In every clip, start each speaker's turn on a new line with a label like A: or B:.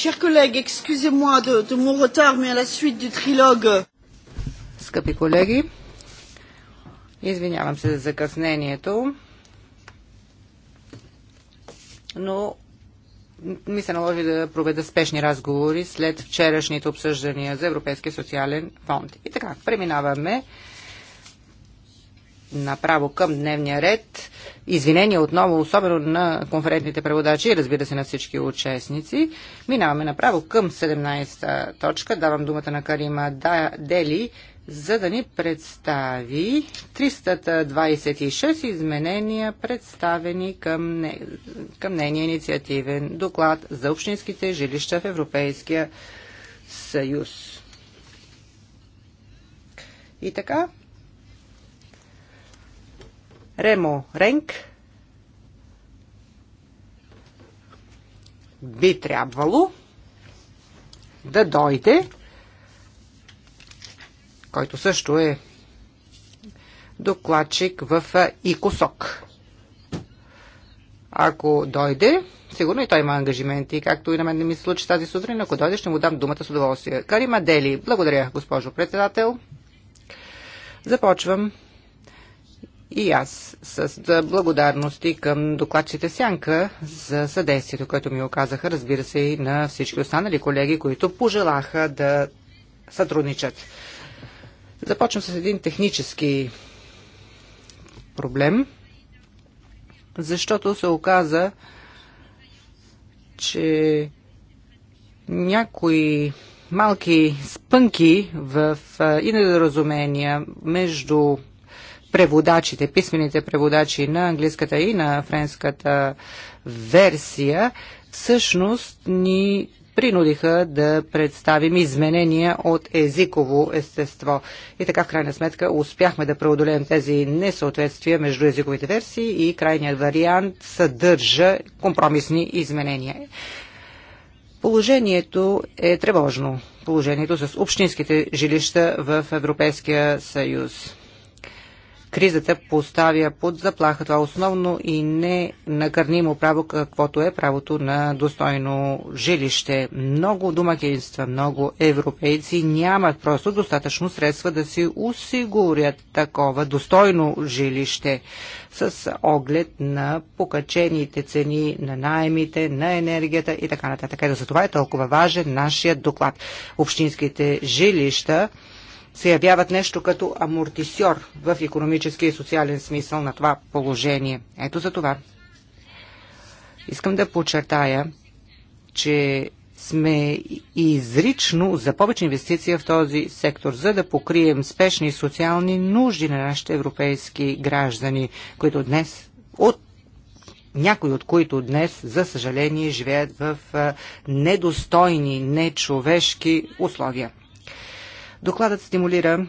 A: Chers collègues, excusez-moi de, de mon retard, mais à la suite du trilogue. Euh,
B: Скъпи колеги, извинявам се за закъснението, но ми се наложи да проведа спешни разговори след вчерашните обсъждания за Европейския социален фонд. И така, преминаваме направо към дневния ред извинения отново, особено на конферентните преводачи и разбира се на всички участници. Минаваме направо към 17-та точка. Давам думата на Карима Дели, за да ни представи 326 изменения, представени към, не, към нейния инициативен доклад за общинските жилища в Европейския съюз. И така, Ремо Ренк би трябвало да дойде, който също е докладчик в ИКОСОК. Ако дойде, сигурно и той има ангажименти, както и на мен не ми се случи тази сутрин, ако дойде, ще му дам думата с удоволствие. Карима Дели, благодаря, госпожо председател. Започвам и аз с благодарности към докладчите Сянка за съдействието, което ми оказаха, разбира се, и на всички останали колеги, които пожелаха да сътрудничат. Започвам с един технически проблем, защото се оказа, че някои малки спънки в, и недоразумения между преводачите, писмените преводачи на английската и на френската версия, всъщност ни принудиха да представим изменения от езиково естество. И така, в крайна сметка, успяхме да преодолеем тези несъответствия между езиковите версии и крайният вариант съдържа компромисни изменения. Положението е тревожно. Положението с общинските жилища в Европейския съюз кризата поставя под заплаха това основно и не накърнимо право, каквото е правото на достойно жилище. Много домакинства, много европейци нямат просто достатъчно средства да си осигурят такова достойно жилище с оглед на покачените цени на найемите, на енергията и така нататък. И за това е толкова важен нашия доклад. Общинските жилища се явяват нещо като амортисьор в економически и социален смисъл на това положение. Ето за това. Искам да подчертая, че сме изрично за повече инвестиция в този сектор, за да покрием спешни социални нужди на нашите европейски граждани, които днес от някои от които днес, за съжаление, живеят в недостойни, нечовешки условия. Докладът стимулира,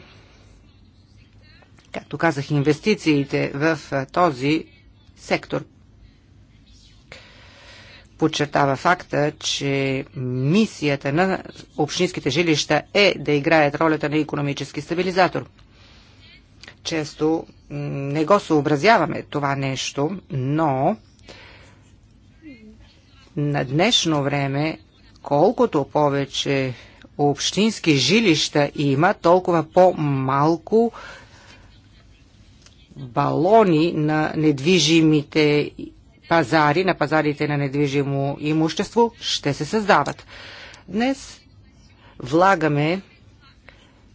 B: както казах, инвестициите в този сектор. Подчертава факта, че мисията на общинските жилища е да играят ролята на економически стабилизатор често не го съобразяваме това нещо, но на днешно време, колкото повече общински жилища има, толкова по-малко балони на недвижимите пазари, на пазарите на недвижимо имущество ще се създават. Днес влагаме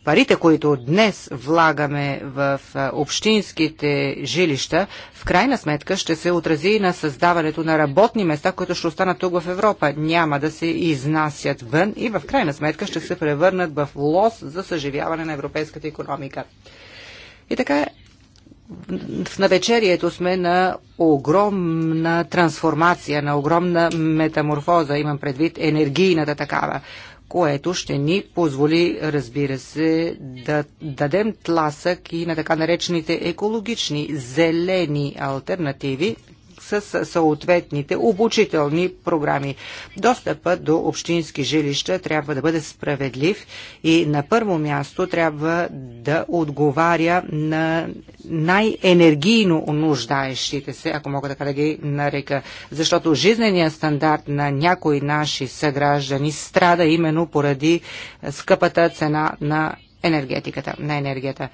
B: парите, които днес влагаме в общинските жилища, в крайна сметка ще се отрази на създаването на работни места, които ще останат тук в Европа. Няма да се изнасят вън и в крайна сметка ще се превърнат в лос за съживяване на европейската економика. И така в навечерието сме на огромна трансформация, на огромна метаморфоза, имам предвид енергийната такава което ще ни позволи, разбира се, да дадем тласък и на така наречените екологични зелени альтернативи, с съответните обучителни програми. Достъпът до общински жилища трябва да бъде справедлив и на първо място трябва да отговаря на най-енергийно нуждаещите се, ако мога така да ги нарека. Защото жизненият стандарт на някои наши съграждани страда именно поради скъпата цена на енергетиката, на енергията.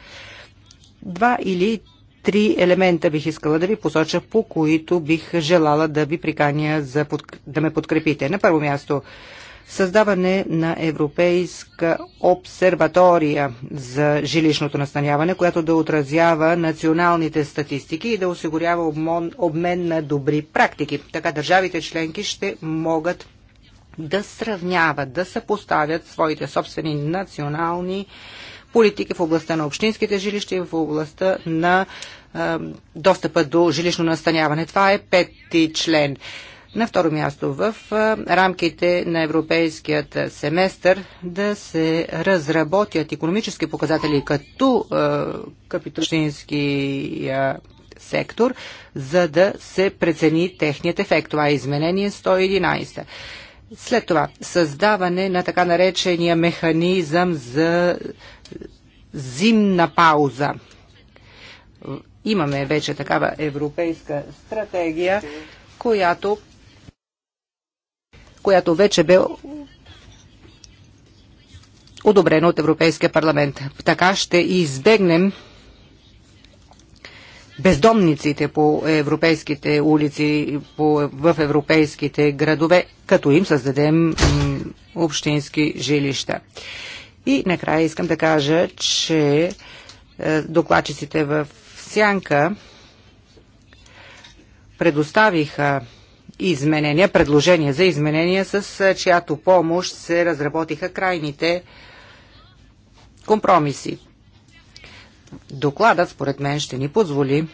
B: Два или три елемента бих искала да ви посоча, по които бих желала да ви приканя за под... да ме подкрепите. На първо място създаване на Европейска обсерватория за жилищното настаняване, която да отразява националните статистики и да осигурява обмон, обмен на добри практики. Така държавите членки ще могат да сравняват, да съпоставят своите собствени национални политики в областта на общинските жилища и в областта на а, достъпа до жилищно настаняване. Това е пети член. На второ място в рамките на европейският семестър да се разработят економически показатели като капиталистически сектор, за да се прецени техният ефект. Това е изменение 111. След това създаване на така наречения механизъм за зимна пауза. Имаме вече такава европейска стратегия, която, която вече бе одобрена от Европейския парламент. Така ще избегнем бездомниците по европейските улици, по, в европейските градове, като им създадем общински жилища. И накрая искам да кажа, че е, докладчиците в Сянка предоставиха изменения, предложения за изменения, с е, чиято помощ се разработиха крайните компромиси. Докладът, според мен, ще ни позволи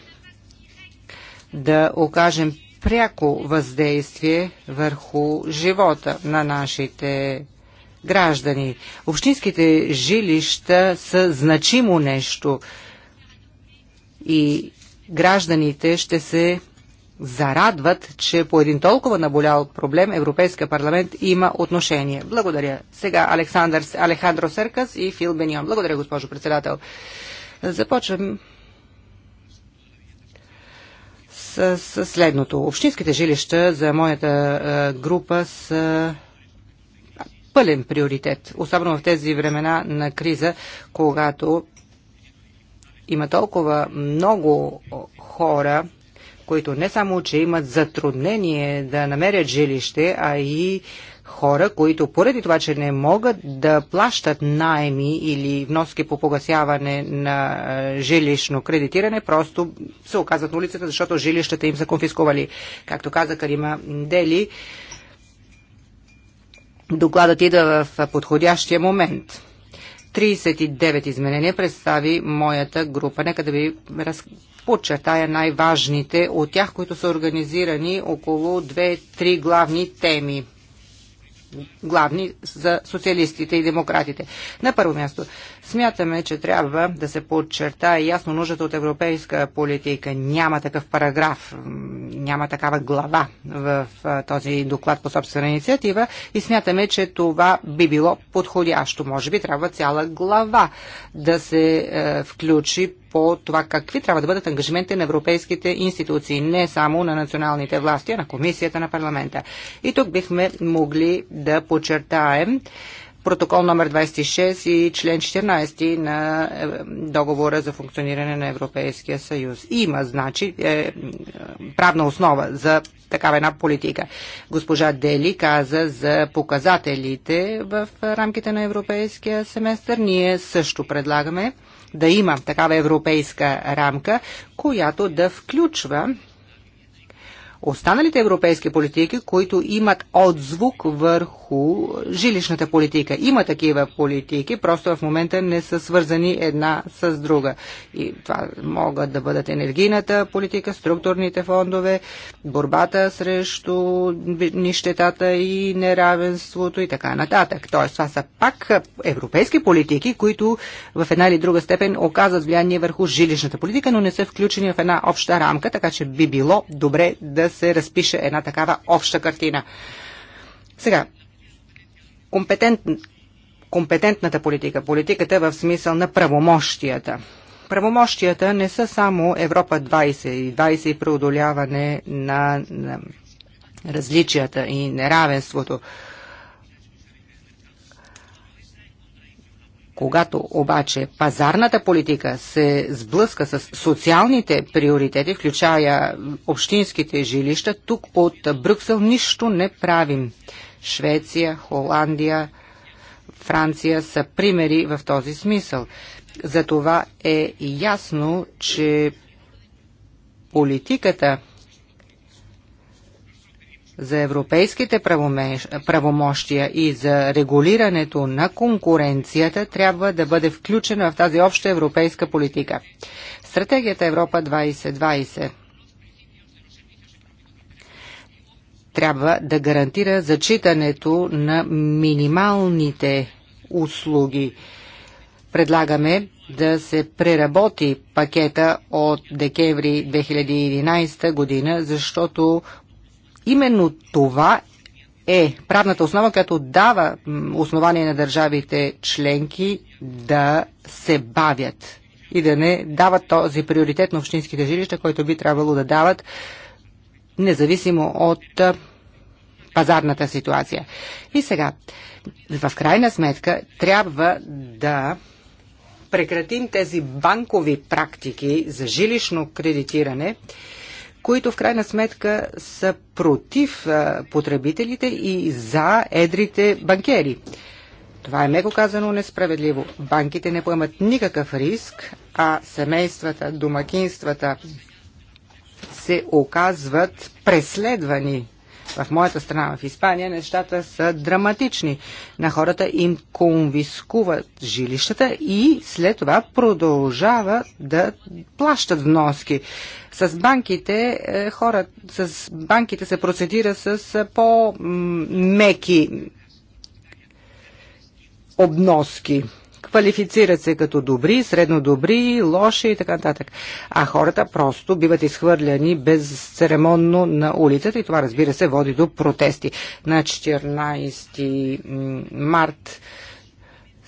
B: да окажем пряко въздействие върху живота на нашите граждани. Общинските жилища са значимо нещо и гражданите ще се зарадват, че по един толкова наболял проблем Европейския парламент има отношение. Благодаря. Сега Александър, Алехандро Серкас и Фил Бенион. Благодаря, госпожо председател. Започвам с, с следното. Общинските жилища за моята група са пълен приоритет, особено в тези времена на криза, когато има толкова много хора, които не само, че имат затруднение да намерят жилище, а и хора, които поради това, че не могат да плащат найми или вноски по погасяване на жилищно кредитиране, просто се оказват на улицата, защото жилищата им са конфискували. Както каза Карима Дели, докладът ида в подходящия момент. 39 изменения представи моята група. Нека да ви раз... подчертая най-важните от тях, които са организирани около 2-3 главни теми главни за социалистите и демократите. На първо място Смятаме, че трябва да се подчертае ясно нуждата от европейска политика. Няма такъв параграф, няма такава глава в този доклад по собствена инициатива и смятаме, че това би било подходящо. Може би трябва цяла глава да се е, включи по това какви трябва да бъдат ангажиментите на европейските институции, не само на националните власти, а на комисията, на парламента. И тук бихме могли да подчертаем протокол номер 26 и член 14 на е, договора за функциониране на Европейския съюз. Има, значи, е, правна основа за такава една политика. Госпожа Дели каза за показателите в рамките на Европейския семестър. Ние също предлагаме да има такава европейска рамка, която да включва останалите европейски политики, които имат отзвук върху жилищната политика. Има такива политики, просто в момента не са свързани една с друга. И това могат да бъдат енергийната политика, структурните фондове, борбата срещу нищетата и неравенството и така нататък. Тоест, това са пак европейски политики, които в една или друга степен оказват влияние върху жилищната политика, но не са включени в една обща рамка, така че би било добре да да се разпише една такава обща картина. Сега, компетент, компетентната политика, политиката в смисъл на правомощията. Правомощията не са само Европа 20 и 20 и преодоляване на, на различията и неравенството. Когато обаче пазарната политика се сблъска с социалните приоритети, включая общинските жилища, тук от Брюксел нищо не правим. Швеция, Холандия, Франция са примери в този смисъл. Затова е ясно, че политиката за европейските правомощия и за регулирането на конкуренцията трябва да бъде включена в тази обща европейска политика. Стратегията Европа 2020 трябва да гарантира зачитането на минималните услуги. Предлагаме да се преработи пакета от декември 2011 година, защото именно това е правната основа, която дава основание на държавите членки да се бавят и да не дават този приоритет на общинските жилища, който би трябвало да дават независимо от пазарната ситуация. И сега, в крайна сметка, трябва да прекратим тези банкови практики за жилищно кредитиране които в крайна сметка са против потребителите и за едрите банкери. Това е меко казано несправедливо. Банките не поемат никакъв риск, а семействата, домакинствата се оказват преследвани. В моята страна, в Испания, нещата са драматични. На хората им конвискуват жилищата и след това продължават да плащат вноски. С банките, е, хора, с банките се процедира с е, по-меки обноски. Квалифицират се като добри, средно добри, лоши и така нататък. А хората просто биват изхвърляни безцеремонно на улицата и това разбира се води до протести. На 14 март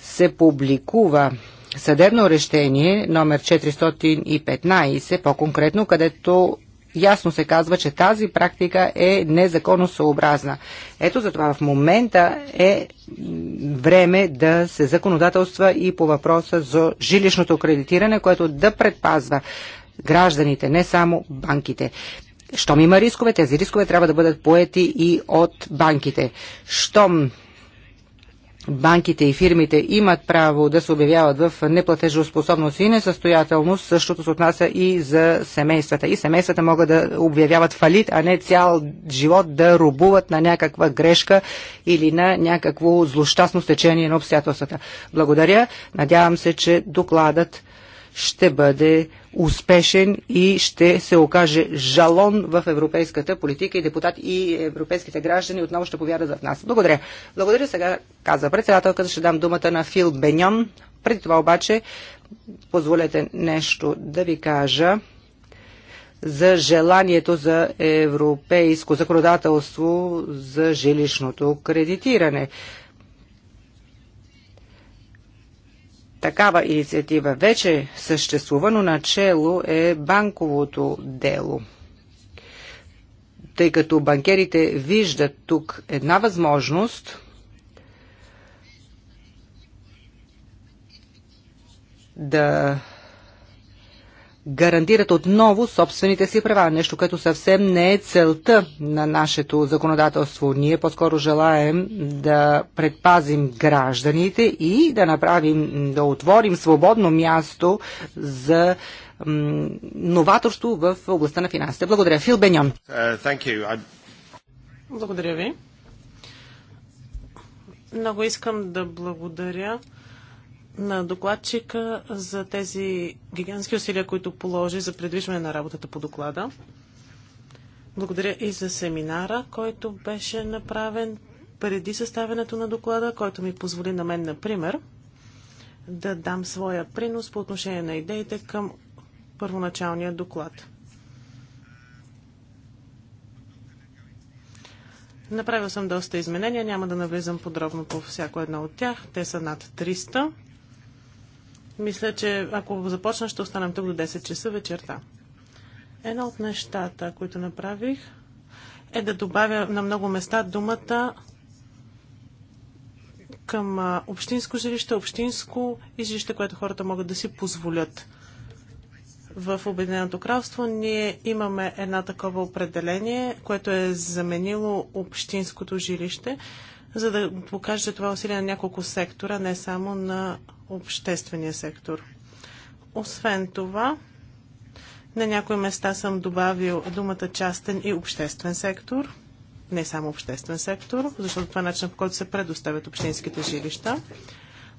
B: се публикува съдебно решение номер 415, по-конкретно, където ясно се казва, че тази практика е незаконосъобразна. Ето затова в момента е време да се законодателства и по въпроса за жилищното кредитиране, което да предпазва гражданите, не само банките. Щом има рискове, тези рискове трябва да бъдат поети и от банките. Щом банките и фирмите имат право да се обявяват в неплатежоспособност и несъстоятелност, същото се отнася и за семействата. И семействата могат да обявяват фалит, а не цял живот да рубуват на някаква грешка или на някакво злощастно стечение на обстоятелствата. Благодаря. Надявам се, че докладът ще бъде успешен и ще се окаже жалон в европейската политика и депутат и европейските граждани отново ще повярват в нас. Благодаря. Благодаря сега, каза председателката, ще дам думата на Фил Беньон. Преди това обаче, позволете нещо да ви кажа за желанието за европейско законодателство за жилищното кредитиране. Такава инициатива вече съществува, но начало е банковото дело. Тъй като банкерите виждат тук една възможност да гарантират отново собствените си права. Нещо, което съвсем не е целта на нашето законодателство. Ние по-скоро желаем да предпазим гражданите и да направим, да отворим свободно място за новаторство в областта на финансите. Благодаря. Фил Беньон. Uh,
C: Благодаря ви. Много искам да благодаря на докладчика за тези гигантски усилия, които положи за предвижване на работата по доклада. Благодаря и за семинара, който беше направен преди съставянето на доклада, който ми позволи на мен, например, да дам своя принос по отношение на идеите към първоначалния доклад. Направил съм доста изменения, няма да навлизам подробно по всяко едно от тях. Те са над 300. Мисля, че ако започна, ще останем тук до 10 часа вечерта. Една от нещата, които направих, е да добавя на много места думата към общинско жилище, общинско и жилище, което хората могат да си позволят. В Обединеното кралство ние имаме една такова определение, което е заменило общинското жилище за да покаже, че това усилие на няколко сектора, не само на обществения сектор. Освен това, на някои места съм добавил думата частен и обществен сектор, не само обществен сектор, защото това е начинът по който се предоставят общинските жилища.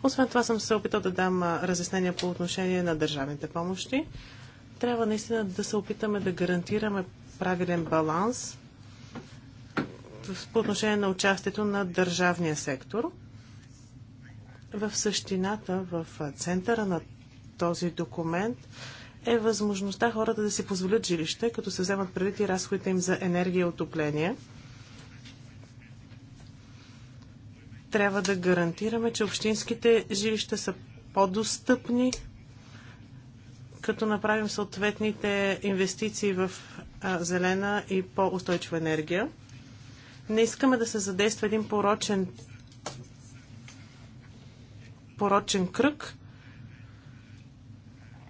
C: Освен това съм се опитал да дам разяснения по отношение на държавните помощи. Трябва наистина да се опитаме да гарантираме правилен баланс по отношение на участието на държавния сектор. В същината, в центъра на този документ е възможността хората да си позволят жилище, като се вземат предвид и разходите им за енергия и отопление. Трябва да гарантираме, че общинските жилища са по-достъпни, като направим съответните инвестиции в зелена и по-устойчива енергия. Не искаме да се задейства един порочен порочен кръг.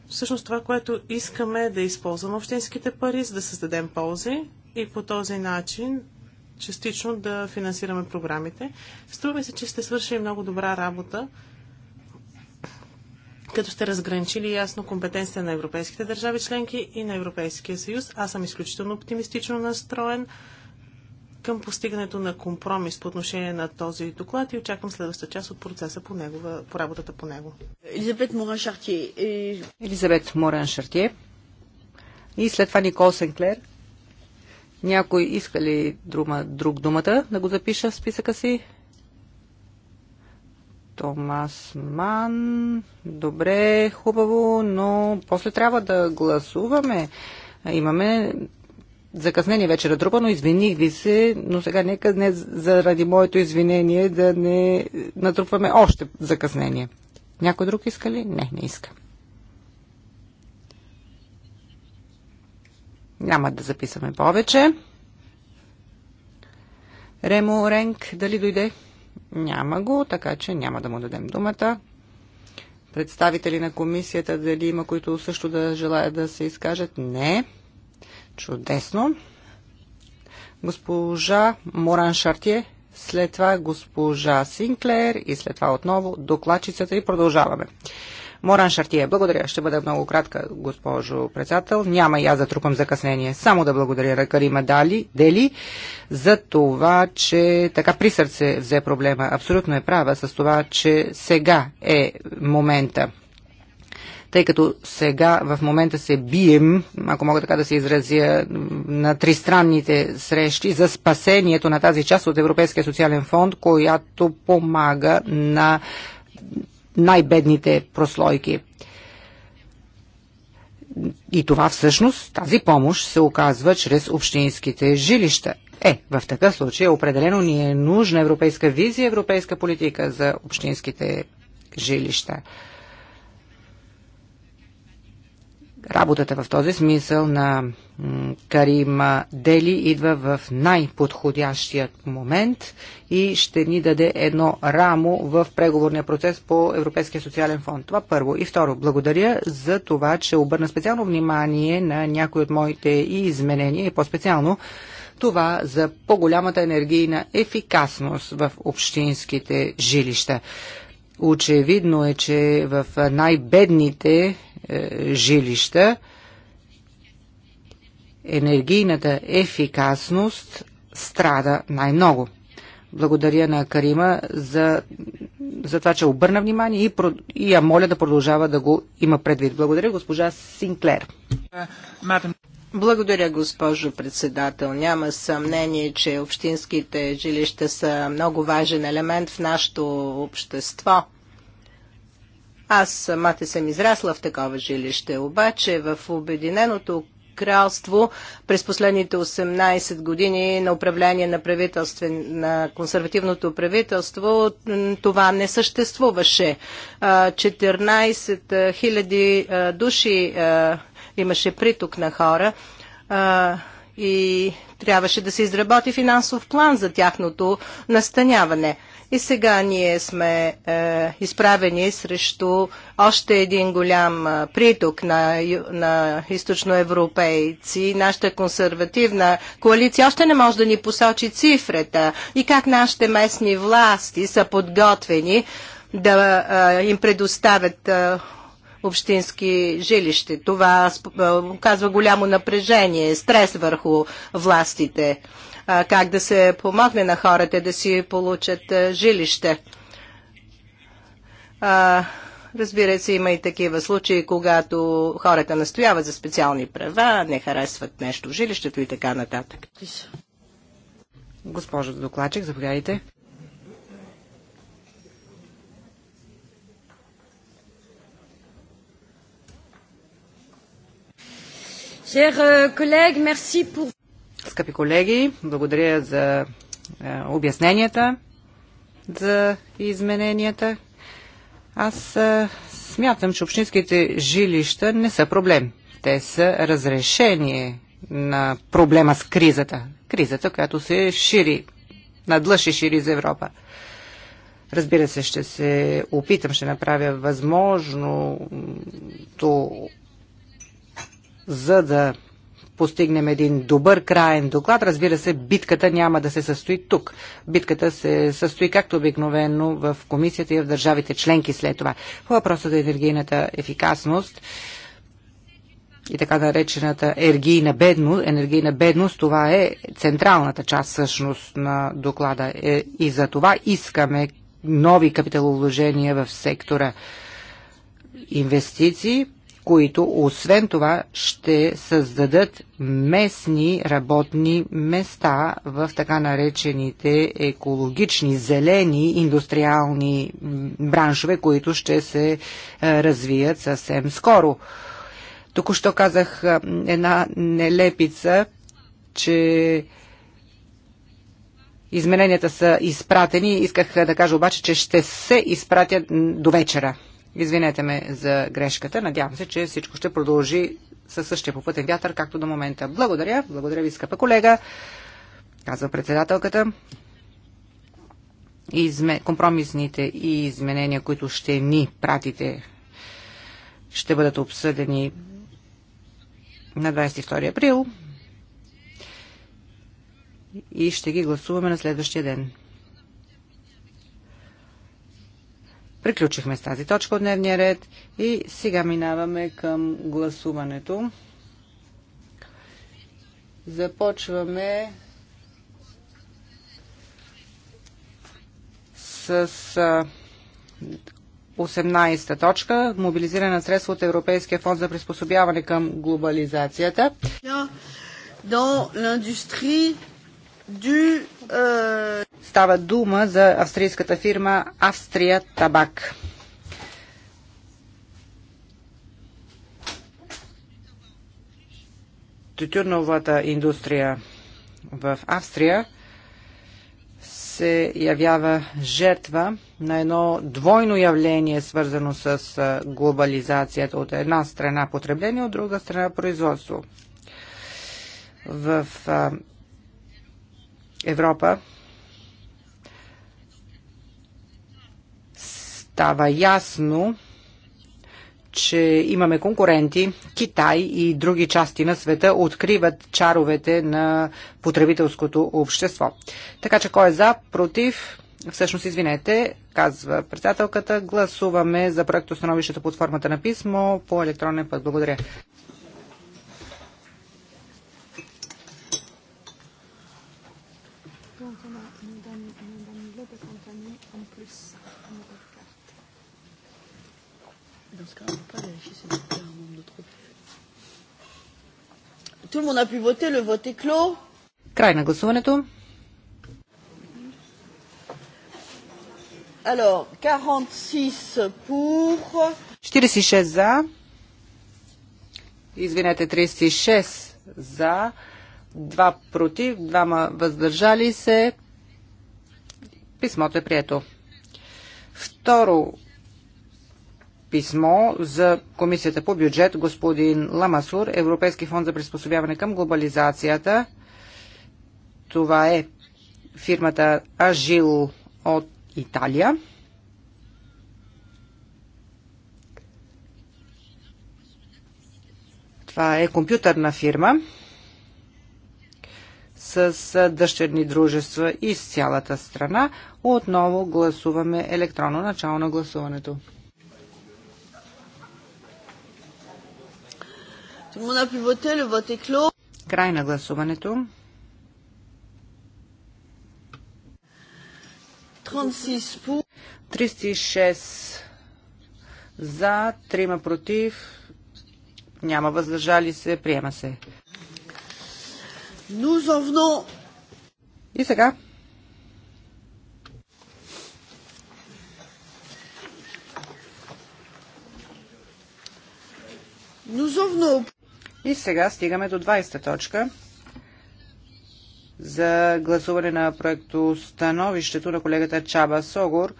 C: Всъщност това, което искаме е да използваме общинските пари, за да създадем ползи и по този начин частично да финансираме програмите. Струва се, че сте свършили много добра работа, като сте разграничили ясно компетенция на европейските държави членки и на Европейския съюз. Аз съм изключително оптимистично настроен към постигането на компромис по отношение на този доклад и очаквам следващата част от процеса по, негова, по работата по него.
A: Елизабет Моран
C: Шартие. И...
B: Елизабет Моран Шартие. И след това Никол Сенклер. Някой иска ли друга, друг думата да го запиша в списъка си? Томас Ман. Добре, хубаво, но после трябва да гласуваме. Имаме закъснение вече натрупано, извиних ви се, но сега нека не заради моето извинение да не натрупваме още закъснение. Някой друг иска ли? Не, не иска. Няма да записваме повече. Ремо Ренк, дали дойде? Няма го, така че няма да му дадем думата. Представители на комисията, дали има които също да желаят да се изкажат? Не. Чудесно. Госпожа Моран Шартие, след това госпожа Синклер и след това отново докладчицата и продължаваме. Моран Шартие, благодаря. Ще бъда много кратка, госпожо председател. Няма и аз да трупам закъснение. Само да благодаря Карима Дали, Дели за това, че така при сърце взе проблема. Абсолютно е права с това, че сега е момента тъй като сега в момента се бием, ако мога така да се изразя, на тристранните срещи за спасението на тази част от Европейския социален фонд, която помага на най-бедните прослойки. И това всъщност, тази помощ се оказва чрез общинските жилища. Е, в такъв случай определено ни е нужна европейска визия, европейска политика за общинските жилища. работата в този смисъл на Карима Дели идва в най-подходящият момент и ще ни даде едно рамо в преговорния процес по Европейския социален фонд. Това първо. И второ, благодаря за това, че обърна специално внимание на някои от моите и изменения и по-специално това за по-голямата енергийна ефикасност в общинските жилища. Очевидно е, че в най-бедните е, жилища, енергийната ефикасност страда най-много. Благодаря на Карима за, за това, че обърна внимание и, и я моля да продължава да го има предвид. Благодаря, госпожа Синклер.
D: Благодаря, госпожо председател. Няма съмнение, че общинските жилища са много важен елемент в нашето общество – аз самата съм израсла в такова жилище, обаче в Обединеното кралство през последните 18 години на управление на, правителствен, на консервативното правителство това не съществуваше. 14 000 души имаше приток на хора и трябваше да се изработи финансов план за тяхното настаняване. И сега ние сме е, изправени срещу още един голям е, приток на, на източноевропейци. Нашата консервативна коалиция още не може да ни посочи цифрата и как нашите местни власти са подготвени да е, им предоставят е, общински жилище. Това оказва е, голямо напрежение, стрес върху властите как да се помогне на хората да си получат жилище. Разбира се, има и такива случаи, когато хората настояват за специални права, не харесват нещо в жилището и така
B: нататък. Госпожо докладчик, заповядайте.
A: Chers euh, collègues, merci pour...
B: Скъпи колеги, благодаря за е, обясненията за измененията. Аз е, смятам, че общинските жилища не са проблем. Те са разрешение на проблема с кризата. Кризата, която се шири, надлъж и шири за Европа. Разбира се, ще се опитам, ще направя възможното, за да постигнем един добър краен доклад. Разбира се, битката няма да се състои тук. Битката се състои както обикновено в комисията и в държавите членки след това. По въпроса за енергийната ефикасност и така наречената енергийна бедност, енергийна бедност, това е централната част всъщност на доклада. Е, и за това искаме нови капиталовложения в сектора инвестиции, които освен това ще създадат местни работни места в така наречените екологични, зелени, индустриални браншове, които ще се е, развият съвсем скоро. Току-що казах е, една нелепица, че измененията са изпратени. Исках е, да кажа обаче, че ще се изпратят до вечера. Извинете ме за грешката. Надявам се, че всичко ще продължи със същия попътен вятър, както до момента. Благодаря. Благодаря ви, скъпа колега, казва председателката. Изме... Компромисните и изменения, които ще ни пратите, ще бъдат обсъдени на 22 април и ще ги гласуваме на следващия ден. Приключихме с тази точка от дневния ред и сега минаваме към гласуването. Започваме с 18-та точка мобилизиране на средства от Европейския фонд за приспособяване към глобализацията. До l'industrie du е, става дума за австрийската фирма Австрия Табак. Тютюрновата индустрия в Австрия се явява жертва на едно двойно явление, свързано с е, глобализацията. От една страна потребление, от друга страна производство. В е, Европа става ясно, че имаме конкуренти, Китай и други части на света откриват чаровете на потребителското общество. Така че кой е за, против, всъщност извинете, казва председателката, гласуваме за проектостановището под формата на писмо по електронен път. Благодаря.
A: Donc on, a, on, donne, on donne l'aide accompagnée en
C: plus à notre carte.
A: Dans ce cas, on ne peut pas vérifier si c'est un nombre de trop. Tout le monde a pu voter, le vote est clos.
B: Край на гласуването.
A: Alors, 46 pour.
B: 46 за. Извинете, 36 за. Два против, двама въздържали се. Писмото е прието. Второ писмо за Комисията по бюджет господин Ламасур, Европейски фонд за приспособяване към глобализацията. Това е фирмата Ажил от Италия. Това е компютърна фирма с дъщерни дружества из цялата страна. Отново гласуваме електронно начало на гласуването. Край на гласуването. 36 за, 3 против, няма въздържали се, приема се. Nous en venons... И сега И сега стигаме до 20-та точка за гласуване на проекто становището на колегата Чаба Согор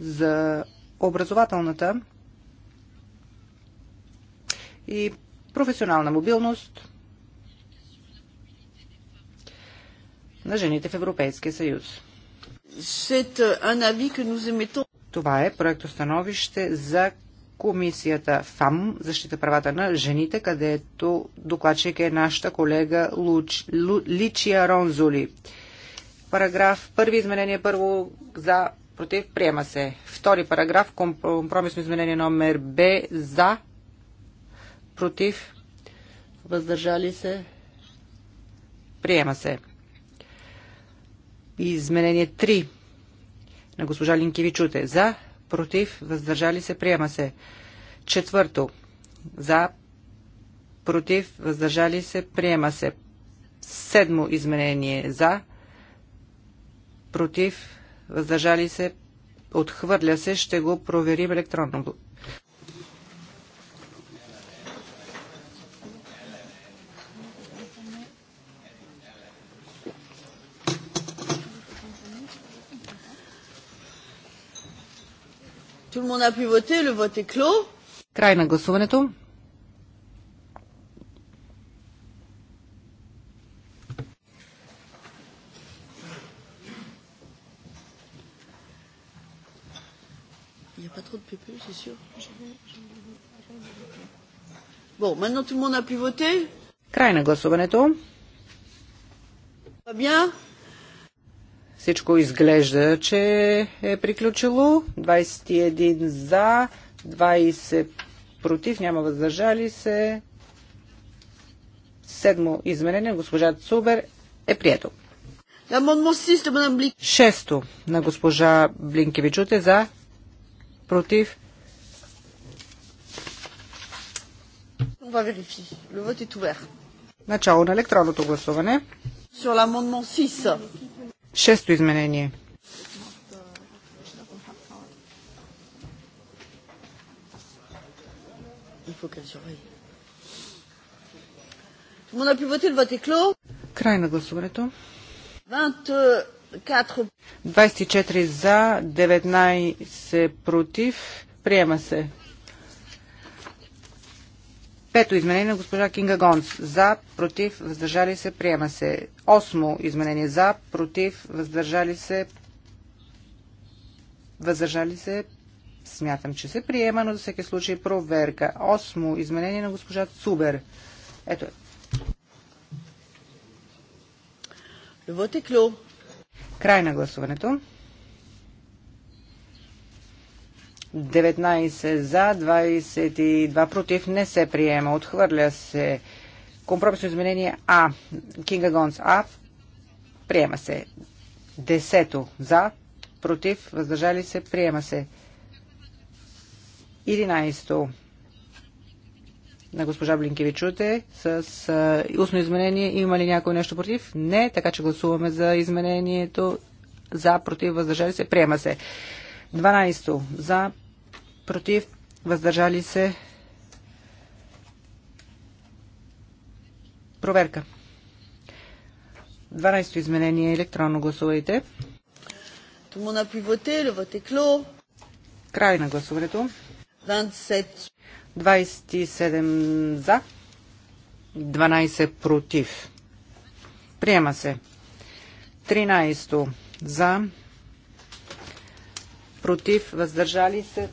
B: за образователната и професионална мобилност на жените в Европейския съюз. Euh, Това е проектостановище за комисията ФАМ, защита правата на жените, където докладчик е нашата колега Луч, Лу, Личия Ронзули. Параграф първи изменение първо за против приема се. Втори параграф компромисно изменение номер Б за против въздържали се приема се. Изменение 3 на госпожа Линкевичуте. За, против, въздържали се, приема се. Четвърто. За, против, въздържали се, приема се. Седмо изменение. За, против, въздържали се, отхвърля се, ще го проверим електронно. Край на гласуването.
A: trop de PPE, c'est sûr. Bon, maintenant tout le monde a pu voter. Край на
B: гласуването. Bien. Всичко изглежда, че е приключило. 21 за, 20 против, няма въздържали се. Седмо изменение, госпожа Цубер, е прието. Шесто на госпожа Блинкевичуте за, против. Начало на електронното гласуване.
A: Sur l'amendement 6.
B: Шесто изменение. Край на гласуването. 24 за, 19 против. Приема се. Пето изменение на госпожа Кинга Гонс. За, против, въздържали се, приема се. Осмо изменение. За, против, въздържали се, въздържали се, смятам, че се приема, но за всеки случай проверка. Осмо изменение на госпожа Цубер. Ето е. Край на гласуването. 19 за, 22 против. Не се приема. Отхвърля се. Компромисно изменение А. Кинга Гонс А. Приема се. Десето за, против, въздържали се, приема се. 11 на госпожа Блинкевичуте с а, устно изменение. Има ли някой нещо против? Не, така че гласуваме за изменението. За, против, въздържали се, приема се. 12. За, против, въздържали се. Проверка. 12-то изменение. Електронно гласувайте.
A: Тумона пивоте, левате кло.
B: Край на гласуването. 27 за, 12 против. Приема се. 13 за, против, въздържали се,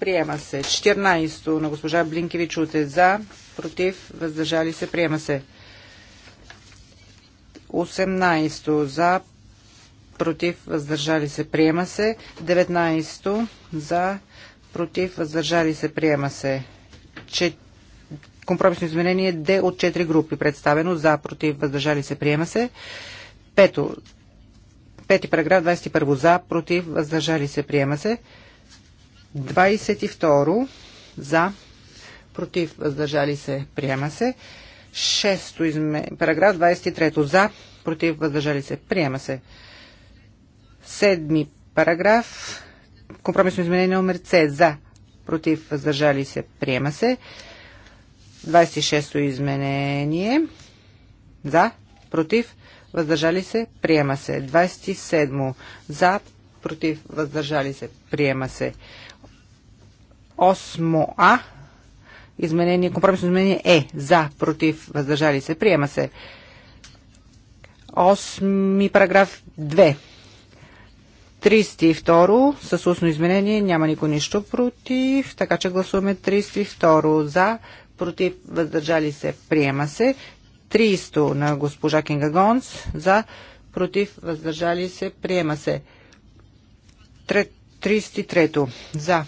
B: Приема се. 14 на госпожа Блинкевич от за, против, въздържали се, приема се. 18 за, против, въздържали се, приема се. 19 за, против, въздържали се, приема се. Че... Компромисно изменение Д от 4 групи, представено за, против, въздържали се, приема се. Пето. Пети параграф, 21 за, против, въздържали се, приема се. 22 за, против, въздържали се, приема се. 6 изме... Параграф 23 за, против, въздържали се, приема се. Седми параграф. Компромисно изменение номер С за, против, въздържали се, приема се. 26 изменение. За, против, въздържали се, приема се. 27 За, против, въздържали се, приема се. 8А. Изменение, компромисно изменение Е. За, против, въздържали се. Приема се. 8 параграф 2. 32 с устно изменение. Няма никой нищо против. Така че гласуваме 32 за, против, въздържали се. Приема се. 300 на госпожа Кинга Гонс за, против, въздържали се. Приема се. 33 за,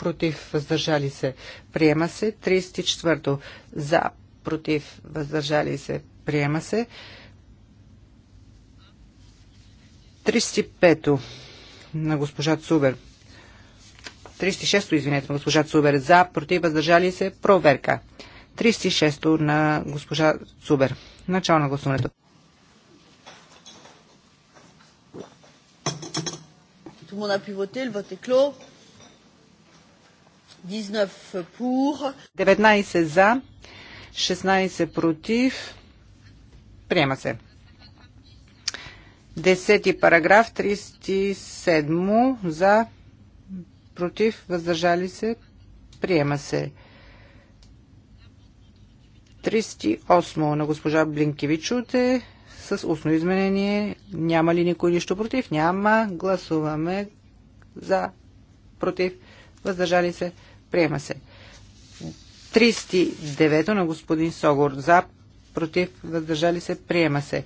B: против, въздържали се, приема се. 34 за, против, въздържали се, приема се. 35 на госпожа Цубер. 36-то, извинете, на госпожа Цубер. За, против, въздържали се, проверка. 36-то на госпожа Цубер. Начало на гласуването.
A: Tout le monde a pivoté, le vote est clos.
B: 19 за, 16 против. Приема се. Десети параграф, 37 за, против, въздържали се, приема се. 38 на госпожа Блинкевичуте с устно изменение. Няма ли никой нищо против? Няма. Гласуваме за, против, въздържали се. Приема се. 39 на господин Согор. За, против, въздържали се. Приема се.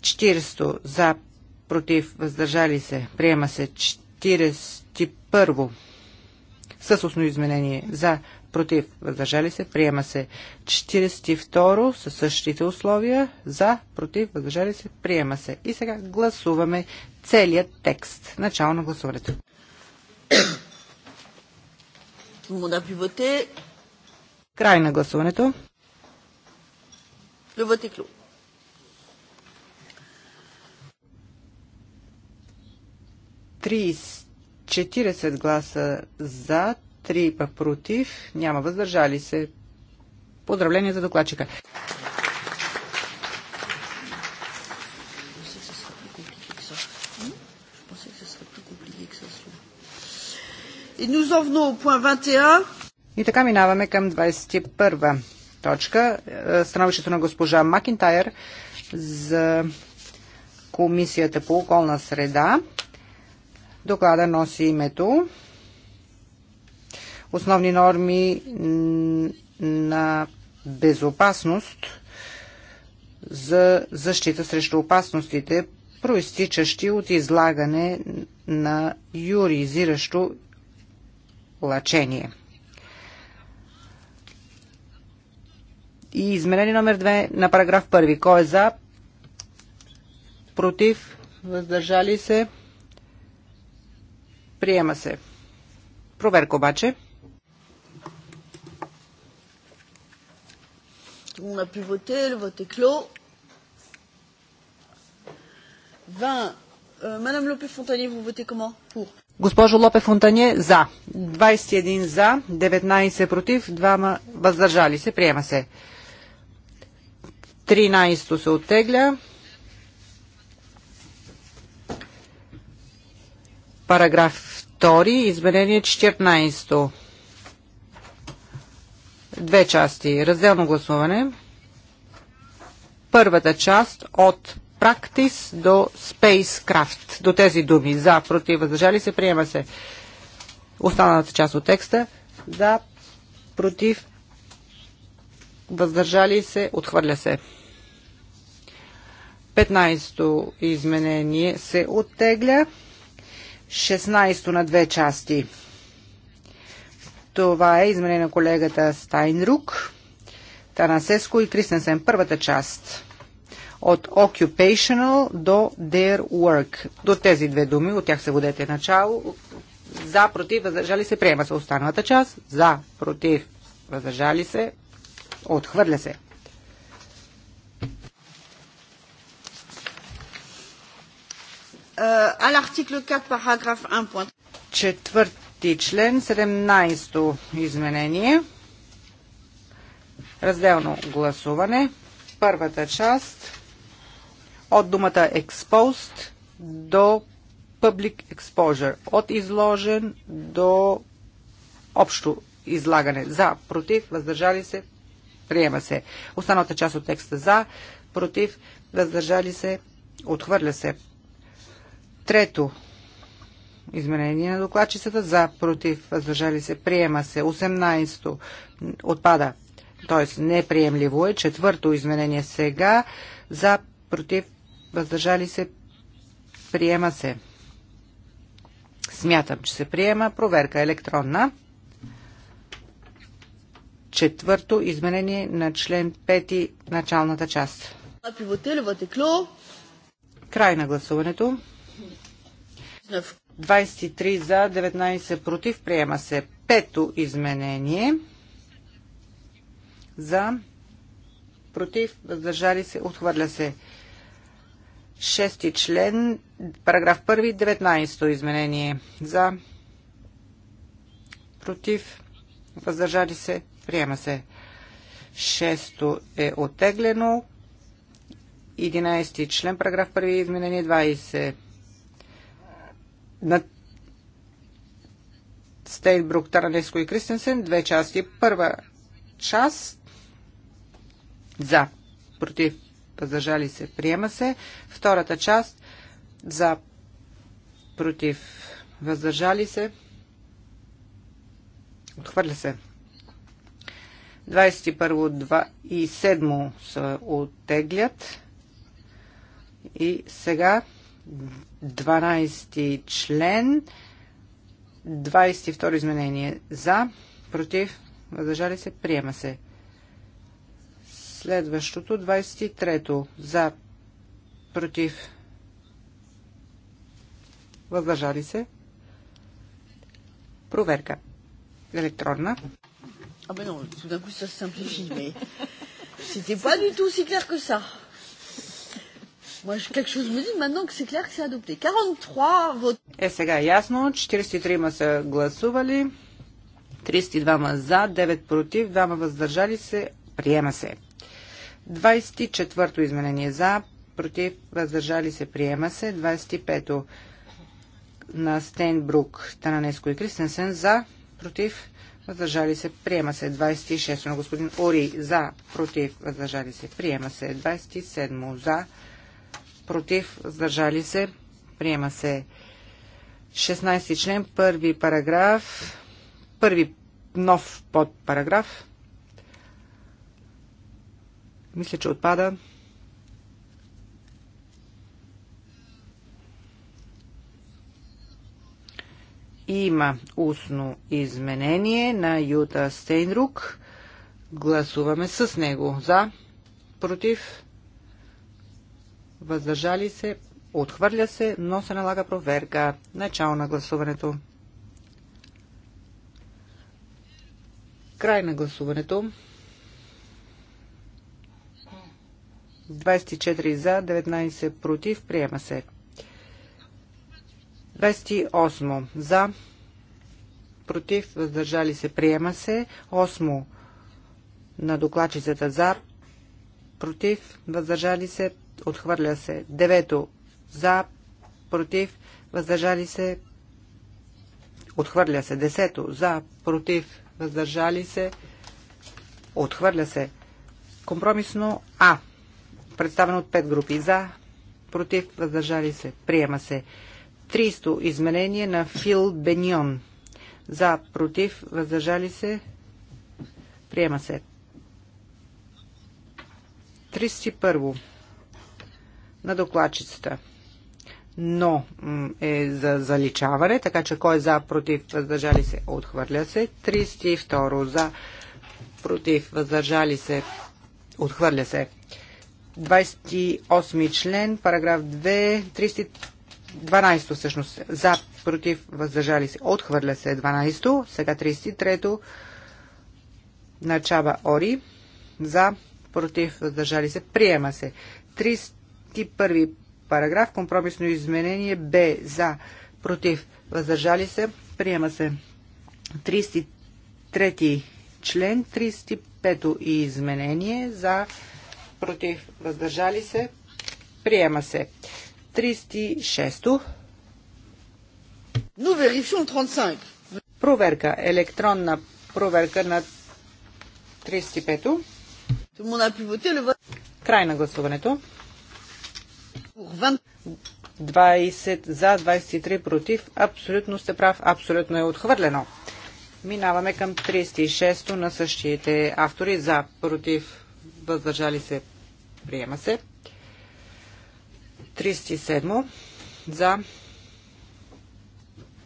B: 40 за, против, въздържали се. Приема се. 41 с основно изменение. За, против, въздържали се, приема се. 42 със същите условия, за, против, въздържали се, приема се. И сега гласуваме целият текст. Начало на гласуването.
A: Tout le monde a pu voter.
B: Край на гласуването. Le vote est clos. Трис 40 гласа за, 3 против, няма въздържали се. Поздравление за докладчика. И така минаваме към 21 а точка. Е, становището на госпожа Макинтайр за Комисията по околна среда. Доклада носи името Основни норми на безопасност за защита срещу опасностите, проистичащи от излагане на юризиращо лъчение. И изменение номер 2 на параграф 1. Кой е за? Против? Въздържали се? Приема се. Проверка обаче.
A: On a pu le vote est clos. 20. Euh, Madame Lopé-Fontanier, vous votez comment Pour.
B: Госпожо Лопе Фонтане, за. 21 за, 19 против, 2 въздържали се. Приема се. 13 се оттегля. Параграф 2, изменение 14. Две части. Разделно гласуване. Първата част от Практис до Спейскрафт до тези думи. За, против, въздържали се, приема се. Останалата част от текста. За, против, въздържали се, отхвърля се. 15-то изменение се оттегля. 16-то на две части. Това е изменение на колегата Стайнрук, Танасеско и Кристенсен. Първата част. От occupational до their work. До тези две думи, от тях се водете начало. За, против, въздържали се, приема се останалата част. За, против, въздържали се, отхвърля се.
A: 4, 1. Четвърти член,
B: 17-то изменение. Разделно гласуване. Първата част от думата exposed до public exposure, от изложен до общо излагане. За, против, въздържали се, приема се. Останалата част от текста за, против, въздържали се, отхвърля се. Трето, Изменение на докладчицата за, против, въздържали се, приема се. 18-то отпада, т.е. неприемливо е. Четвърто изменение сега за, против, въздържали се, приема се. Смятам, че се приема. Проверка електронна. Четвърто изменение на член 5, началната част. Край на гласуването. 23 за, 19 против. Приема се пето изменение. За, против, въздържали се, отхвърля се. Шести член, параграф 1, 19 то изменение. За, против, въздържали се, приема се. Шесто е отеглено. 11 член, параграф 1, изменение 20. На Стейнбрук, Таранеско и Кристенсен, две части. Първа част за, против, въздържали се, приема се. Втората част за, против, въздържали се, отхвърля се. 21 и 7 се оттеглят. И сега 12 член, 22 изменение за, против, въздържали се, приема се. Следващото, 23-то. За. Против. Въздържали се. Проверка.
A: Електронна. Ah ben non, tout d'un coup ça se simplifie, mais c'était pas du tout si clair que ça. Moi, je, quelque chose me dit maintenant que c'est clair que c'est adopté. 43 votes.
B: Е, сега ясно, 43-ма са гласували, 32-ма за, 9 против, 2-ма въздържали се, приема се. 24-то изменение за, против, въздържали се, приема се. 25-то на Стенбрук, Тананеско и Кристенсен за, против, въздържали се, приема се. 26-то на господин Ори за, против, въздържали се, приема се. 27-то за, против, въздържали се, приема се. 16 член, първи параграф, първи нов подпараграф мисля, че отпада. Има устно изменение на Юта Стейнрук. Гласуваме с него. За, против, въздържали се, отхвърля се, но се налага проверка. Начало на гласуването. Край на гласуването. 24 за, 19 против. Приема се. 28 за, против, въздържали се. Приема се. 8 на докладчицата за, против, въздържали се. Отхвърля се. 9 за, против, въздържали се. Отхвърля се. 10 за, против, въздържали се. Отхвърля се. Компромисно А представен от 5 групи. За, против, въздържали се, приема се. 300 изменение на Фил Беньон. За, против, въздържали се, приема се. 31 на докладчицата. Но е за заличаване, така че кой е за, против, въздържали се, отхвърля се. 32 за, против, въздържали се, отхвърля се. 28 член, параграф 2, 312 всъщност, за, против, въздържали се, отхвърля се 12, сега 33 Чаба Ори, за, против, въздържали се, приема се. 31 параграф, компромисно изменение, Б, за, против, въздържали се, приема се. 33 член, 35 изменение, за, против, въздържали се, приема се. 36-то. Проверка, електронна проверка на 35-то. Край на гласуването. 20 за, 23 против. Абсолютно сте прав, абсолютно е отхвърлено. Минаваме към 36-то на същите автори за, против, въздържали се, приема се. 37 за,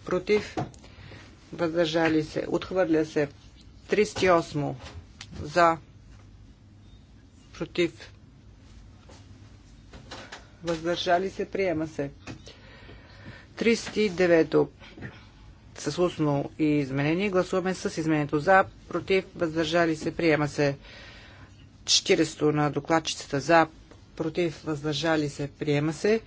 B: против, въздържали се, отхвърля се. 38 за, против, въздържали се, приема се. 39 с устно и изменение. Гласуваме с изменението за, против, въздържали се, приема се. 40 на докладчицата за, против, въздържали се, приема се.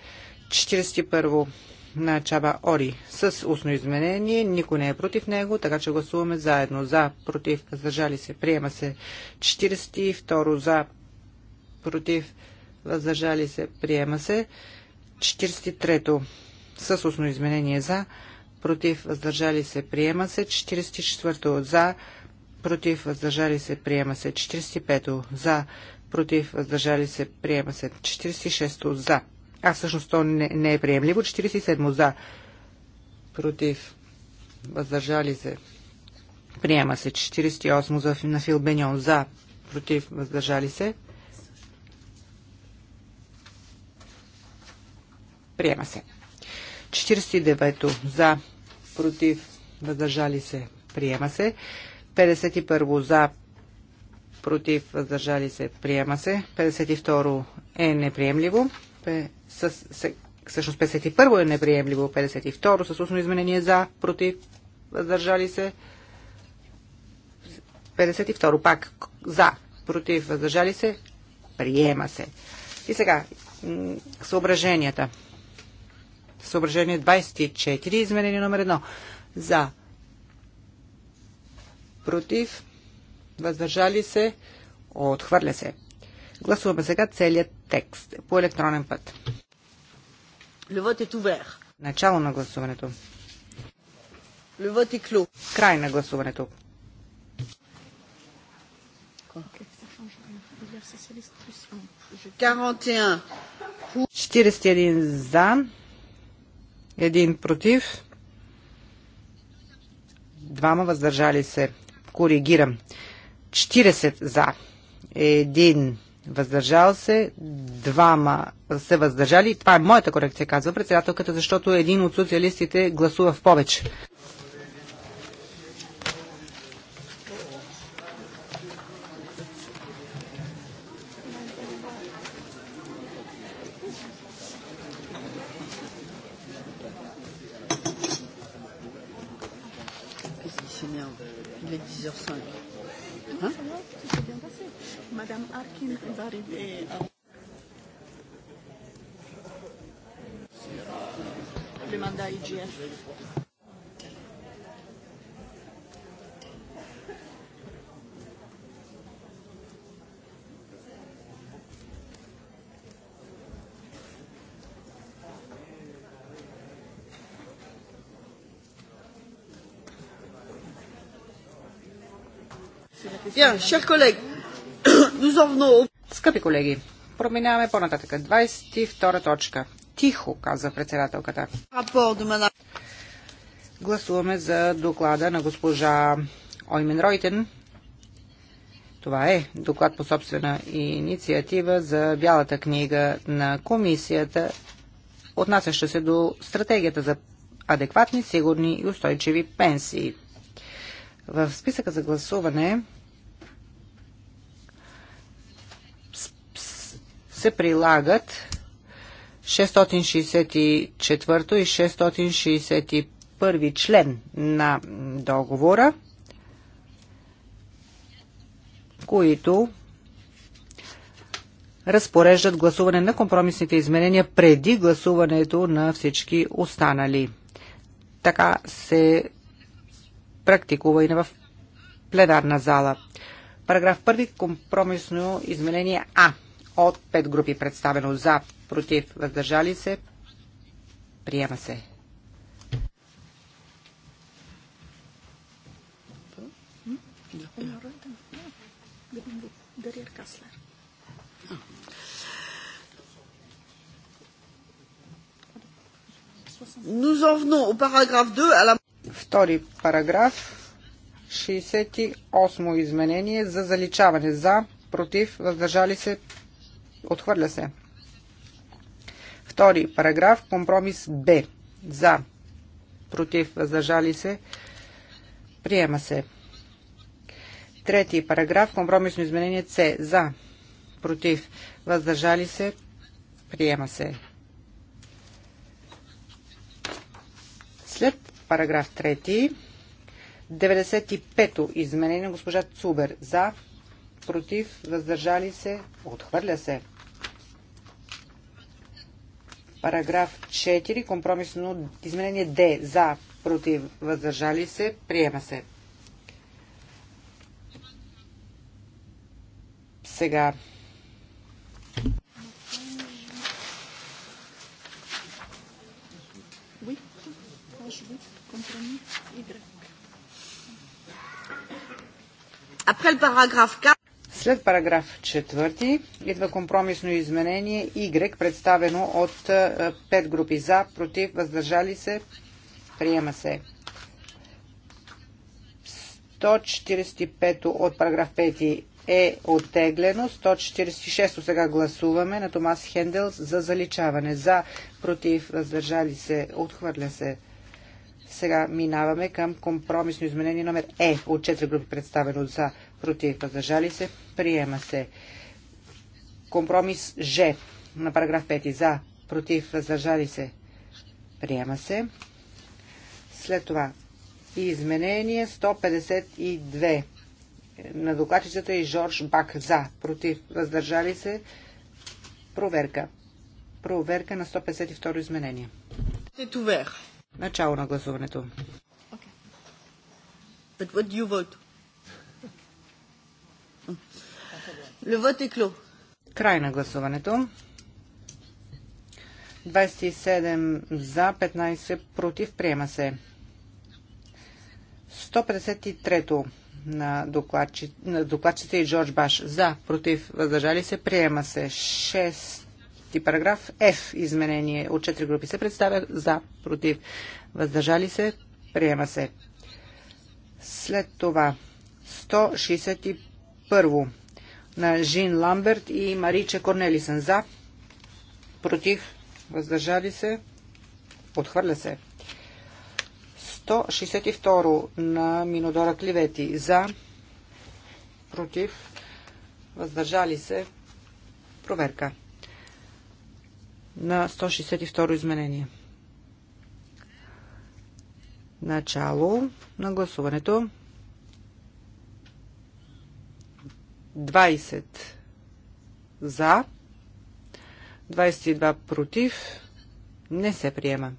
B: 41 на Чаба Ори с устно изменение. Никой не е против него, така че гласуваме заедно. За, против, въздържали се, приема се. 42 за, против, въздържали се, приема се. 43 с устно изменение за, против, въздържали се, приема се. 44 за, против, против, въздържали се, приема се. 45-то за, против, въздържали се, приема се. 46-то за. А всъщност то не, не е приемливо. 47-то за, против, въздържали се, приема се. 48-то за, на Фил Беньон за, против, въздържали се. Приема се. 49-то за, против, въздържали се, приема се. 51 за, против, въздържали се, приема се. 52 е неприемливо. Същност 51 е неприемливо. 52 с устно изменение за, против, въздържали се. 52 пак за, против, въздържали се, приема се. И сега, съображенията. Съображение 24, изменение номер 1. За, против, въздържали се, отхвърля се. Гласуваме сега целият текст по електронен път.
A: Левът е тувер.
B: Начало на гласуването. Левът е клю. Край на гласуването. Okay. един за, един против, двама въздържали се коригирам. 40 за, един въздържал се, двама се въздържали. Това е моята корекция, казва председателката, защото един от социалистите гласува в повече.
A: Bien, chers collègues, nous en venons... Скъпи
B: колеги, променяваме по-нататък. 22 точка. Тихо, каза председателката. Гласуваме за доклада на госпожа Оймен Ройтен. Това е доклад по собствена инициатива за Бялата книга на комисията, отнасяща се до стратегията за адекватни, сигурни и устойчиви пенсии. В списъка за гласуване се прилагат 664 и 661 член на договора, които разпореждат гласуване на компромисните изменения преди гласуването на всички останали. Така се практикува и в пленарна зала. Параграф 1. Компромисно изменение А от пет групи представено за, против, въздържали се, приема се.
A: Nous en venons au paragraphe 2 à la... Втори параграф,
B: 68 изменение за заличаване за, против, въздържали се, Отхвърля се. Втори параграф. Компромис Б. За. Против. Въздържали се. Приема се. Трети параграф. Компромисно изменение С. За. Против. Въздържали се. Приема се. След параграф 3. 95-то изменение госпожа Цубер. За, против, въздържали се, отхвърля се. Параграф 4. Компромисно изменение Д. За. Против. Въздържали се. Приема се. Сега. Après le paragraphe 4, след параграф 4 идва компромисно изменение Y, представено от 5 е, групи за, против, въздържали се, приема се. 145 от параграф 5 е оттеглено. 146 сега гласуваме на Томас Хендел за заличаване. За, против, въздържали се, отхвърля се. Сега минаваме към компромисно изменение номер Е от 4 групи представено за против въздържали се. Приема се. Компромис Ж на параграф 5 за против въздържали се. Приема се. След това изменение 152 на докладчицата и е Жорж Бак за против въздържали се. Проверка. Проверка на 152 изменение. Е, Начало на гласуването.
A: But what do you vote? Край
B: на гласуването. 27 за, 15 против. Приема се. 153-то на, докладчи, на докладчите и Джордж Баш. За, против, въздържали се. Приема се. 6 и параграф F изменение от четири групи се представя за, против, въздържали се, приема се. След това 161 на Жин Ламберт и Мариче Корнелисен за, против, въздържали се, отхвърля се. 162 на Минодора Кливети за, против, въздържали се, проверка на 162 изменение. Начало на гласуването. 20 за, 22 против, не се приема.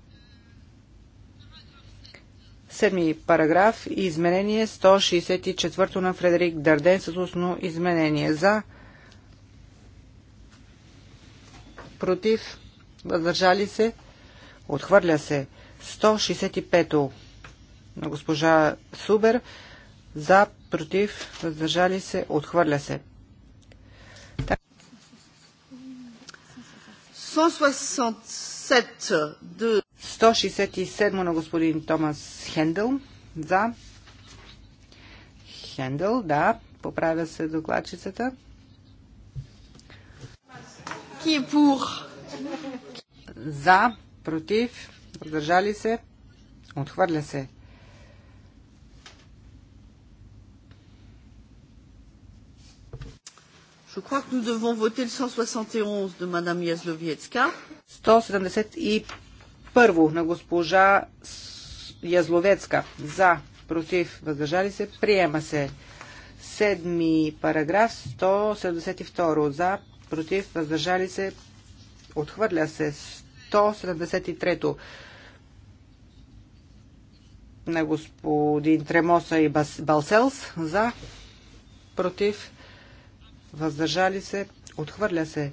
B: Седми параграф и изменение 164 на Фредерик Дарден с устно изменение за, против, въздържали се, отхвърля се. 165-то на госпожа Субер, за, против, въздържали се, отхвърля се. 167 на господин Томас Хендъл. За. Хендъл, да. Поправя се докладчицата. Ки е пур? За, против, въздържали се, отхвърля се.
A: Je crois que nous devons voter le 171 de Madame Yazlovietska. 171 на
B: госпожа Язловецка. За, против, въздържали се, приема се. Седми параграф, 172. За, против, въздържали се, отхвърля се. 173 на господин Тремоса и Балселс за, против, въздържали се, отхвърля се.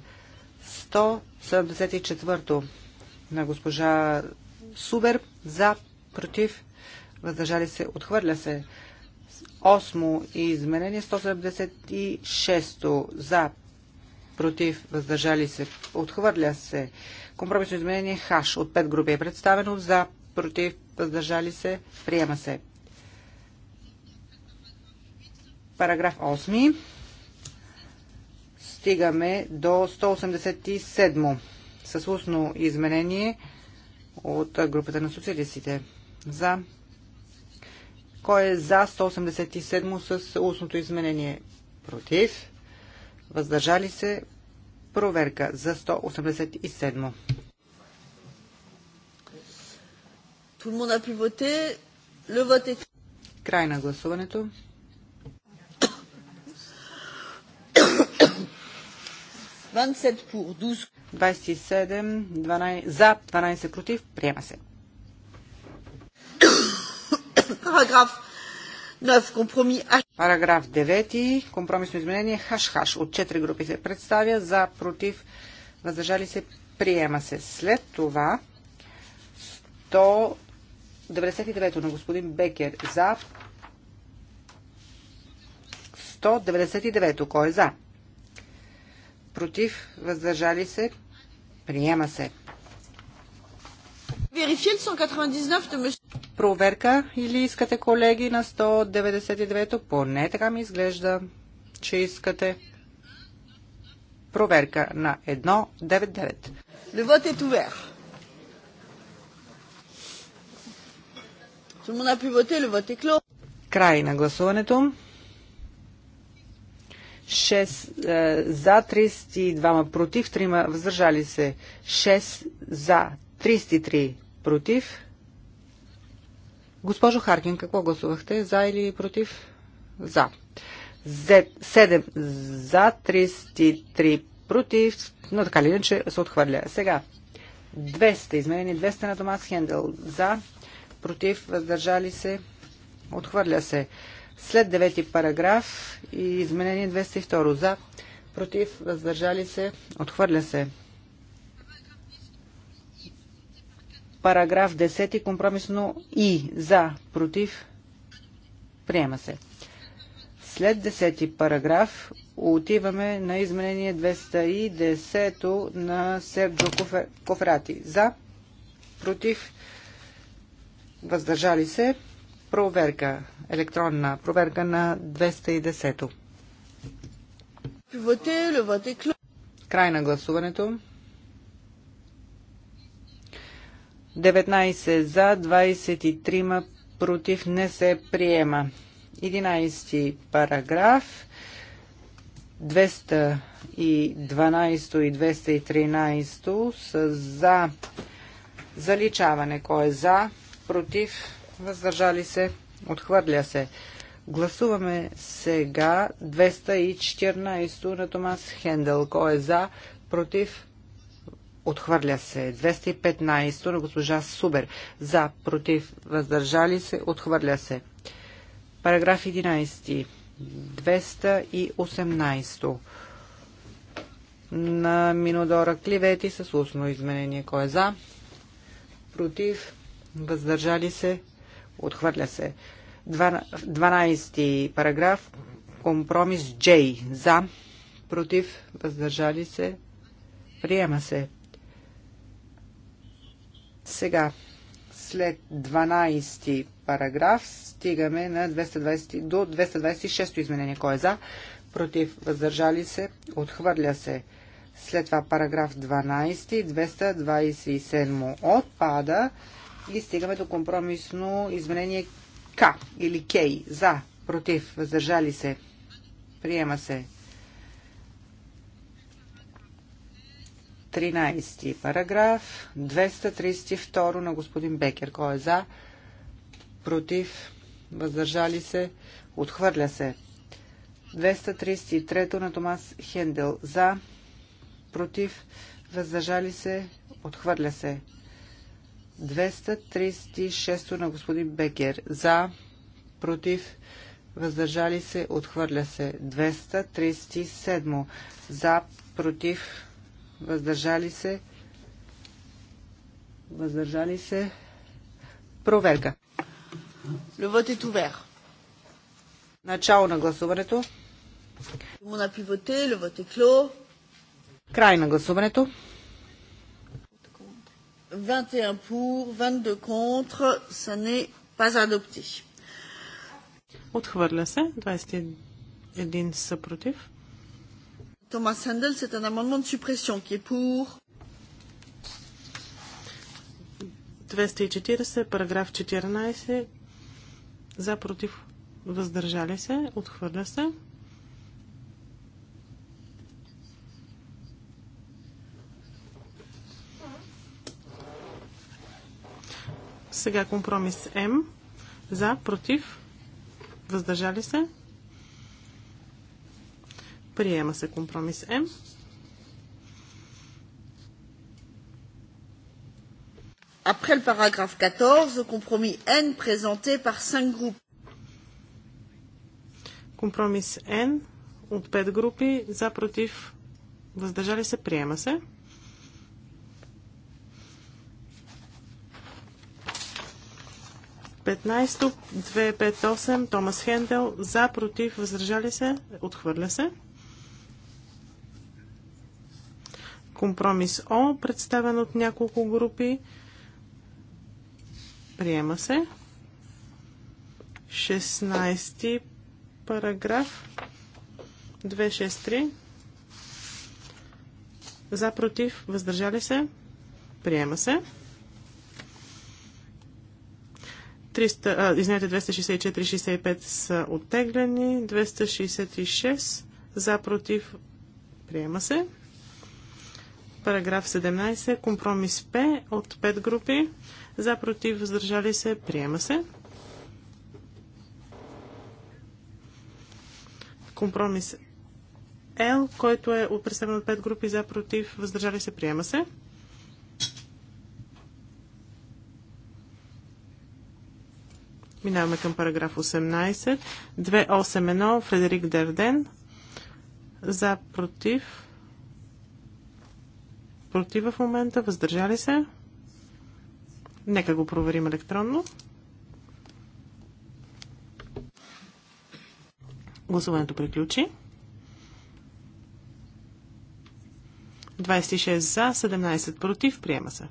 B: 174 то на госпожа Субер за, против, въздържали се, отхвърля се. 8 изменение 176 то за, против, въздържали се, отхвърля се. Компромисно изменение ХАШ от пет групи е представено. За, против, въздържали се, приема се. Параграф 8. Стигаме до 187 с устно изменение от групата на социалистите. За. Кой е за 187 с устното изменение? Против. Въздържали се. Проверка за 187. Край на гласуването. за, 12 против. Приема се. Параграф Параграф 9. Компромисно изменение. Хаш-хаш. От 4 групи се представя. За, против, въздържали се. Приема се. След това 199 на господин Бекер. За. 199. Кой е за? Против, въздържали се. Приема се.
A: Верифил 199 de
B: проверка или искате колеги на 199-то? Поне така ми изглежда, че искате проверка на 199.
A: Левът е тувер.
B: Край на гласуването. 6 е, за, 32 против, 3 въздържали се. 6 за, 33 против. Госпожо Харкин, какво гласувахте? За или против? За. Z, 7 за, 33 против, но така ли иначе се отхвърля. Сега, 200, изменени 200 на Томас Хендел. За, против, въздържали се, отхвърля се. След 9 параграф и изменени 202 за, против, въздържали се, отхвърля се. Параграф 10. Компромисно и. За. Против. Приема се. След 10 параграф отиваме на изменение 210 на Серджо Кофрати. За. Против. Въздържали се. Проверка. Електронна проверка на 210. Край на гласуването. 19 за, 23 против не се приема. 11 параграф, 212 и 213 са за заличаване. Кой е за, против, въздържали се, отхвърля се. Гласуваме сега 214 на Томас Хендел. Кой е за, против, Отхвърля се 215 на госпожа Субер. За, против, въздържали се. Отхвърля се. Параграф 11. 218 на Минодора Кливети с устно изменение. Кой е за? Против? Въздържали се? Отхвърля се. 12 параграф. Компромис Джей. За? Против? Въздържали се? Приема се. Сега, след 12 параграф, стигаме на 220, до 226 то изменение. Кой е за? Против, въздържали се, отхвърля се. След това параграф 12, 227 отпада и стигаме до компромисно изменение К или К. За, против, въздържали се, приема се. 13 параграф, 232 на господин Бекер. Кой е за? Против? Въздържали се? Отхвърля се. 233 на Томас Хендел. За? Против? Въздържали се? Отхвърля се. 236 на господин Бекер. За? Против? Въздържали се? Отхвърля се. 237 за? Против? въздържали се, въздържали се, проверка.
A: Лъвът е тувер. Начало на гласуването. Мона пивоте, лъвът е кло. Край
C: на гласуването.
A: 21 пур, 22 contre, са не pas adopté. Отхвърля се, 21 са против. Thomas Handel, c'est un amendement de suppression qui est pour. 240,
C: параграф 14, за против въздържали се, отхвърля се. Сега компромис М. За, против, въздържали се, Приема се компромис М.
A: Après le paragraphe 14, le compromis N présenté par 5 groupes.
C: Компромис N от 5 групи за против въздържали се приема се. Петнайсто, 258, Томас Хендел, за, против, въздържали се, отхвърля се. Компромис О, представен от няколко групи. Приема се. 16 параграф 263. За, против, въздържали се. Приема се. 300, а, извинете, 264-65 са оттеглени. 266 за, против, приема се. Параграф 17. Компромис П от 5 групи. За, против, въздържали се, приема се. Компромис Л, който е представен от 5 групи за, против, въздържали се, приема се. Минаваме към параграф 18. 281 Фредерик Дерден. За, против, против в момента, въздържали се. Нека го проверим електронно. Гласуването приключи. 26 за, 17 против. Приема се.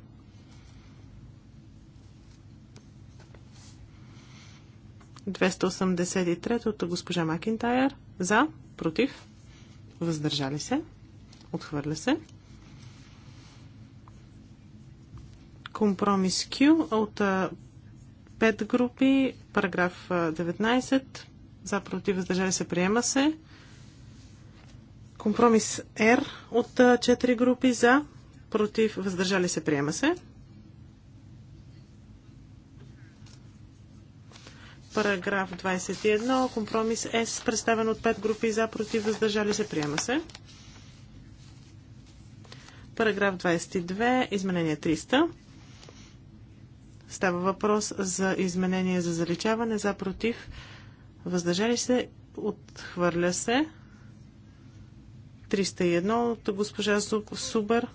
C: от госпожа Макинтайер. За, против. Въздържали се. Отхвърля се. Компромис Q от пет групи, параграф 19, за против въздържали се приема се. Компромис R от 4 групи за против въздържали се приема се. Параграф 21. Компромис С, представен от 5 групи за, против, въздържали се, приема се. Параграф 22. Изменение 300. Става въпрос за изменение за заличаване, за против, въздържали се, отхвърля се. 301 от госпожа Субър.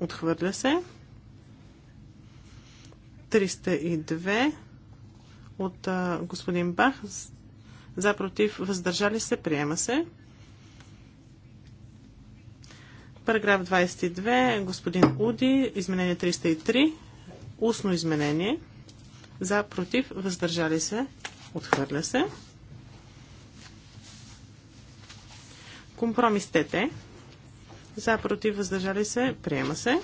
C: Отхвърля се. 302 от а, господин Бах. За против, въздържали се, приема се. Параграф 22, господин Уди, изменение 303 Устно изменение. За, против, въздържали се, отхвърля се. Компромис ТТ. За, против, въздържали се, приема се.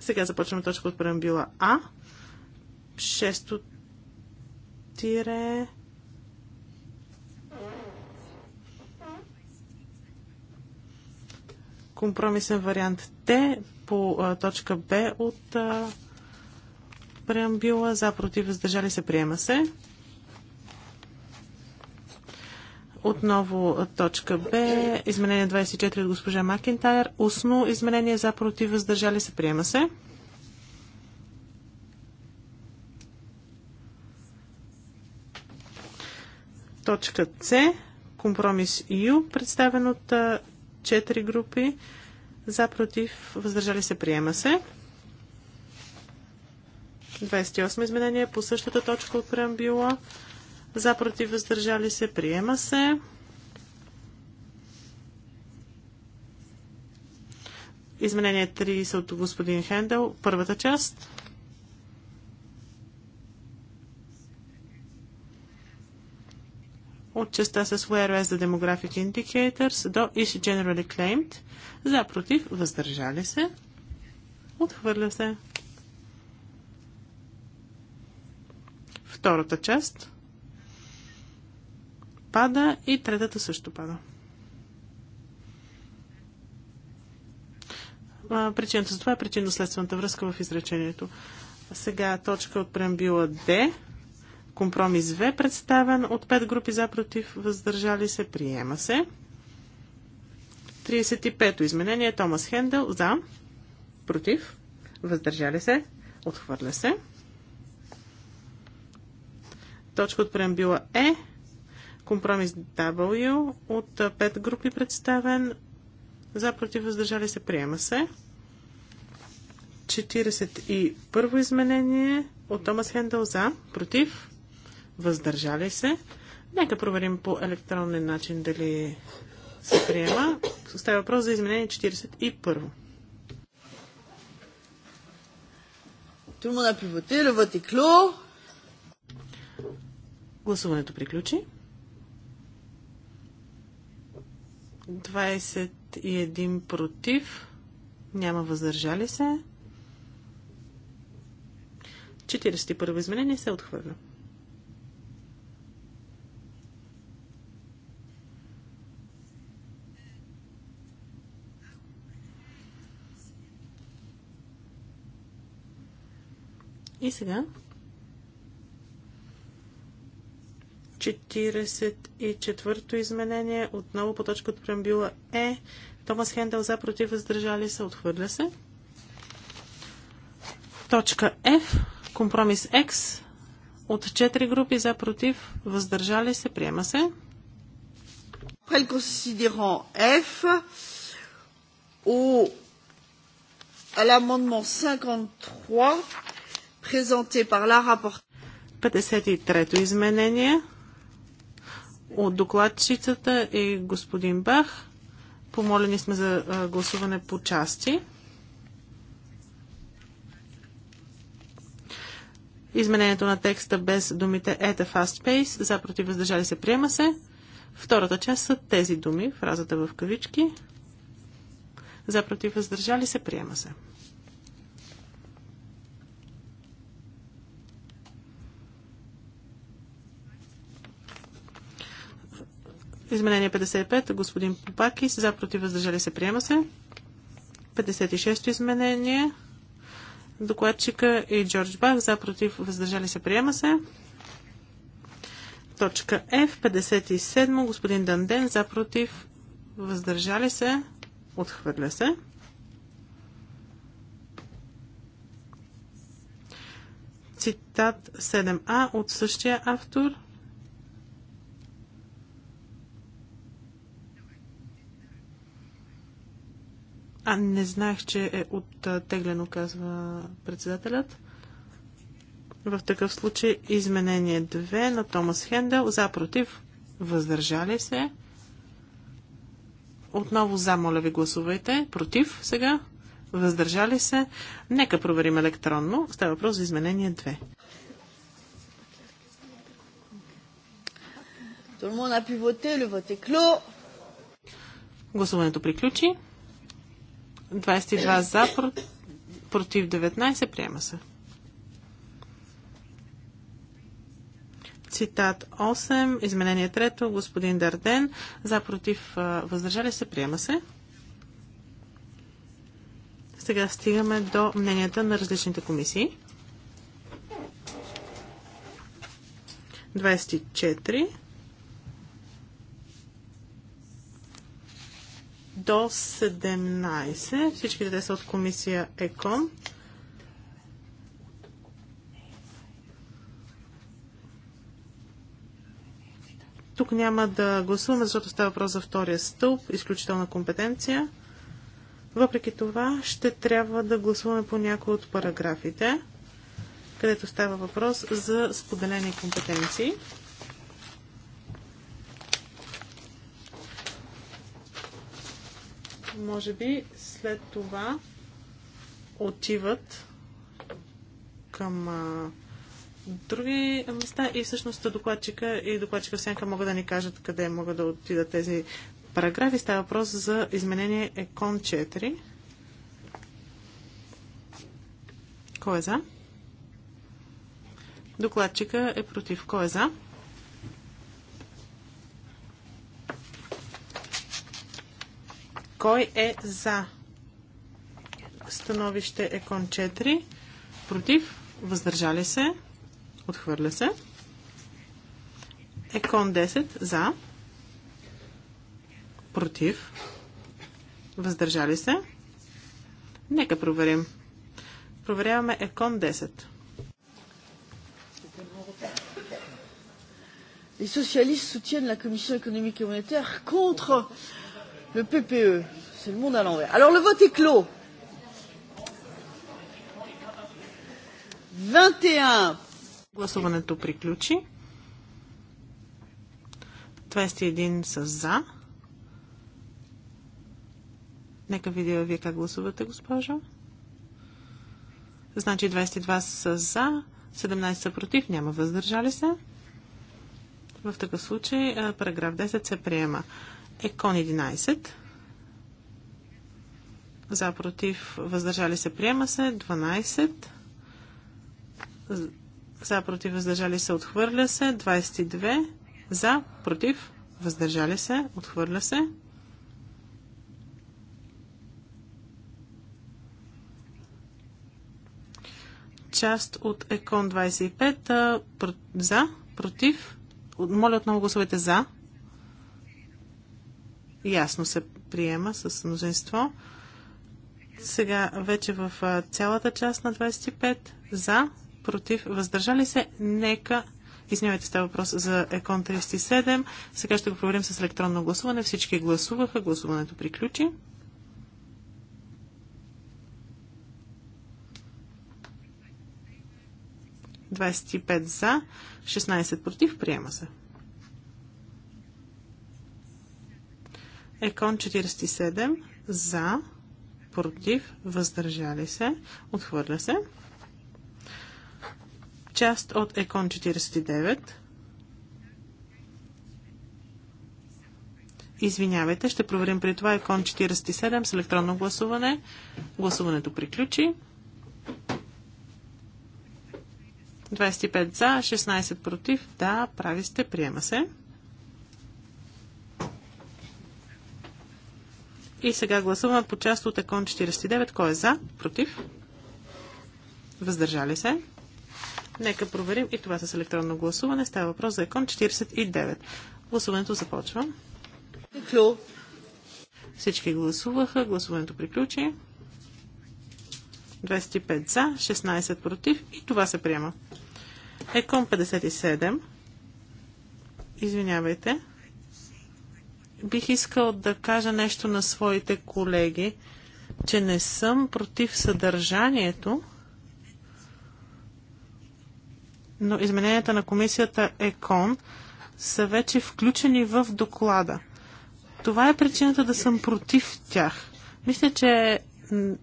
C: Сега започваме точка от преамбила А. Шесто тире компромисен вариант Т по а, точка Б от а, преамбюла. За, против, въздържали се, приема се. Отново точка Б, изменение 24 от госпожа Макентайр. Устно изменение за, против, въздържали се, приема се. Точка С, компромис Ю, представен от 4 групи за, против, въздържали се, приема се. 28 изменение по същата точка от преамбюла. За, против, въздържали се, приема се. Изменение 30 от господин Хендел, първата част. от частта с ВРС за Demographic Indicators до Is Generally Claimed. За, против, въздържали се. Отхвърля се. Втората част пада и третата също пада. Причината за това е причинно-следствената връзка в изречението. Сега точка от преамбила D. Компромис В, представен от 5 групи за против, въздържали се, приема се. 35-то изменение Томас Хендел за, против, въздържали се, отхвърля се. Точка от преамбила Е, компромис W от 5 групи представен, за против, въздържали се, приема се. 41-во изменение от Томас Хендел за, против, въздържали се. Нека проверим по електронен начин дали се приема. Става въпрос за изменение 41.
A: Тума le monde a Гласуването приключи.
C: 21 против. Няма въздържали се. 41 изменение се отхвърля. И сега 44-то изменение, отново по точка от преамбюла Е. Томас Хендел за против въздържали се, отхвърля се. Точка F, компромис X, от 4 групи за против въздържали се, приема се.
A: Après F, au, à l'amendement 53, présenté par la rapporteure.
C: 53-то изменение от докладчицата и господин Бах. Помолени сме за гласуване по части. Изменението на текста без думите at a fast pace, за против въздържали се, приема се. Втората част са тези думи, фразата в кавички. За против въздържали се, приема се. Изменение 55. Господин Попакис. За против въздържали се. Приема се. 56-то изменение. Докладчика и Джордж Бах. За против въздържали се. Приема се. Точка F. 57. Господин Данден. За против въздържали се. Отхвърля се. Цитат 7а от същия автор. А, не знаех, че е оттеглено, казва председателят. В такъв случай изменение 2 на Томас Хендел. За, против, въздържали се. Отново за, моля ви, гласувайте. Против сега. Въздържали се. Нека проверим електронно. Става въпрос за изменение 2.
A: Tout le monde a pu voter, le vote est clos.
C: Гласуването приключи.
A: 22 за,
C: против 19, приема се. Цитат 8, изменение 3, господин Дарден, за, против, въздържали се, приема се. Сега стигаме до мненията на различните комисии. 24. до 17. Всичките те са от комисия ЕКОН. Тук няма да гласуваме, защото става въпрос за втория стълб, изключителна компетенция. Въпреки това, ще трябва да гласуваме по някои от параграфите, където става въпрос за споделени компетенции. може би след това отиват към а, други места и всъщност докладчика и докладчика сянка могат да ни кажат къде могат да отидат тези параграфи. Става въпрос за изменение ЕКОН 4. Кой е за? Докладчика е против. Кой е за? Кой е за? Становище Екон 4. Против? Въздържали се? Отхвърля се. Екон 10. За? Против? Въздържали се? Нека проверим. Проверяваме Екон 10.
A: Les socialistes soutiennent la Commission économique et monétaire contre le ppe c'est le monde à l'envers. alors le vote est clos. 21. Гласуването приключи.
C: 21 са за. Нека видя вие как гласувате, госпожо. Значи 22 са за, 17 са против, няма въздържали се. В такъв случай параграф 10 се приема. Екон 11. За, против, въздържали се, приема се. 12. За, против, въздържали се, отхвърля се. 22. За, против, въздържали се, отхвърля се. Част от Екон 25. За, против. Моля отново гласовете за, ясно се приема с мнозинство. Сега вече в цялата част на 25 за, против, въздържали се, нека Извинявайте, става въпрос за Екон 37. Сега ще го проверим с електронно гласуване. Всички гласуваха. Гласуването приключи. Двадесет за, 16 против. Приема се. Екон 47 за, против, въздържали се, отхвърля се. Част от Екон 49. Извинявайте, ще проверим при това Екон 47 с електронно гласуване. Гласуването приключи. 25 за, 16 против. Да, прави сте, приема се. И сега гласуваме по част от Екон 49. Кой е за? Против? Въздържали се? Нека проверим и това с електронно гласуване. Става въпрос за Екон 49. Гласуването започва. Всички гласуваха. Гласуването приключи. 25 за, 16 против и това се приема. Екон 57. Извинявайте бих искал да кажа нещо на своите колеги, че не съм против съдържанието, но измененията на комисията ЕКОН са вече включени в доклада. Това е причината да съм против тях. Мисля, че е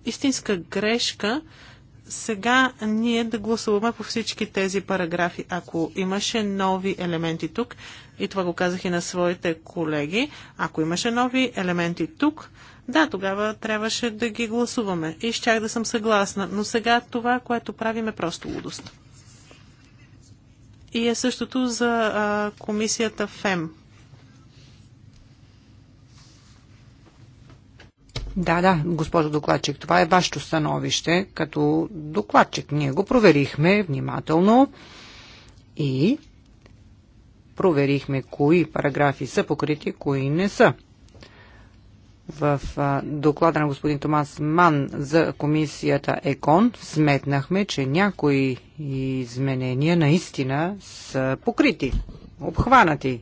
C: истинска грешка сега ние да гласуваме по всички тези параграфи. Ако имаше нови елементи тук, и това го казах и на своите колеги, ако имаше нови елементи тук, да, тогава трябваше да ги гласуваме. И щях да съм съгласна. Но сега това, което правим е просто лудост. И е същото за а, комисията ФЕМ.
B: Да, да, госпожо докладчик, това е вашето становище като докладчик. Ние го проверихме внимателно и проверихме кои параграфи са покрити, кои не са. В доклада на господин Томас Ман за комисията ЕКОН сметнахме, че някои изменения наистина са покрити, обхванати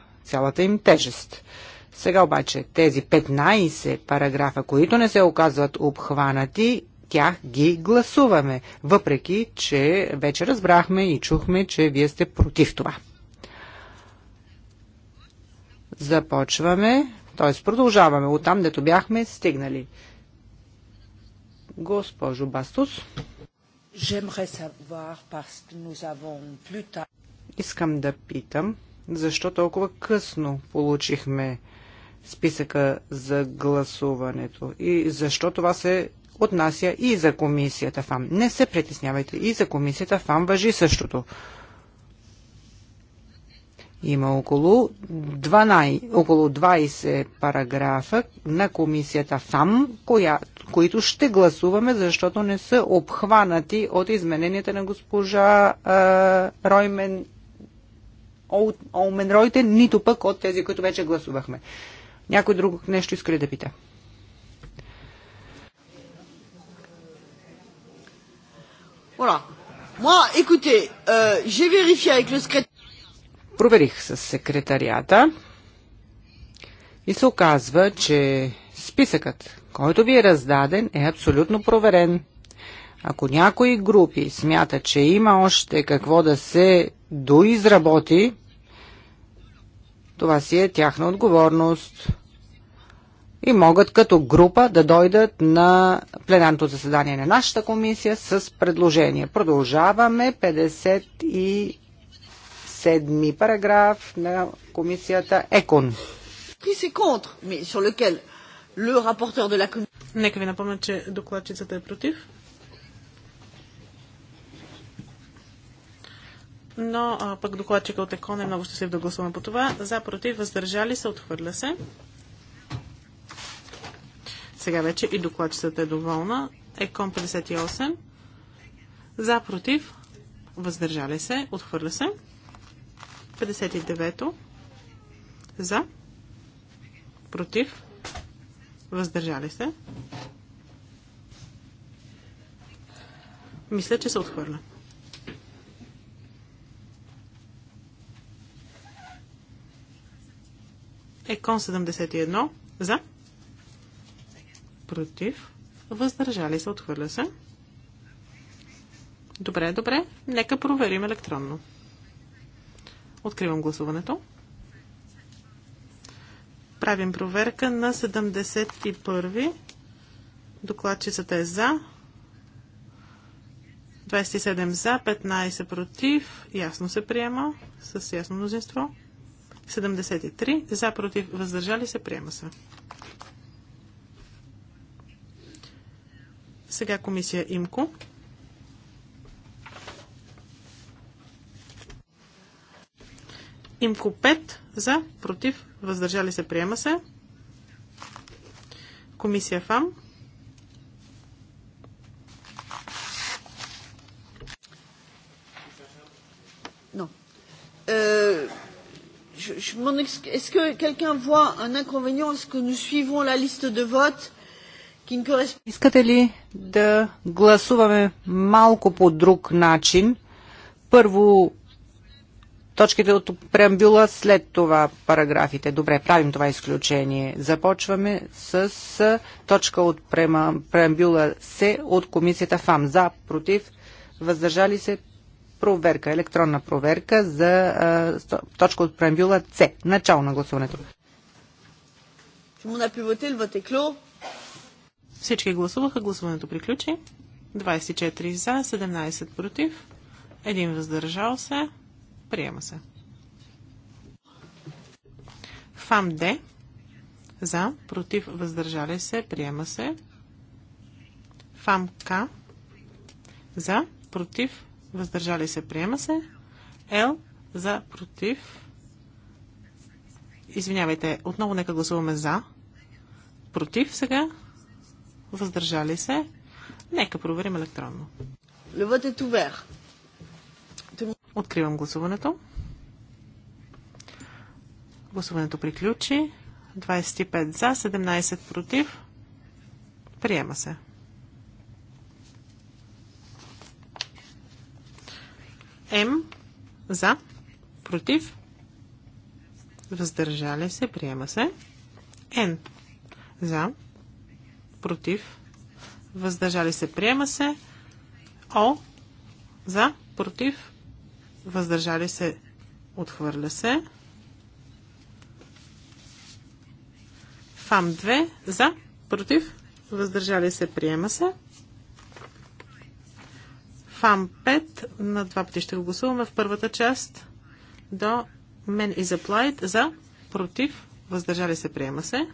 B: цялата им тежест. Сега обаче тези 15 параграфа, които не се оказват обхванати, тях ги гласуваме, въпреки че вече разбрахме и чухме, че вие сте против това. Започваме, т.е. продължаваме от там, дето бяхме стигнали. Госпожо Бастус. Искам да питам, защо толкова късно получихме списъка за гласуването и защо това се отнася и за комисията ФАМ. Не се притеснявайте, и за комисията ФАМ въжи същото. Има около 12, около 20 параграфа на комисията ФАМ, коя, които ще гласуваме, защото не са обхванати от измененията на госпожа е, Роймен Олменройте, нито пък от тези, които вече гласувахме. Някой друг нещо иска ли да пита?
A: Voilà. Moi, écoutez, euh, j'ai vérifié avec le Проверих
B: с секретарията и се оказва, че списъкът, който ви е раздаден, е абсолютно проверен. Ако някои групи смятат, че има още какво да се доизработи, това си е тяхна отговорност и могат като група да дойдат на пленарното заседание на нашата комисия с предложение. Продължаваме 57 параграф на комисията ЕКОН.
A: Нека ви напомня, че докладчицата е против.
C: но а, пък докладчика от Екон е много щастлив да гласуваме по това. За, против, въздържали се, отхвърля се. Сега вече и докладчицата е доволна. Екон 58. За, против, въздържали се, отхвърля се. 59-то. За, против, въздържали се. Мисля, че се отхвърля. Екон 71 за. Против. Въздържали се. Отхвърля се. Добре, добре. Нека проверим електронно. Откривам гласуването. Правим проверка на 71. Докладчицата е за. 27 за, 15 против. Ясно се приема. С ясно мнозинство. 73. За, против, въздържали се, приема се. Сега комисия ИМКО. ИМКО 5. За, против, въздържали се, приема се. Комисия ФАМ.
A: Но. No. Uh est ce que quelqu'un voit un inconvénient à ce que nous suivons la liste de vote qui ne correspond
B: Искате ли да гласуваме малко по друг начин? Първо точките от преамбюла, след това параграфите. Добре, правим това изключение. Започваме с точка от преамбюла С от комисията ФАМ. За, против, въздържали се, проверка, електронна проверка за а, точка от
A: преамбюла С. Начало
B: на гласуването.
C: Всички гласуваха, гласуването приключи. 24 за, 17 против, Един въздържал се. Приема се. ФАМ Д. За, против, въздържали се. Приема се. ФАМ К. За, против, въздържали се, приема се. L за против. Извинявайте, отново нека гласуваме за. Против сега. Въздържали се. Нека проверим електронно. Откривам гласуването. Гласуването приключи. 25 за, 17 против. Приема се. М за, против, въздържали се, приема се. Н за, против, въздържали се, приема се. О за, против, въздържали се, отхвърля се. ФАМ 2 за, против, въздържали се, приема се. ФАМ 5 на два пъти ще го гласуваме в първата част до Men is applied за против, въздържали се, приема се.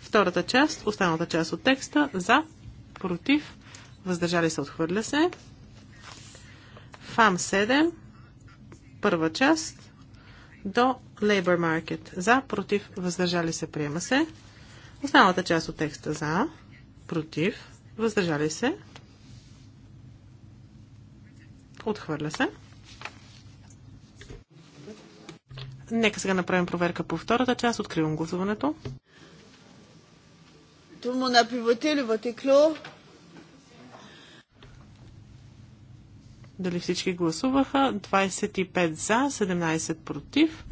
C: Втората част, останалата част от текста за против, въздържали се, отхвърля се. ФАМ 7 първа част до Labor Market за против, въздържали се, приема се. Останалата част от текста за против, въздържали се, Отхвърля се. Нека сега направим проверка по втората част. Откривам гласуването.
A: Tout le monde
C: Дали всички гласуваха? 25 за, 17 против,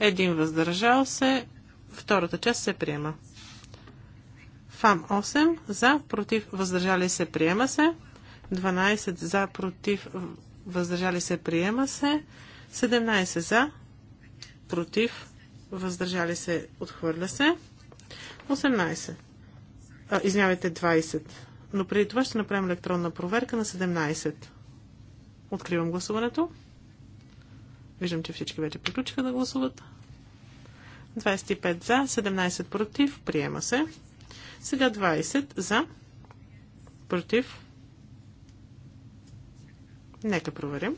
C: един въздържал се. Втората част се приема. ФАМ 8 за, против, въздържали се, приема се. 12 за, против, въздържали се, приема се. 17 за, против, въздържали се, отхвърля се. 18. А, извинявайте, 20. Но преди това ще направим електронна проверка на 17. Откривам гласуването. Виждам, че всички вече приключиха да гласуват. 25 за, 17 против, приема се. Сега 20 за, против, Нека проверим.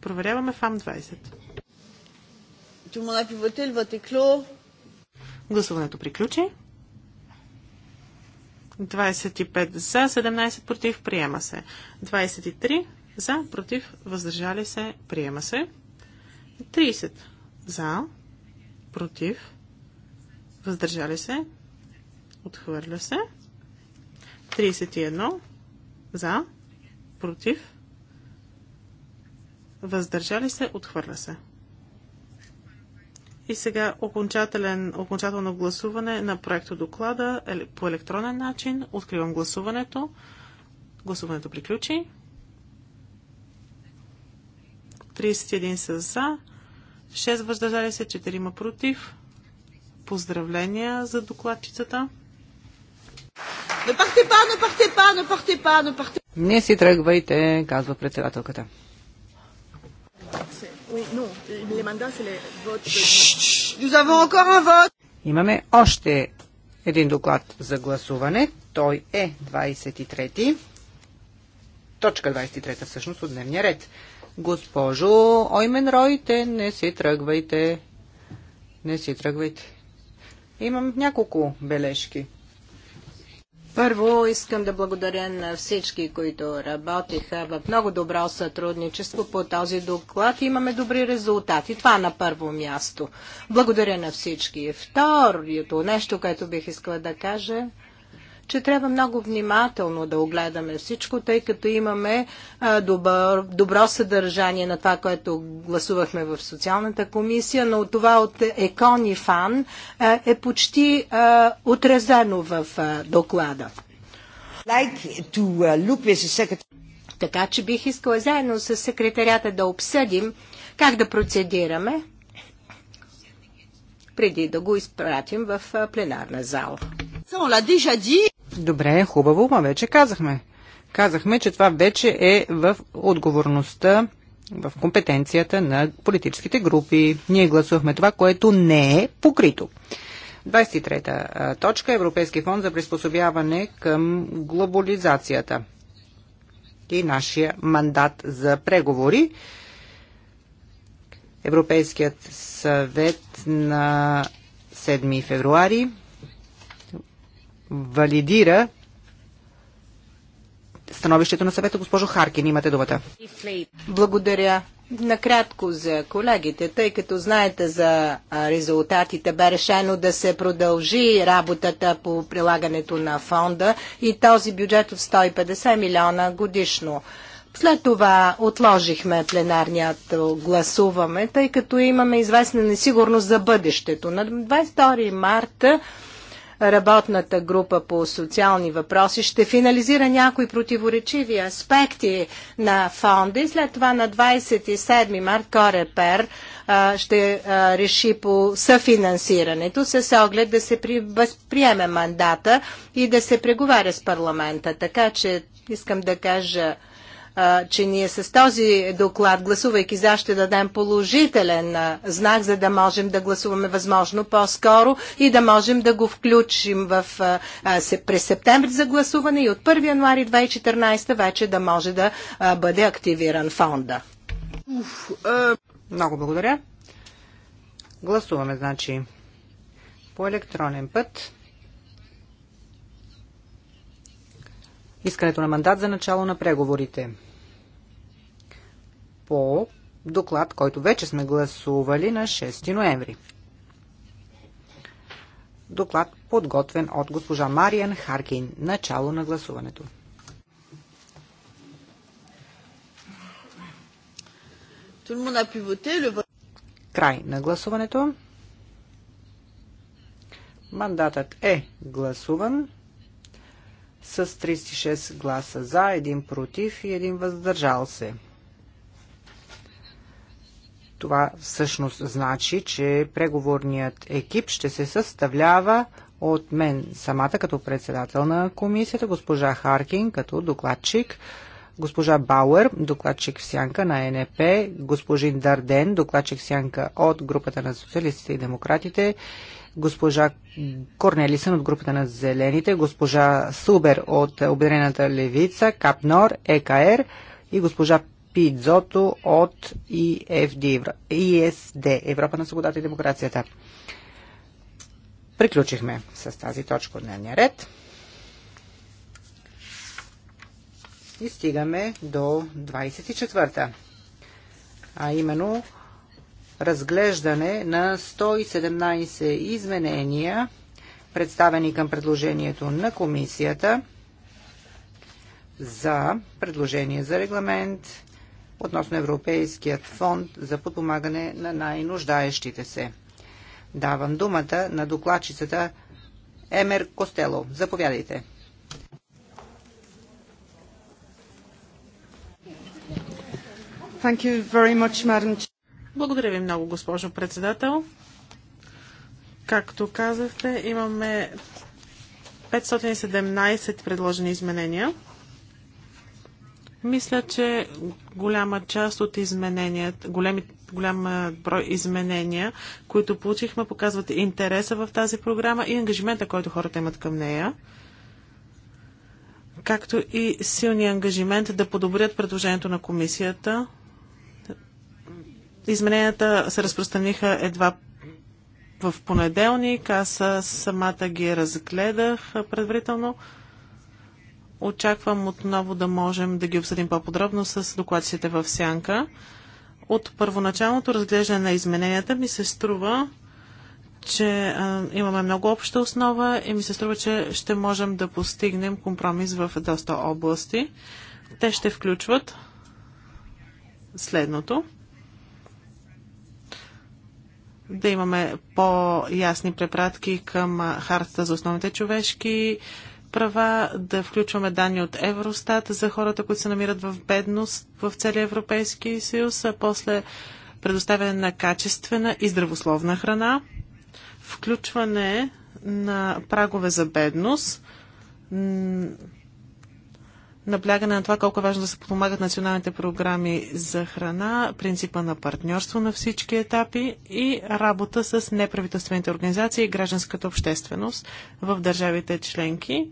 C: Проверяваме ФАМ 20. Гласуването приключи. 25 за, 17 против, приема се. 23 за, против, въздържали се, приема се. 30 за, против, въздържали се, отхвърля се. 31 за, против, въздържали се, отхвърля се. И сега окончателно гласуване на проекто доклада по електронен начин. Откривам гласуването. Гласуването приключи. 31 са за, 6 въздържали се, 4 против. Поздравления за докладчицата.
A: Не партипа, па, не партипа, па, не партипа, не пахте.
B: Не си тръгвайте, казва председателката. Oui, Имаме още един доклад за гласуване. Той е 23. ти Точка 23 та всъщност от дневния ред. Госпожо Оймен Ройте, не си тръгвайте. Не си тръгвайте. Имам няколко бележки.
D: Първо искам да благодаря на всички, които
B: работиха
D: в много добро сътрудничество по този доклад. Имаме добри резултати. Това на първо място. Благодаря на всички. Второто нещо, което бих искала да кажа, че трябва много внимателно да огледаме всичко, тъй като имаме добър, добро съдържание на това, което гласувахме в социалната комисия, но това от Екон и Фан е почти отразено в доклада.
A: Like to uh, look with the
D: Така че бих искала заедно с секретарята да обсъдим как да процедираме преди да го изпратим в пленарна зала.
B: Добре, хубаво, ма вече казахме. Казахме, че това вече е в отговорността, в компетенцията на политическите групи. Ние гласувахме това, което не е покрито. 23-та точка Европейски фонд за приспособяване към глобализацията и нашия мандат за преговори. Европейският съвет на 7 февруари валидира становището на съвета. Госпожо Харкин, имате думата.
D: Благодаря. Накратко за колегите, тъй като знаете за резултатите, бе решено да се продължи работата по прилагането на фонда и този бюджет от 150 милиона годишно. След това отложихме пленарният гласуваме, тъй като имаме известна несигурност за бъдещето. На 22 марта работната група по социални въпроси ще финализира някои противоречиви аспекти на фонда и след това на 27 март Корепер ще реши по съфинансирането с оглед да се приеме мандата и да се преговаря с парламента. Така че искам да кажа че ние с този доклад, гласувайки за, ще дадем положителен знак, за да можем да гласуваме възможно по-скоро и да можем да го включим в, през септември за гласуване и от 1 януари 2014 вече да може да
B: бъде активиран фонда. Много благодаря. Гласуваме, значи, по електронен път. Искането на мандат за начало на преговорите по доклад, който вече сме гласували на 6 ноември. Доклад подготвен от госпожа Мариан Харкин. Начало на гласуването. Край на гласуването. Мандатът е гласуван с 36 гласа за, 1 против и 1 въздържал се. Това всъщност значи, че преговорният екип ще се съставлява от мен самата като председател на комисията, госпожа Харкин като докладчик, госпожа Бауер, докладчик в сянка на НП, госпожин Дарден, докладчик в сянка от групата на социалистите и демократите, госпожа Корнелисън от групата на Зелените, госпожа Субер от Обедрената левица, Капнор, ЕКР и госпожа Пидзото от ИФД, ИСД, Европа на свободата и демокрацията. Приключихме с тази точка от дневния ред. И стигаме до 24-та, а именно разглеждане на 117 изменения, представени към предложението на комисията за предложение за регламент относно Европейският фонд за подпомагане на най-нуждаещите се. Давам думата на докладчицата Емер Костело. Заповядайте.
C: Much, Благодаря ви много, госпожо председател. Както казахте, имаме 517 предложени изменения. Мисля, че голяма част от измененията, големи, голям брой изменения, които получихме, показват интереса в тази програма и ангажимента, който хората имат към нея, както и силния ангажимент да подобрят предложението на комисията. Измененията се разпространиха едва в понеделник. Аз самата ги разгледах предварително. Очаквам отново да можем да ги обсъдим по-подробно с докладците в сянка. От първоначалното разглеждане на измененията ми се струва, че а, имаме много обща основа и ми се струва, че ще можем да постигнем компромис в доста области. Те ще включват следното. Да имаме по-ясни препратки към хартата за основните човешки права, да включваме данни от Евростат за хората, които се намират в бедност в целия Европейски съюз, а после предоставяне на качествена и здравословна храна, включване на прагове за бедност, наблягане на това колко е важно да се помагат националните програми за храна, принципа на партньорство на всички етапи и работа с неправителствените организации и гражданската общественост в държавите членки.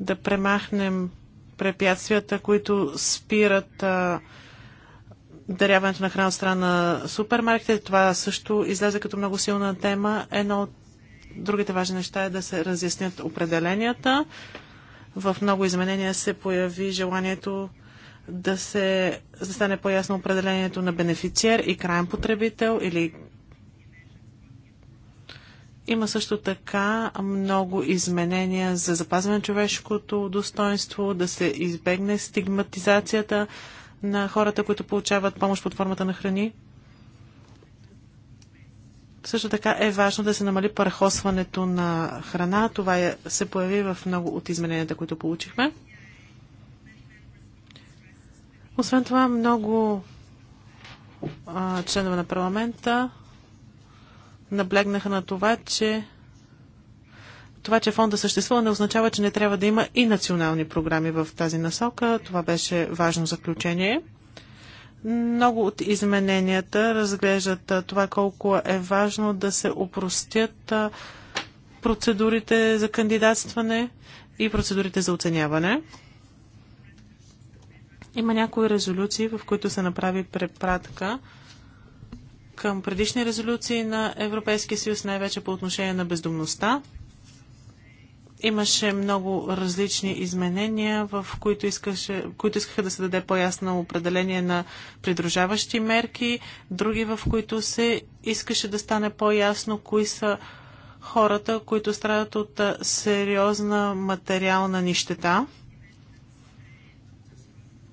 C: да премахнем препятствията, които спират а, даряването на храна от страна на супермаркетите. Това също излезе като много силна тема. Едно от другите важни неща е да се разяснят определенията. В много изменения се появи желанието да се да стане по-ясно определението на бенефициер и крайен потребител или има също така много изменения за запазване на човешкото достоинство, да се избегне стигматизацията на хората, които получават помощ под формата на храни. Също така е важно да се намали парахосването на храна. Това е, се появи в много от измененията, които получихме. Освен това, много а, членове на парламента наблегнаха на това, че това, че фонда съществува, не означава, че не трябва да има и национални програми в тази насока. Това беше важно заключение. Много от измененията разглеждат това колко е важно да се опростят процедурите за кандидатстване и процедурите за оценяване. Има някои резолюции, в които се направи препратка към предишни резолюции на Европейския съюз, най-вече по отношение на бездомността. Имаше много различни изменения, в които, искаше, които искаха да се даде по-ясно определение на придружаващи мерки, други в които се искаше да стане по-ясно кои са хората, които страдат от сериозна материална нищета.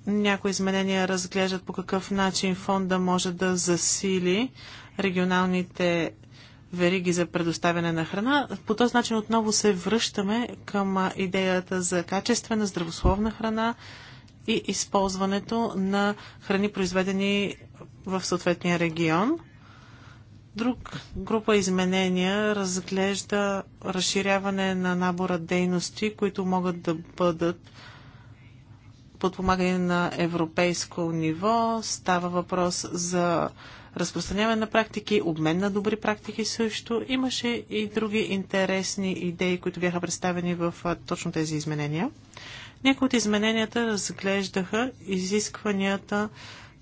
C: Някои изменения разглеждат по какъв начин фонда може да засили регионалните вериги за предоставяне на храна. По този начин отново се връщаме към идеята за качествена, здравословна храна и използването на храни, произведени в съответния регион. Друг група изменения разглежда разширяване на набора дейности, които могат да бъдат подпомагане на европейско ниво. Става въпрос за разпространяване на практики, обмен на добри практики също. Имаше и други интересни идеи, които бяха представени в точно тези изменения. Някои от измененията разглеждаха изискванията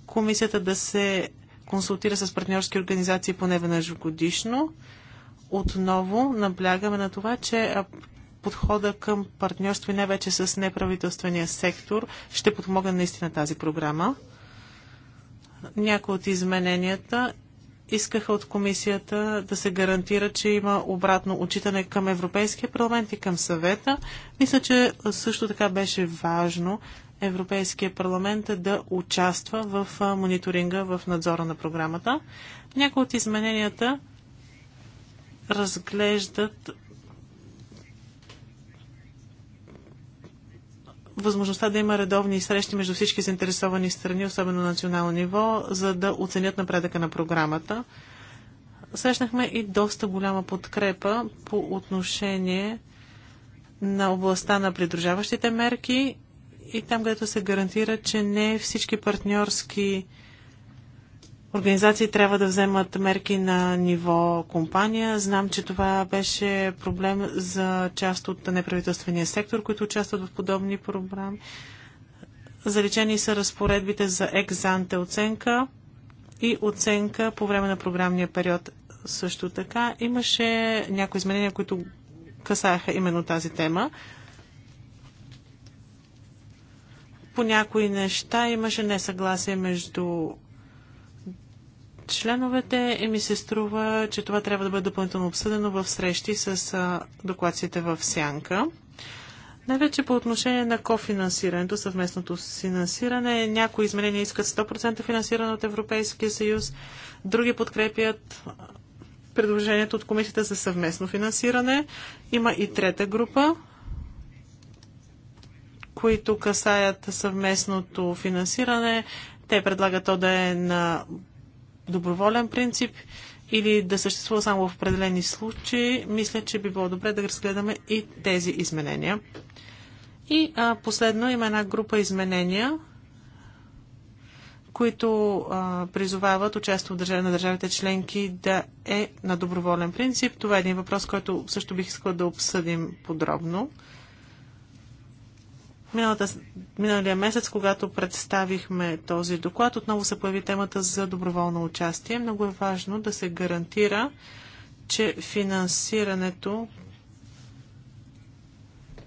C: комисията да се консултира с партньорски организации поне веднъж годишно. Отново наблягаме на това, че подхода към партньорство и най вече с неправителствения сектор ще подмогне наистина тази програма. Някои от измененията искаха от комисията да се гарантира, че има обратно отчитане към Европейския парламент и към съвета. Мисля, че също така беше важно Европейския парламент да участва в мониторинга, в надзора на програмата. Някои от измененията разглеждат възможността да има редовни срещи между всички заинтересовани страни, особено на национално ниво, за да оценят напредъка на програмата. Срещнахме и доста голяма подкрепа по отношение на областта на придружаващите мерки и там, където се гарантира, че не всички партньорски организации трябва да вземат мерки на ниво компания. Знам, че това беше проблем за част от неправителствения сектор, които участват в подобни програми. Заличени са разпоредбите за екзанте оценка и оценка по време на програмния период. Също така имаше някои изменения, които касаяха именно тази тема. По някои неща имаше несъгласие между членовете и ми се струва, че това трябва да бъде допълнително обсъдено в срещи с докладците в Сянка. Най-вече по отношение на кофинансирането, съвместното финансиране, някои изменения искат 100% финансиране от Европейския съюз, други подкрепят предложението от Комисията за съвместно финансиране. Има и трета група, които касаят съвместното финансиране. Те предлагат то да е на доброволен принцип или да съществува само в определени случаи, мисля, че би било добре да разгледаме и тези изменения. И а, последно има една група изменения, които а, призовават участието държави, на държавите членки да е на доброволен принцип. Това е един въпрос, който също бих искала да обсъдим подробно. Миналата, миналия месец, когато представихме този доклад, отново се появи темата за доброволно участие. Много е важно да се гарантира, че финансирането,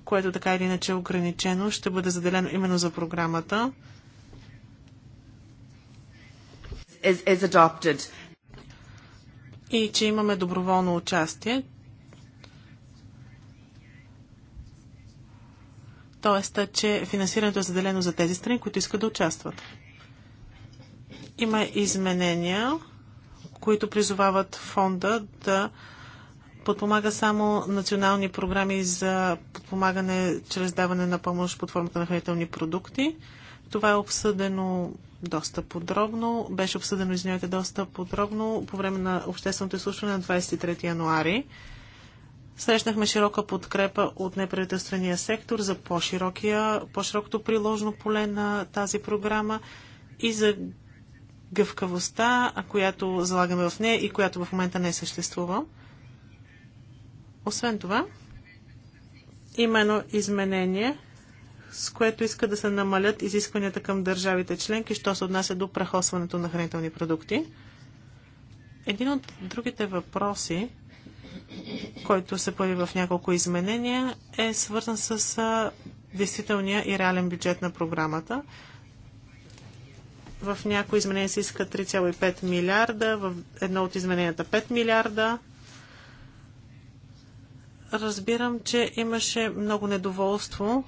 C: което така или иначе е ограничено, ще бъде заделено именно за програмата. Is, is И че имаме доброволно участие. Тоест, че финансирането е заделено за тези страни, които искат да участват. Има изменения, които призовават фонда да подпомага само национални програми за подпомагане чрез даване на помощ под формата на хранителни продукти. Това е обсъдено доста подробно. Беше обсъдено, извинявайте, доста подробно по време на общественото изслушване на 23 януари. Срещнахме широка подкрепа от неправителствения сектор за по-широкото по приложно поле на тази програма и за гъвкавостта, която залагаме в нея и която в момента не съществува. Освен това, има едно изменение, с което иска да се намалят изискванията към държавите членки, що се отнася до прахосването на хранителни продукти. Един от другите въпроси, който се появи в няколко изменения, е свързан с действителния и реален бюджет на програмата. В някои изменения се иска 3,5 милиарда, в едно от измененията 5 милиарда. Разбирам, че имаше много недоволство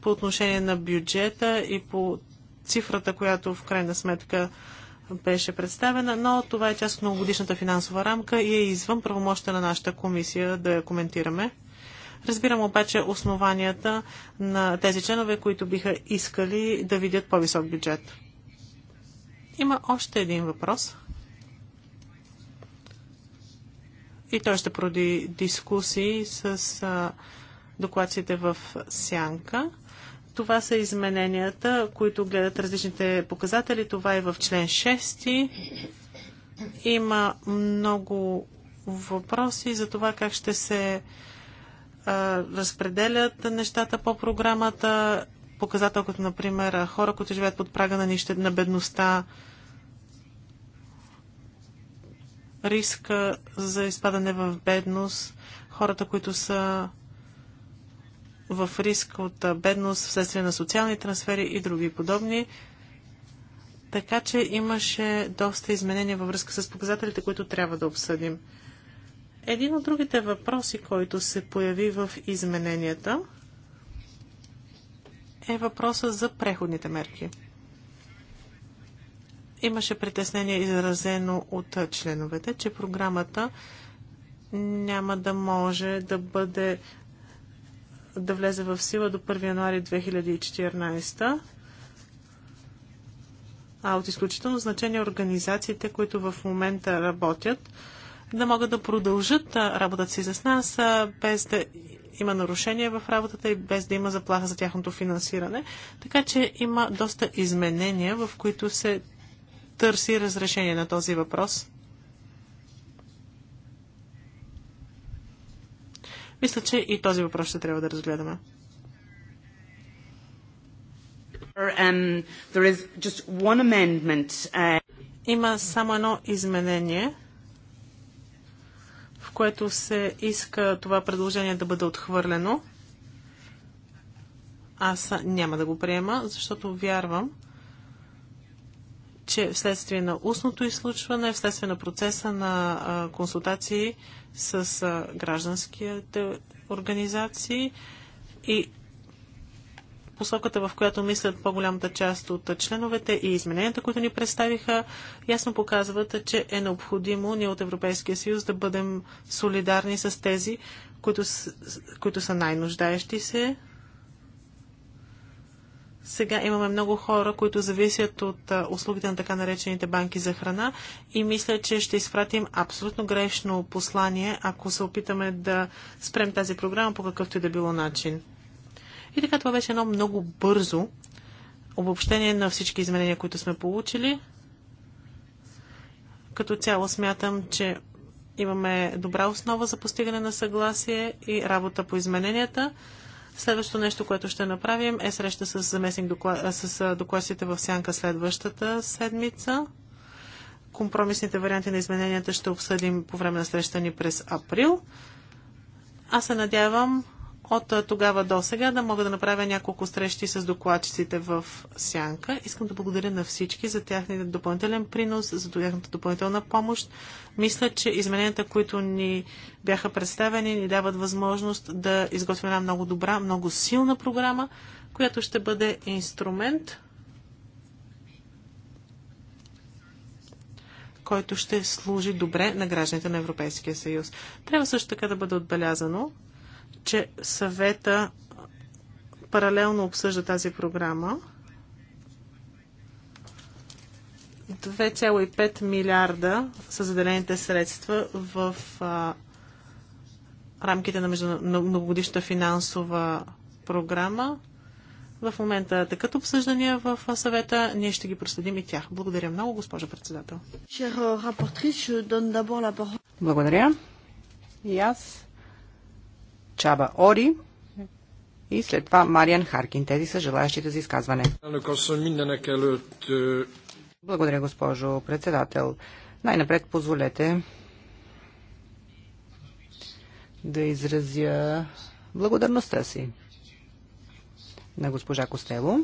C: по отношение на бюджета и по цифрата, която в крайна сметка беше представена, но това е част от многогодишната финансова рамка и е извън правомощта на нашата комисия да я коментираме. Разбирам обаче основанията на тези членове, които биха искали да видят по-висок бюджет. Има още един въпрос. И той ще проди дискусии с докладците в Сянка. Това са измененията, които гледат различните показатели. Това е в член 6. Има много въпроси за това как ще се а, разпределят нещата по програмата. Показател като, например, хора, които живеят под прага на, нище, на бедността, риска за изпадане в бедност, хората, които са в риск от бедност вследствие на социални трансфери и други подобни. Така че имаше доста изменения във връзка с показателите, които трябва да обсъдим. Един от другите въпроси, който се появи в измененията, е въпроса за преходните мерки. Имаше притеснение изразено от членовете, че програмата няма да може да бъде да влезе в сила до 1 януари 2014, а от изключително значение организациите, които в момента работят, да могат да продължат работата си с нас, без да има нарушения в работата и без да има заплаха за тяхното финансиране. Така че има доста изменения, в които се търси разрешение на този въпрос. Мисля, че и този въпрос ще трябва да разгледаме. Um, uh, Има само едно изменение, в което се иска това предложение да бъде отхвърлено. Аз няма да го приема, защото вярвам, че вследствие на устното изслушване, вследствие на процеса на консултации с гражданските организации и посоката, в която мислят по-голямата част от членовете и измененията, които ни представиха, ясно показват, че е необходимо ние от Европейския съюз да бъдем солидарни с тези, които, които са най-нуждаещи се, сега имаме много хора, които зависят от услугите на така наречените банки за храна и мисля, че ще изпратим абсолютно грешно послание, ако се опитаме да спрем тази програма по какъвто и да било начин. И така това беше едно много бързо обобщение на всички изменения, които сме получили. Като цяло смятам, че имаме добра основа за постигане на съгласие и работа по измененията. Следващото нещо, което ще направим е среща с, заместник доклад, с докласите в сянка следващата седмица. Компромисните варианти на измененията ще обсъдим по време на среща ни през април. Аз се надявам от тогава до сега да мога да направя няколко срещи с докладчиците в Сянка. Искам да благодаря на всички за тяхния допълнителен принос, за тяхната допълнителна помощ. Мисля, че измененията, които ни бяха представени, ни дават възможност да изготвим една много добра, много силна програма, която ще бъде инструмент, който ще служи добре на гражданите на Европейския съюз. Трябва също така да бъде отбелязано, че съвета паралелно обсъжда тази програма. 2,5 милиарда са заделените средства в а, рамките на, многогодишната финансова програма. В момента такът обсъждания в съвета. Ние ще ги проследим и тях. Благодаря много, госпожа председател.
A: Euh, Благодаря. И аз
C: Чаба
B: Ори и след това Мариан Харкин. Тези са желаящите за изказване. Благодаря, госпожо председател. Най-напред позволете да изразя благодарността си на госпожа Костело.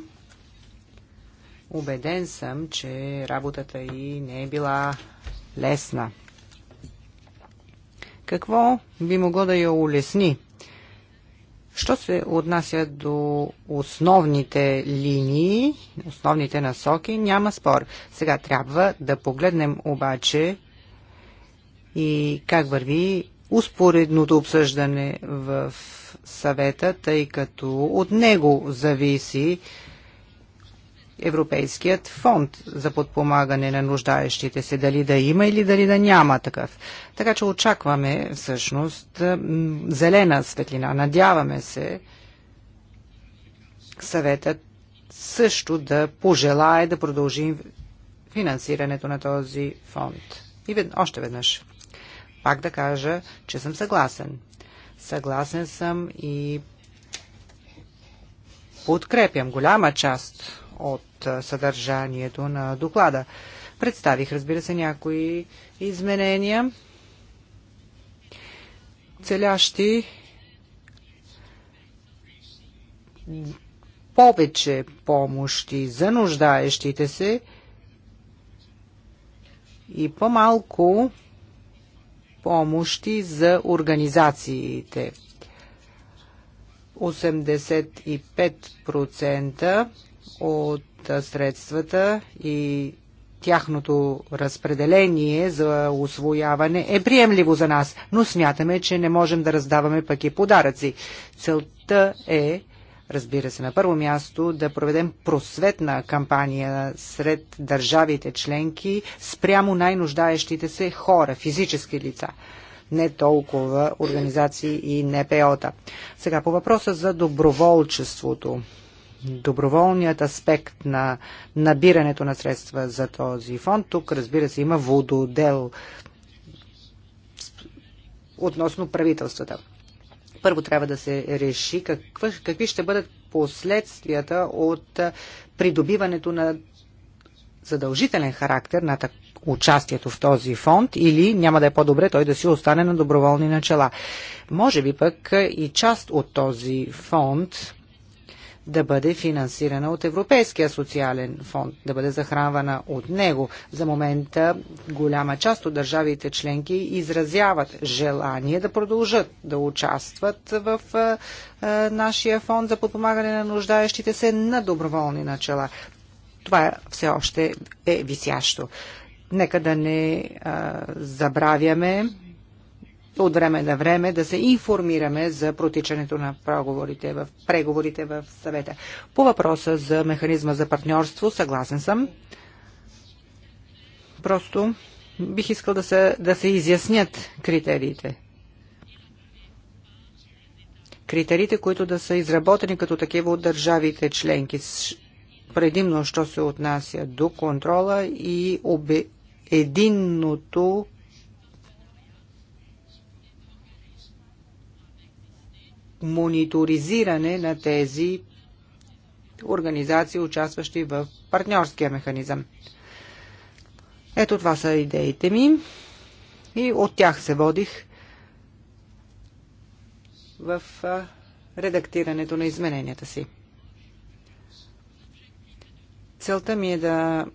B: Убеден съм, че работата й не е била лесна. Какво би могло да я улесни Що се отнася до основните линии, основните насоки, няма спор. Сега трябва да погледнем обаче и как върви успоредното обсъждане в съвета, тъй като от него зависи Европейският фонд за подпомагане на нуждаещите се, дали да има или дали да няма такъв. Така че очакваме всъщност зелена светлина. Надяваме се съветът също да пожелае да продължим финансирането на този фонд. И вед... още веднъж. Пак да кажа, че съм съгласен. Съгласен съм и подкрепям голяма част от съдържанието на доклада. Представих, разбира се, някои изменения, целящи повече помощи за нуждаещите се и по-малко помощи за организациите. 85% от средствата и тяхното разпределение за освояване е приемливо за нас, но смятаме, че не можем да раздаваме пък и подаръци. Целта е, разбира се, на първо място да проведем просветна кампания сред държавите членки спрямо най-нуждаещите се хора, физически лица не толкова организации и НПО-та. Сега по въпроса за доброволчеството доброволният аспект на набирането на средства за този фонд. Тук, разбира се, има вододел относно правителствата. Първо трябва да се реши каква, какви ще бъдат последствията от придобиването на задължителен характер на участието в този фонд или няма да е по-добре той да си остане на доброволни начала. Може би пък и част от този фонд да бъде финансирана от Европейския социален фонд, да бъде захранвана от него. За момента голяма част от държавите членки изразяват желание да продължат да участват в нашия фонд за подпомагане на нуждаещите се на доброволни начала. Това все още е висящо. Нека да не забравяме от време на време да се информираме за протичането на преговорите в, преговорите в съвета. По въпроса за механизма за партньорство, съгласен съм. Просто бих искал да се, да се изяснят критериите. Критериите, които да са изработени като такива от държавите членки, предимно, що се отнася до контрола и обе, единното мониторизиране на тези организации, участващи в партньорския механизъм. Ето това са идеите ми и от тях се водих в редактирането на измененията си. Целта ми е да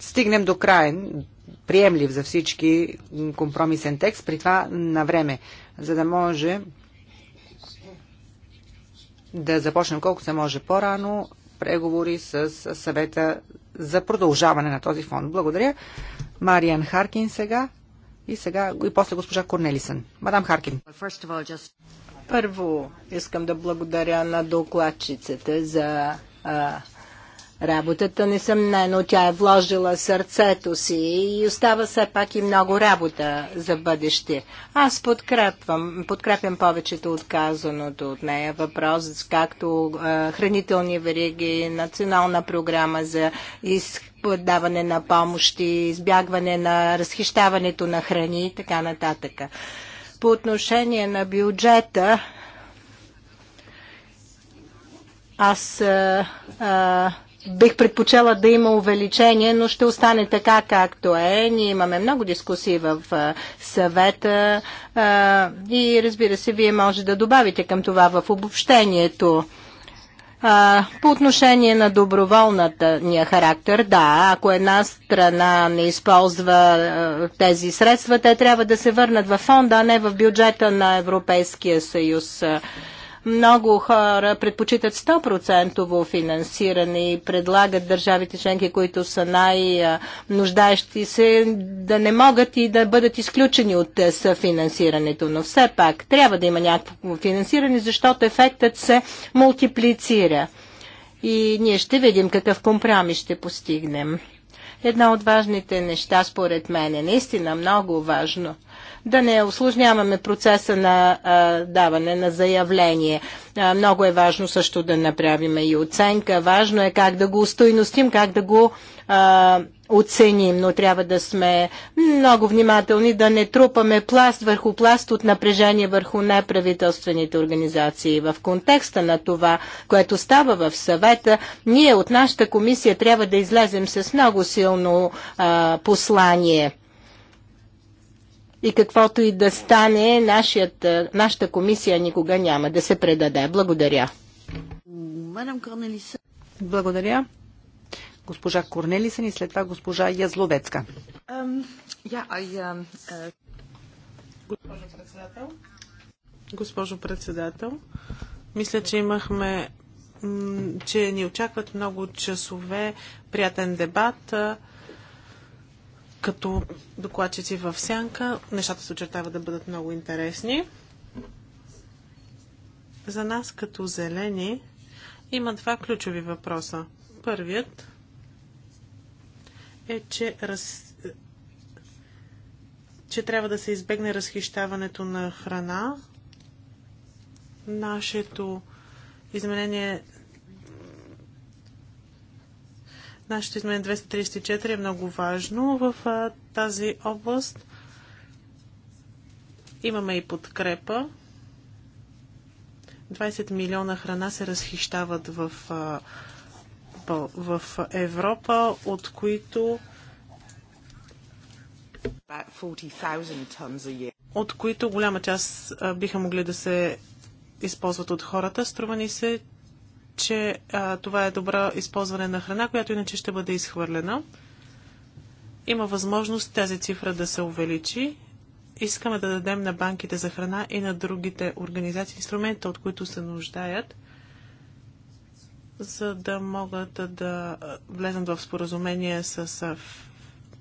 B: стигнем до краен, приемлив за всички компромисен текст, при това на време, за да може да започнем колко се може по-рано преговори с съвета за продължаване на този фонд. Благодаря. Мариан Харкин сега и сега и после госпожа Корнелисън. Мадам Харкин.
D: Първо искам да благодаря на докладчицата за а, работата, несъмнено. Тя е вложила сърцето си и остава все пак и много работа за бъдеще. Аз подкрепвам, подкрепям повечето от казаното от нея въпрос, както е, хранителни вериги, национална програма за даване на помощи, избягване на разхищаването на храни и така нататък. По отношение на бюджета, аз е, е, бих предпочела да има увеличение, но ще остане така както е. Ние имаме много дискусии в съвета и разбира се, вие може да добавите към това в обобщението. по отношение на доброволната ния характер, да, ако една страна не използва тези средства, те трябва да се върнат в фонда, а не в бюджета на Европейския съюз. Много хора предпочитат 100% финансиране и предлагат държавите членки, които са най-нуждаещи се, да не могат и да бъдат изключени от е, съфинансирането. Но все пак трябва да има някакво финансиране, защото ефектът се мултиплицира. И ние ще видим какъв компромис ще постигнем. Една от важните неща, според мен, е наистина много важно – да не осложняваме процеса на а, даване на заявление. А, много е важно също да направим и оценка. Важно е как да го устойностим, как да го а, оценим, но трябва да сме много внимателни, да не трупаме пласт върху пласт от напрежение върху неправителствените организации. В контекста на това, което става в съвета, ние от нашата комисия трябва да излезем с много силно а, послание и каквото и да стане, нашата, е, нашата комисия никога няма да се предаде.
B: Благодаря.
A: Благодаря.
B: Госпожа Корнелисен и след това госпожа Язловецка.
C: Госпожо председател. Госпожо председател, мисля, че имахме, че ни очакват много часове приятен дебат като докладчици в сянка, нещата се очертава да бъдат много интересни. За нас като зелени има два ключови въпроса. Първият е, че, раз... че трябва да се избегне разхищаването на храна. Нашето изменение Нашето изменение 234 е много важно в а, тази област. Имаме и подкрепа. 20 милиона храна се разхищават в, а, в Европа, от които от които голяма част биха могли да се използват от хората. Струва ни се, че а, това е добро използване на храна, която иначе ще бъде изхвърлена. Има възможност тази цифра да се увеличи. Искаме да дадем на банките за храна и на другите организации инструмента, от които се нуждаят, за да могат да влезнат в споразумение с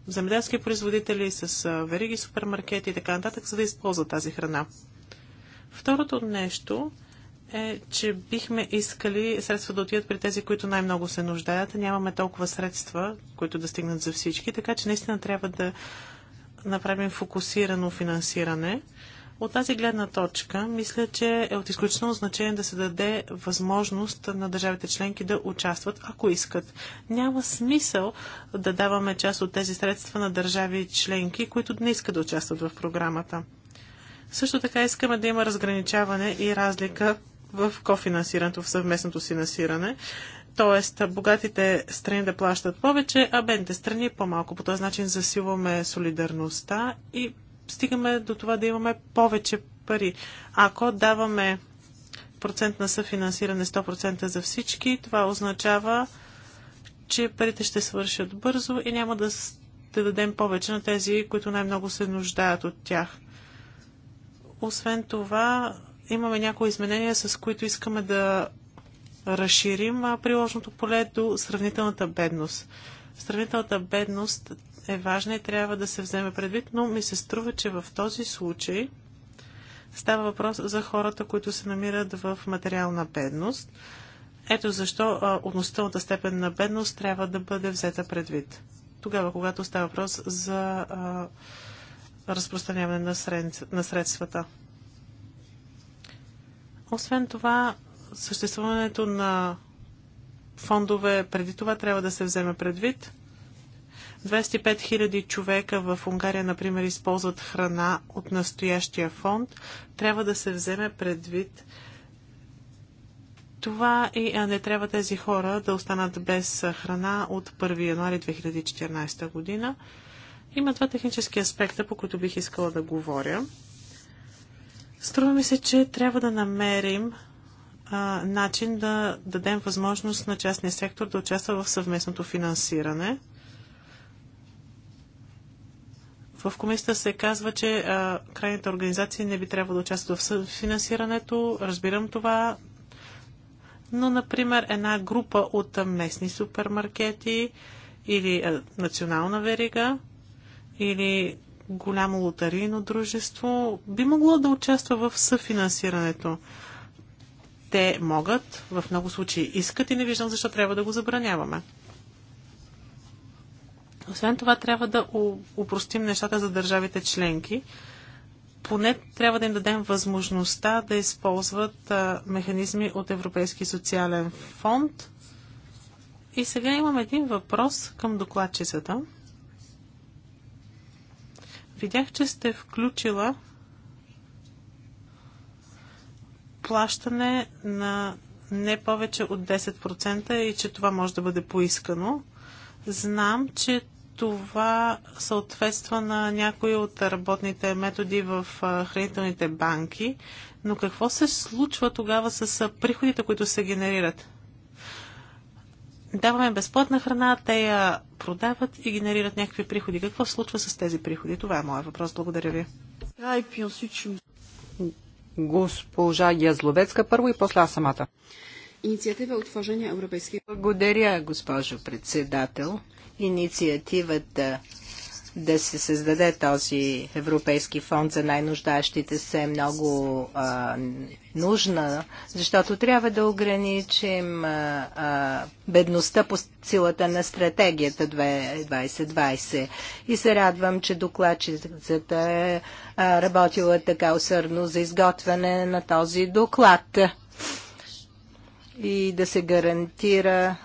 C: земеделски производители, с вериги супермаркети и така нататък, за да използват тази храна. Второто нещо е, че бихме искали средства да отидат при тези, които най-много се нуждаят. Нямаме толкова средства, които да стигнат за всички, така че наистина трябва да направим фокусирано финансиране. От тази гледна точка, мисля, че е от изключително значение да се даде възможност на държавите членки да участват, ако искат. Няма смисъл да даваме част от тези средства на държави членки, които не искат да участват в програмата. Също така искаме да има разграничаване и разлика в кофинансирането, в съвместното си насиране. Тоест, богатите страни да плащат повече, а бедните страни по-малко. По този начин засилваме солидарността и стигаме до това да имаме повече пари. Ако даваме процент на съфинансиране 100% за всички, това означава, че парите ще свършат бързо и няма да, да дадем повече на тези, които най-много се нуждаят от тях. Освен това, имаме някои изменения, с които искаме да разширим приложното поле до сравнителната бедност. Сравнителната бедност е важна и трябва да се вземе предвид, но ми се струва, че в този случай става въпрос за хората, които се намират в материална бедност. Ето защо относителната степен на бедност трябва да бъде взета предвид. Тогава, когато става въпрос за а, разпространяване на, сред, на средствата. Освен това, съществуването на фондове преди това трябва да се вземе предвид. 25 000 човека в Унгария, например, използват храна от настоящия фонд. Трябва да се вземе предвид това и не трябва тези хора да останат без храна от 1 януари 2014 година. Има два технически аспекта, по които бих искала да говоря. Струва ми се, че трябва да намерим а, начин да дадем възможност на частния сектор да участва в съвместното финансиране. В комисията се казва, че а, крайните организации не би трябвало да участват в финансирането. Разбирам това. Но, например, една група от местни супермаркети или а, национална верига или голямо лотарийно дружество би могло да участва в съфинансирането. Те могат, в много случаи искат и не виждам защо трябва да го забраняваме. Освен това, трябва да упростим нещата за държавите членки. Поне трябва да им дадем възможността да използват а, механизми от Европейски социален фонд. И сега имам един въпрос към докладчицата. Видях, че сте включила плащане на не повече от 10% и че това може да бъде поискано. Знам, че това съответства на някои от работните методи в хранителните банки, но какво се случва тогава с приходите, които се генерират? даваме безплатна храна, те я продават и генерират някакви приходи. Какво се случва с тези приходи? Това е моят въпрос. Благодаря ви. Госпожа Язловецка първо и после
B: аз самата. Инициатива Отвържение Европейски. Благодаря, госпожо председател.
D: Инициативата да се създаде този Европейски фонд за най-нуждащите се е много а, нужна, защото трябва да ограничим а, а, бедността по силата на стратегията 2020. И се радвам, че докладчицата е работила така усърдно за изготвяне на този доклад и да се гарантира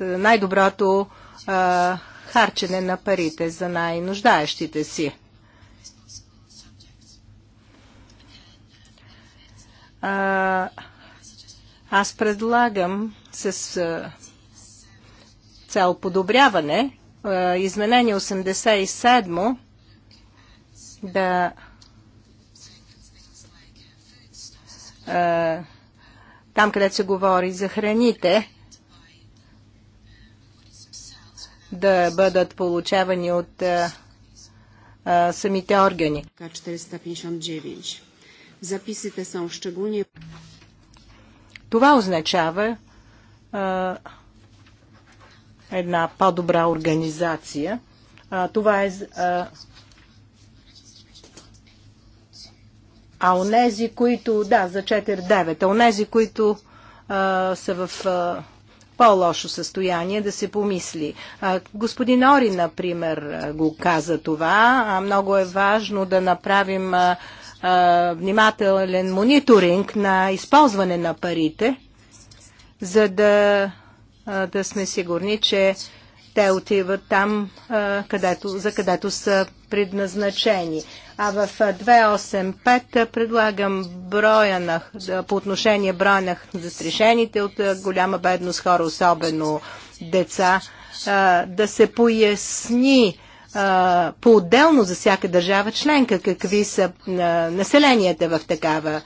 D: най-доброто харчене на парите за най-нуждаещите си. А, аз предлагам с цел подобряване изменение 87 да там, където се говори за храните, да бъдат получавани от а, самите органи. Записите са szczególnie... Това означава а, една по-добра организация. А, това е а, а онези, които, да, за 4-9, а онези, които а, са в а, по-лошо състояние да се помисли. Господин Ори, например, го каза това. а Много е важно да направим внимателен мониторинг на използване на парите, за да, да сме сигурни, че те отиват там, където, за където са предназначени. А в 285 предлагам броя на, по отношение броя на застрешените от голяма бедност хора, особено деца, да се поясни по-отделно за всяка държава членка какви са населенията в такава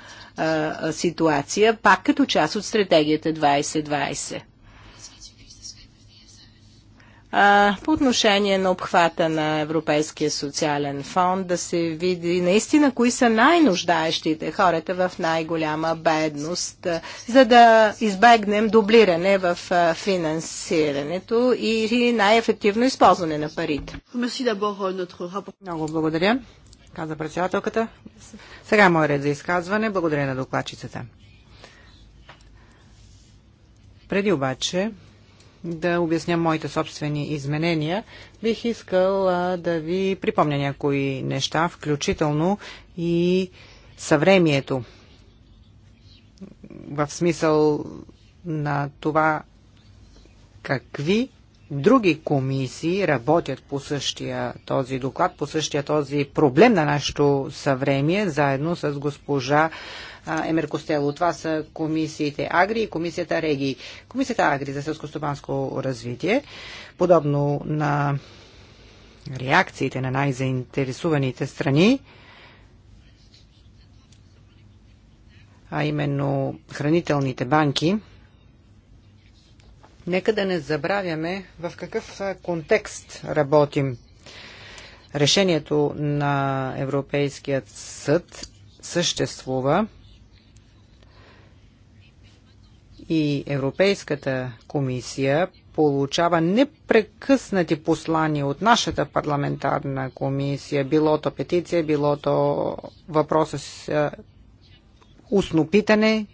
D: ситуация, пак като част от стратегията 2020 а, по отношение на обхвата на Европейския социален фонд, да се види наистина кои са най-нуждаещите хората в най-голяма бедност, за да избегнем дублиране в финансирането и
B: най-ефективно използване на парите. Euh, Много благодаря, каза председателката. Сега е мой ред за изказване. Благодаря на докладчицата. Преди обаче да обясня моите собствени изменения, бих искал а, да ви припомня някои неща, включително и съвремието. В смисъл на това какви други комисии работят по същия този доклад, по същия този проблем на нашето съвремие, заедно с госпожа Емер Костело. Това са комисиите Агри и комисията Реги. Комисията Агри за селско развитие, подобно на реакциите на най-заинтересуваните страни, а именно хранителните банки, нека да не забравяме в какъв контекст работим. Решението на Европейският съд съществува и Европейската комисия получава непрекъснати послания от нашата парламентарна комисия, било то петиция, било то въпроса с е, устно питане,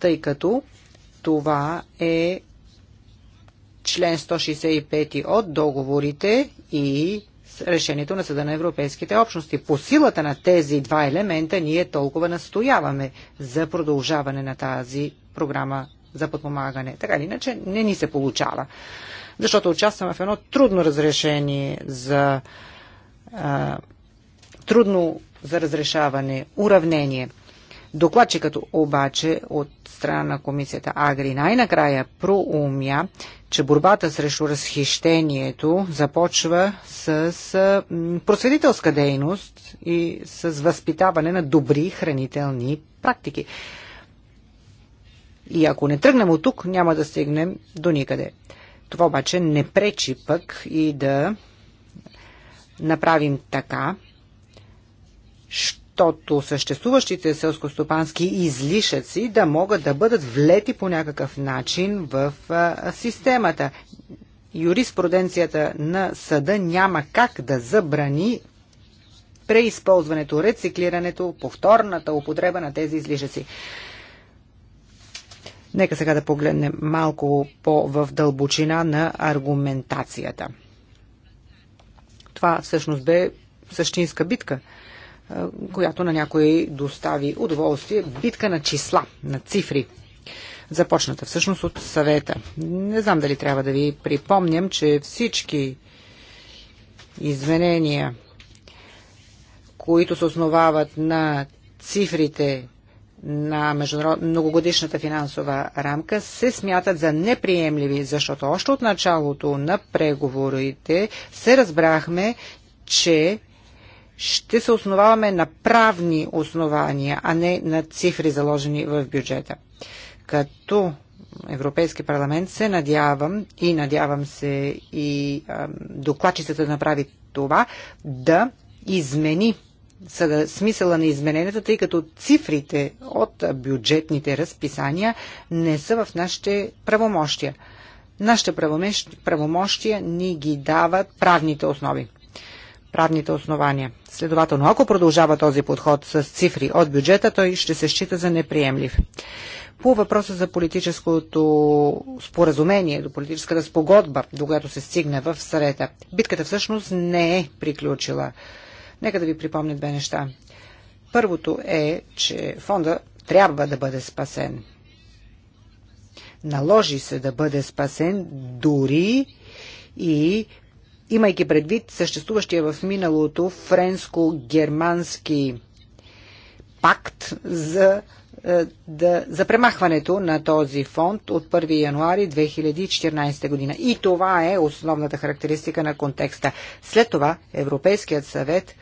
B: тъй като това е член 165 от договорите и решението на Съда на Европейските общности. По силата на тези два елемента ние толкова настояваме за продължаване на тази програма за подпомагане. Така или иначе не ни се получава. Защото участваме в едно трудно разрешение за а, трудно за разрешаване уравнение – Докладчикът обаче от страна на комисията Агри най-накрая проумя, че борбата срещу разхищението започва с просветителска дейност и с възпитаване на добри хранителни практики. И ако не тръгнем от тук, няма да стигнем до никъде. Това обаче не пречи пък и да направим така, защото съществуващите селскостопански излишъци да могат да бъдат влети по някакъв начин в системата. Юриспруденцията на съда няма как да забрани преизползването, рециклирането, повторната употреба на тези излишъци. Нека сега да погледнем малко по-в дълбочина на аргументацията. Това всъщност бе същинска битка която на някой достави удоволствие, битка на числа, на цифри започната всъщност от съвета. Не знам дали трябва да ви припомням, че всички изменения, които се основават на цифрите на международ... многогодишната финансова рамка, се смятат за неприемливи, защото още от началото на преговорите се разбрахме, че ще се основаваме на правни основания, а не на цифри заложени в бюджета. Като Европейски парламент се надявам и надявам се и докладчицата да направи това, да измени смисъла на измененията, тъй като цифрите от бюджетните разписания не са в нашите правомощия. Нашите правомощия ни ги дават правните основи правните основания. Следователно, ако продължава този подход с цифри от бюджета, той ще се счита за неприемлив. По въпроса за политическото споразумение, до политическата спогодба, до която се стигне в съвета, битката всъщност не е приключила. Нека да ви припомня две неща. Първото е, че фонда трябва да бъде спасен. Наложи се да бъде спасен дори и имайки предвид съществуващия в миналото френско-германски пакт за, е, да, за премахването на този фонд от 1 януари 2014 година. И това е основната характеристика на контекста. След това Европейският съвет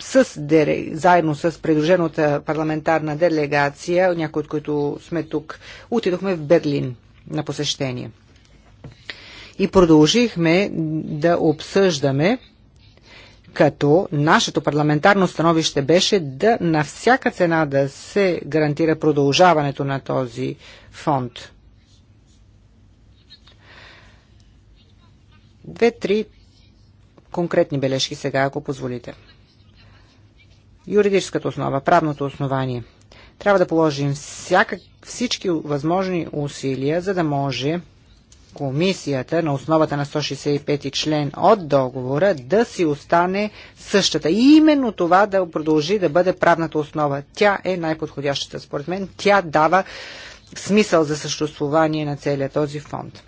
B: с, заедно с предложената парламентарна делегация, някои от които сме тук, отидохме в Берлин на посещение и продължихме да обсъждаме като нашето парламентарно становище беше да на всяка цена да се гарантира продължаването на този фонд. Две-три конкретни бележки сега, ако позволите. Юридическата основа, правното основание. Трябва да положим всяка, всички възможни усилия, за да може комисията на основата на 165 член от договора да си остане същата. И именно това да продължи да бъде правната основа. Тя е най-подходящата според мен. Тя дава смисъл за съществуване на целия този фонд.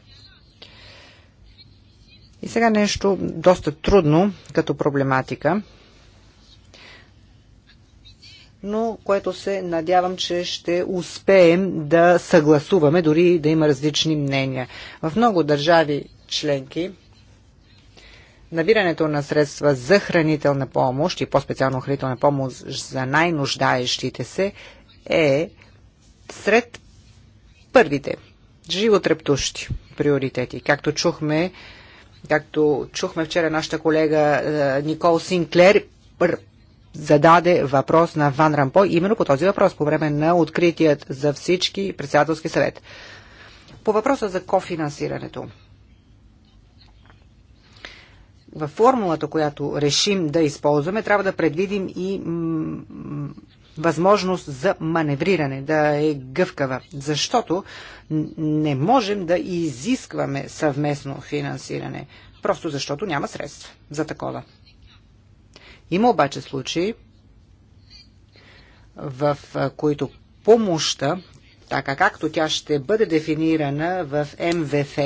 B: И сега нещо доста трудно като проблематика – но което се надявам, че ще успеем да съгласуваме, дори да има различни мнения. В много държави членки набирането на средства за хранителна помощ и по-специално хранителна помощ за най-нуждаещите се е сред първите животрептущи приоритети. Както чухме, както чухме вчера нашата колега е, Никол Синклер, зададе въпрос на Ван Рампой именно по този въпрос по време на откритият за всички председателски съвет. По въпроса за кофинансирането. Във формулата, която решим да използваме, трябва да предвидим и възможност за маневриране, да е гъвкава, защото не можем да изискваме съвместно финансиране, просто защото няма средства за такова. Има обаче случаи, в които помощта, така както тя ще бъде дефинирана в МВФ,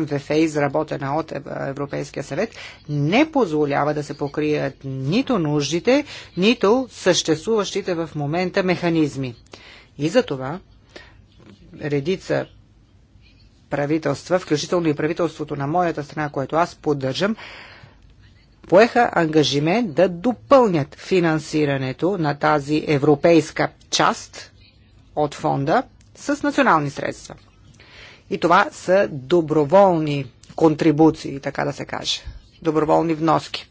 B: МВФ, изработена от Европейския съвет, не позволява да се покрият нито нуждите, нито съществуващите в момента механизми. И за това редица правителства, включително и правителството на моята страна, което аз поддържам, поеха ангажимент да допълнят финансирането на тази европейска част от фонда с национални средства. И това са доброволни контрибуции, така да се каже. Доброволни вноски.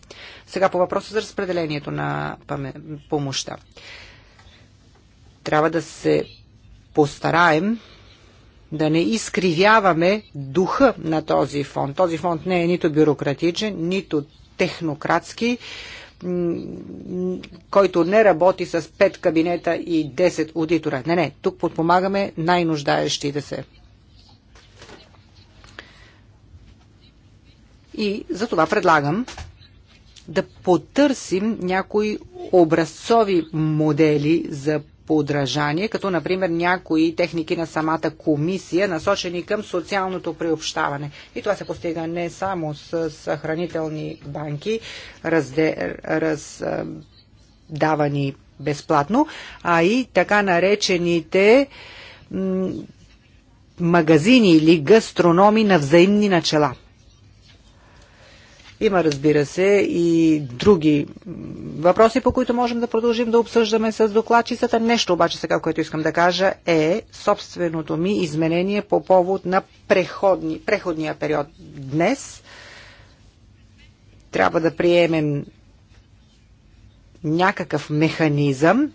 B: Сега по въпроса за разпределението на помощта. Трябва да се постараем да не изкривяваме духа на този фонд. Този фонд не е нито бюрократичен, нито технократски, който не работи с 5 кабинета и 10 аудитора. Не, не, тук подпомагаме най-нуждаещите се. И за това предлагам да потърсим някои образцови модели за подражание, като например някои техники на самата комисия, насочени към социалното приобщаване. И това се постига не само с, съхранителни хранителни банки, разде, раздавани безплатно, а и така наречените магазини или гастрономи на взаимни начала. Има, разбира се, и други въпроси, по които можем да продължим да обсъждаме с докладчицата. Нещо обаче сега, което искам да кажа е собственото ми изменение по повод на преходни, преходния период. Днес трябва да приемем някакъв механизъм,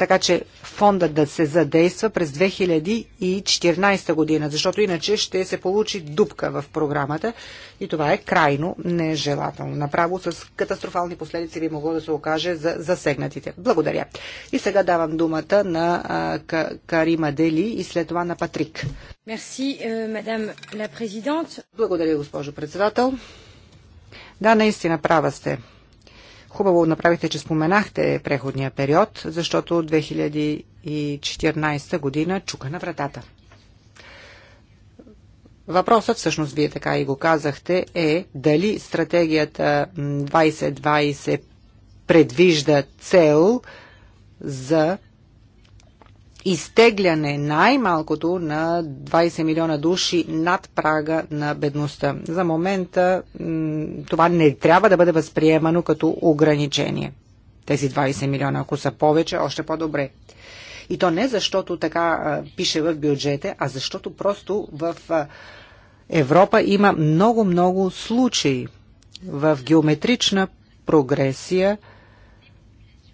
B: така че фонда да се задейства през 2014 година, защото иначе ще се получи дупка в програмата и това е крайно нежелателно. Направо с катастрофални последици би могло да се окаже за засегнатите. Благодаря. И сега давам думата на а, Карима Дели и след това на Патрик.
A: Мерси, е,
B: мадам ла президент. Благодаря, госпожо председател. Да, наистина права сте. Хубаво направихте, че споменахте преходния период, защото 2014 година чука на вратата. Въпросът, всъщност вие така и го казахте, е дали стратегията 2020 предвижда цел за изтегляне най-малкото на 20 милиона души над прага на бедността. За момента това не трябва да бъде възприемано като ограничение. Тези 20 милиона, ако са повече, още по-добре. И то не защото така пише в бюджета, а защото просто в Европа има много-много случаи в геометрична прогресия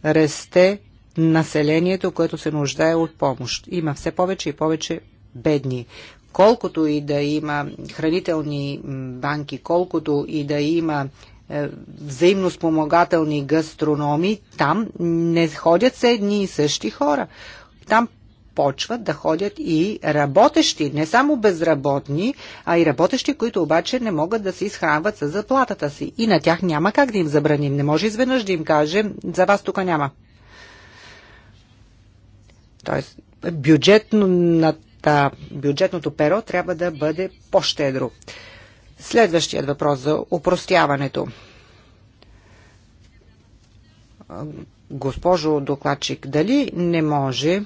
B: расте населението, което се нуждае от помощ. Има все повече и повече бедни. Колкото и да има хранителни банки, колкото и да има е, взаимно спомагателни гастрономи, там не ходят се едни и същи хора. Там почват да ходят и работещи, не само безработни, а и работещи, които обаче не могат да се изхранват с заплатата си. И на тях няма как да им забраним. Не може изведнъж да им кажем, за вас тук няма. Тоест, бюджетната, бюджетното перо трябва да бъде по-щедро. Следващият въпрос за упростяването. Госпожо докладчик, дали не може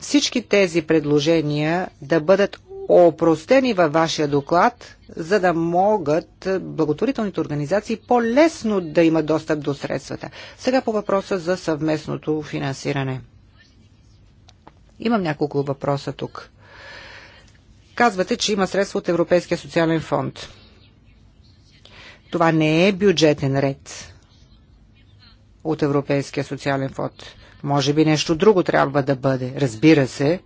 B: всички тези предложения да бъдат опростени във вашия доклад, за да могат благотворителните организации по-лесно да имат достъп до средствата. Сега по въпроса за съвместното финансиране. Имам няколко въпроса тук. Казвате, че има средства от Европейския социален фонд. Това не е бюджетен ред от Европейския социален фонд. Може би нещо друго трябва да бъде. Разбира се,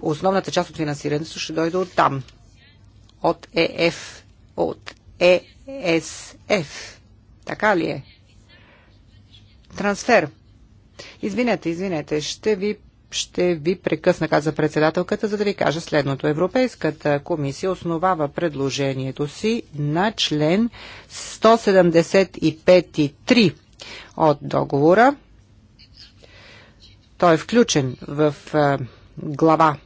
B: основната част от финансирането ще дойде от там. От ЕФ. От ЕСФ. Така ли е? Трансфер. Извинете, извинете, ще ви ще ви прекъсна, каза председателката, за да ви кажа следното. Европейската комисия основава предложението си на член 175.3 от договора. Той е включен в глава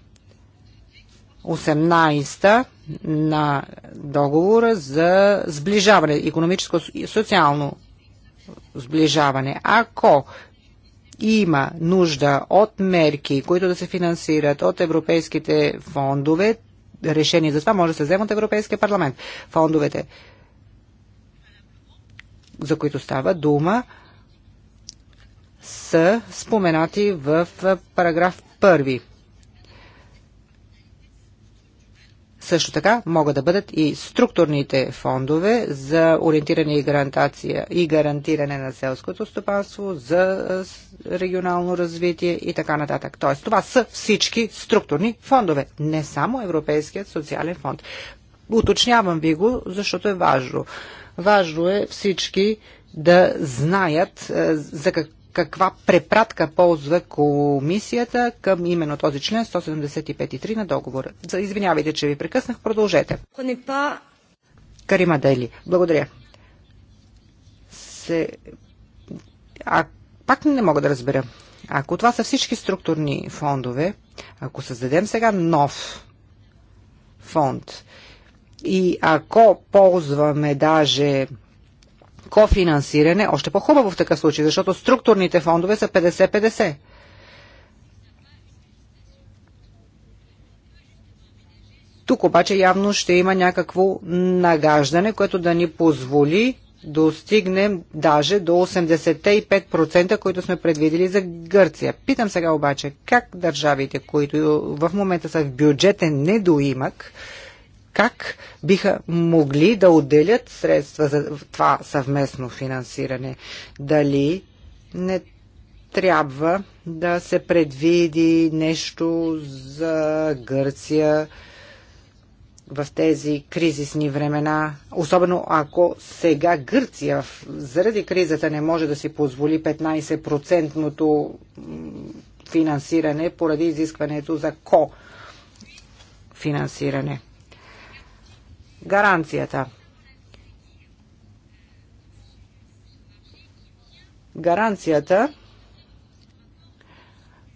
B: 18 на договора за сближаване, економическо и социално сближаване. Ако има нужда от мерки, които да се финансират от европейските фондове, решение за това може да се вземе от Европейския парламент. Фондовете, за които става дума, са споменати в параграф 1. Също така могат да бъдат и структурните фондове за ориентиране и, гарантация, и гарантиране на селското стопанство, за регионално развитие и така нататък. Тоест, това са всички структурни фондове, не само Европейският социален фонд. Уточнявам ви го, защото е важно. Важно е всички да знаят за, как, каква препратка ползва комисията към именно този член 175.3 на договора. Извинявайте, че ви прекъснах. Продължете. Карима Дели. Благодаря. Се... А, пак не мога да разбера. Ако това са всички структурни фондове, ако създадем сега нов фонд и ако ползваме даже кофинансиране, още по-хубаво в такъв случай, защото структурните фондове са 50-50. Тук обаче явно ще има някакво нагаждане, което да ни позволи достигнем даже до 85%, които сме предвидели за Гърция. Питам сега обаче как държавите, които в момента са в бюджетен недоимък, как биха могли да отделят средства за това съвместно финансиране. Дали не трябва да се предвиди нещо за Гърция в тези кризисни времена, особено ако сега Гърция заради кризата не може да си позволи 15 финансиране поради изискването за ко-финансиране гаранцията. Гаранцията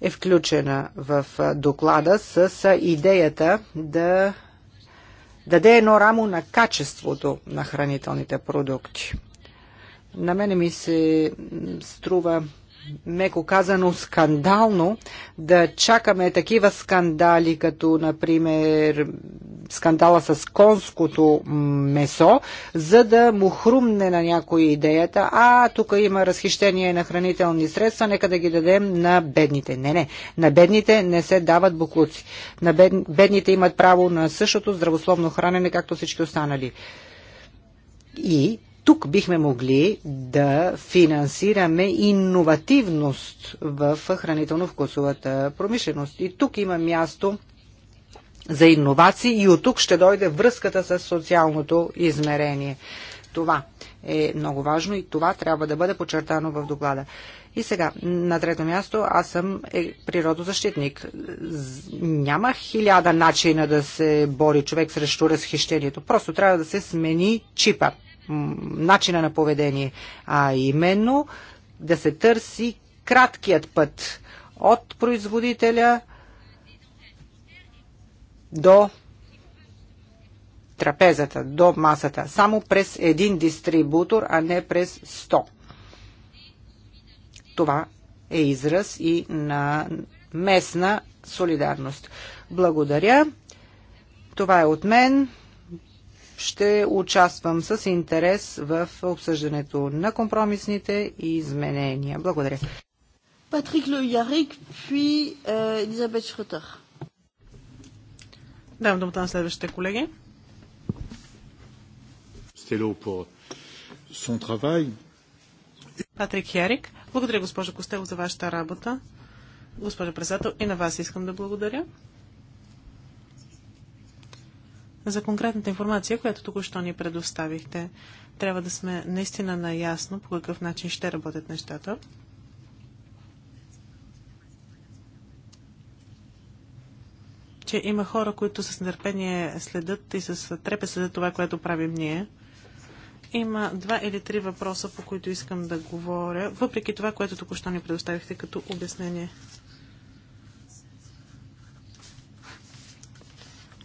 B: е включена в доклада с идеята да даде едно рамо на качеството на хранителните продукти. На мене ми се струва меко казано скандално да чакаме такива скандали, като например скандала с конското месо, за да му хрумне на някой идеята, а тук има разхищение на хранителни средства, нека да ги дадем на бедните. Не, не, на бедните не се дават буклуци. На бед... бедните имат право на същото здравословно хранене, както всички останали. И тук бихме могли да финансираме иновативност в хранително-вкусовата промишленост. И тук има място за иновации и от тук ще дойде връзката с социалното измерение. Това е много важно и това трябва да бъде подчертано в доклада. И сега, на трето място, аз съм е, природозащитник. Няма хиляда начина да се бори човек срещу разхищението. Просто трябва да се смени чипа начина на поведение, а именно да се търси краткият път от производителя до трапезата, до масата, само през един дистрибутор, а не през 100. Това е израз и на местна солидарност. Благодаря. Това е от мен ще участвам с интерес в обсъждането на компромисните и изменения. Благодаря.
A: Патрик Лоярик, пи е, Елизабет Шрътър.
C: Давам думата на следващите колеги.
A: Стело по
C: Патрик Ярик. Благодаря, госпожо Костело, за вашата работа. Госпожо председател, и на вас искам да благодаря за конкретната информация, която току-що ни предоставихте. Трябва да сме наистина наясно по какъв начин ще работят нещата. Че има хора, които с нетърпение следят и с трепе следят това, което правим ние. Има два или три въпроса, по които искам да говоря, въпреки това, което току-що ни предоставихте като обяснение.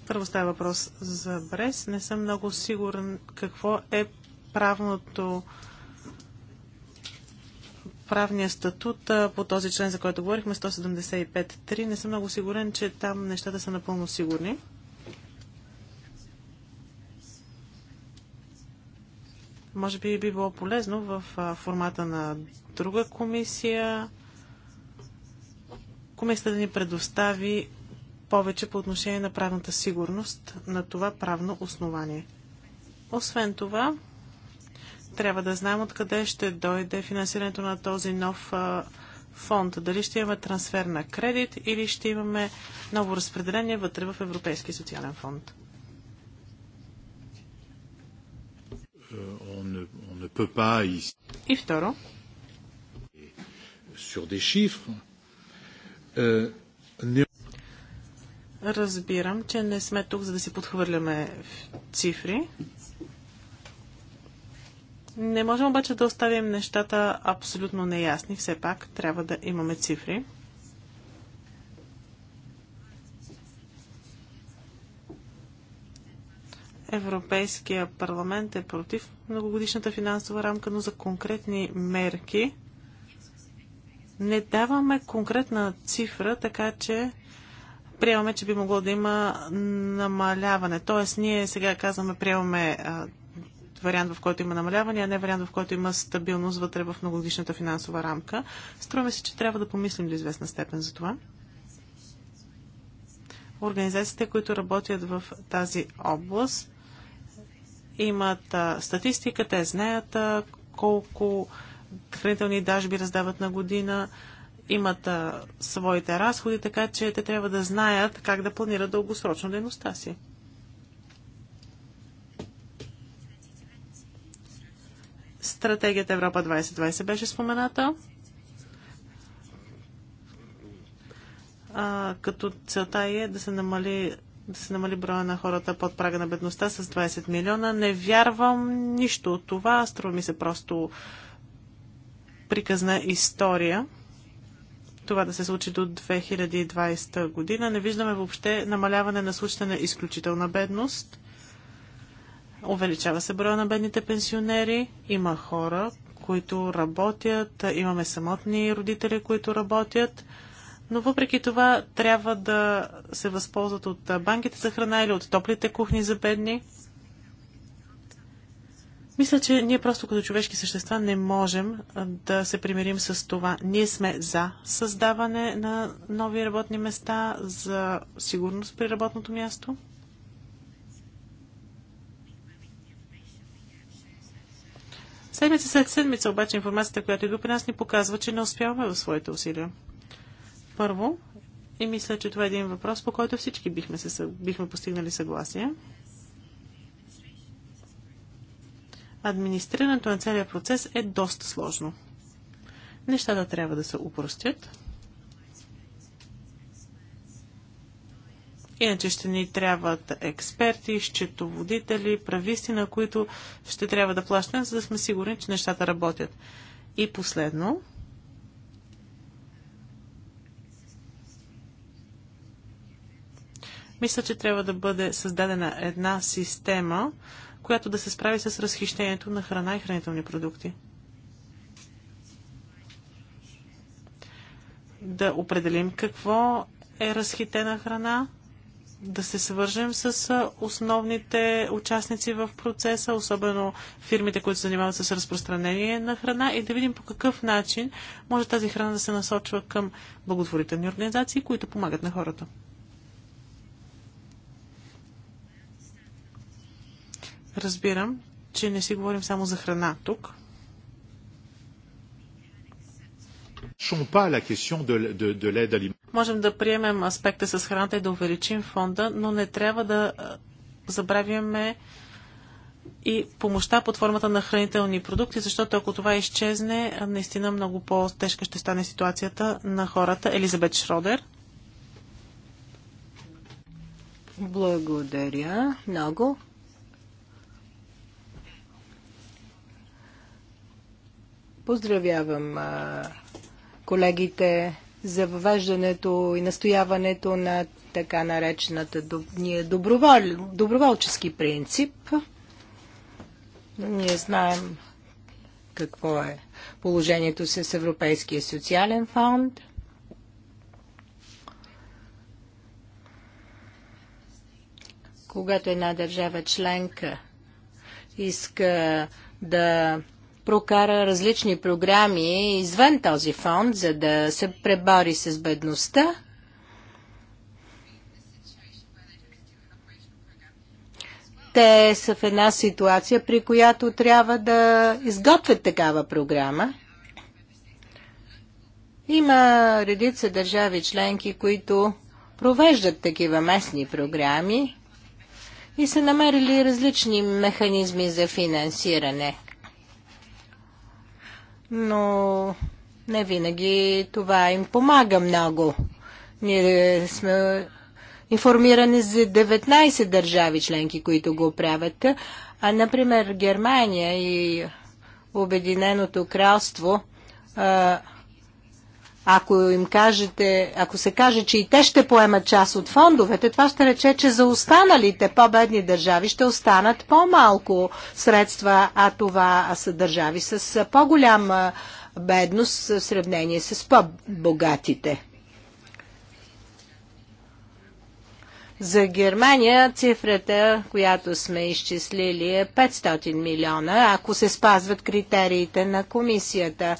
C: Първо става въпрос за Брес. Не съм много сигурен какво е правното правния статут по този член, за който говорихме, 175.3. Не съм много сигурен, че там нещата са напълно сигурни. Може би би било полезно в формата на друга комисия комисията да ни предостави повече по отношение на правната сигурност на това правно основание. Освен това, трябва да знаем откъде ще дойде финансирането на този нов а, фонд. Дали ще имаме трансфер на кредит или ще имаме ново разпределение вътре в Европейския социален фонд.
B: Euh, И второ. Euh,
C: Разбирам, че не сме тук, за да си подхвърляме цифри. Не можем обаче да оставим нещата абсолютно неясни. Все пак трябва да имаме цифри. Европейския парламент е против многогодишната финансова рамка, но за конкретни мерки не даваме конкретна цифра, така че приемаме, че би могло да има намаляване. Тоест, ние сега казваме, приемаме вариант, в който има намаляване, а не вариант, в който има стабилност вътре в многогодишната финансова рамка. Струваме се, че трябва да помислим до известна степен за това. Организациите, които работят в тази област, имат статистика, те знаят колко хранителни дажби раздават на година, имат а, своите разходи, така че те трябва да знаят как да планират дългосрочно дейността си. Стратегията Европа 2020 беше спомената. А, като целта е да се намали да се намали броя на хората под прага на бедността с 20 милиона. Не вярвам нищо от това. Струва ми се просто приказна история това да се случи до 2020 година. Не виждаме въобще намаляване на случаите на изключителна бедност. Увеличава се броя на бедните пенсионери. Има хора, които работят, имаме самотни родители, които работят. Но въпреки това трябва да се възползват от банките за храна или от топлите кухни за бедни. Мисля, че ние просто като човешки същества не можем да се примирим с това. Ние сме за създаване на нови работни места, за сигурност при работното място. Седмица след седмица обаче информацията, която идва при нас, ни показва, че не успяваме в своите усилия. Първо, и мисля, че това е един въпрос, по който всички бихме, се, бихме постигнали съгласие. администрирането на целия процес е доста сложно. Нещата трябва да се упростят. Иначе ще ни трябват експерти, счетоводители, прависти, на които ще трябва да плащаме, за да сме сигурни, че нещата работят. И последно, мисля, че трябва да бъде създадена една система, която да се справи с разхищението на храна и хранителни продукти. Да определим какво е разхитена храна, да се свържем с основните участници в процеса, особено фирмите, които се занимават с разпространение на храна и да видим по какъв начин може тази храна да се насочва към благотворителни организации, които помагат на хората. Разбирам, че не си говорим само за храна тук.
A: Е
C: Можем да приемем аспекта с храната и да увеличим фонда, но не трябва да забравяме и помощта под формата на хранителни продукти, защото ако това изчезне, наистина много по-тежка ще стане ситуацията на хората. Елизабет Шродер. Благодаря много.
D: Поздравявам колегите за въвеждането и настояването на така наречената
A: добровол, доброволчески
D: принцип. ние знаем какво е положението с Европейския социален фонд. Когато една държава членка иска да прокара различни програми извън този фонд, за да се пребори с бедността. Те са в една ситуация, при която трябва да изготвят такава програма. Има редица държави членки, които провеждат такива местни програми и са намерили различни механизми за финансиране но не винаги това им помага много. Ние сме информирани за 19 държави членки, които го правят. А, например, Германия и Обединеното кралство – ако им кажете, ако се каже, че и те ще поемат част от фондовете, това ще рече, че за останалите по-бедни държави ще останат по-малко средства, а това са държави с по-голяма бедност в сравнение с по-богатите. За Германия цифрата, която сме изчислили е 500 милиона, ако се спазват критериите на комисията.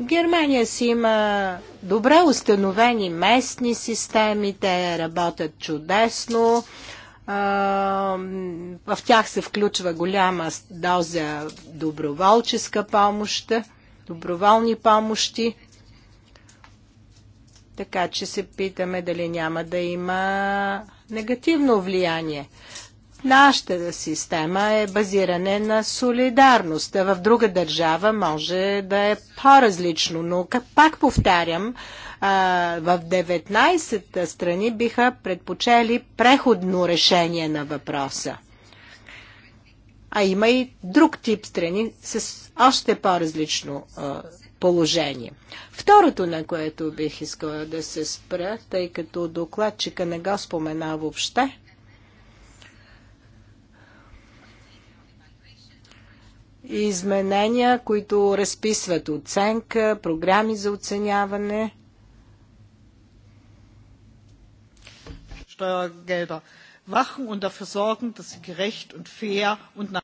D: Германия си има добре установени местни системи, те работят чудесно. В тях се включва голяма доза доброволческа помощ, доброволни помощи. Така че се питаме дали няма да има негативно влияние. Нашата система е базиране на солидарност. В друга държава може да е по-различно, но пак повтарям, в 19 страни биха предпочели преходно решение на въпроса. А има и друг тип страни с още по-различно положение. Второто, на което бих искала да се спра, тъй като докладчика не го спомена въобще, изменения, които разписват оценка, програми за
C: оценяване. Steuergelder wachen und dafür sorgen, dass sie gerecht und fair und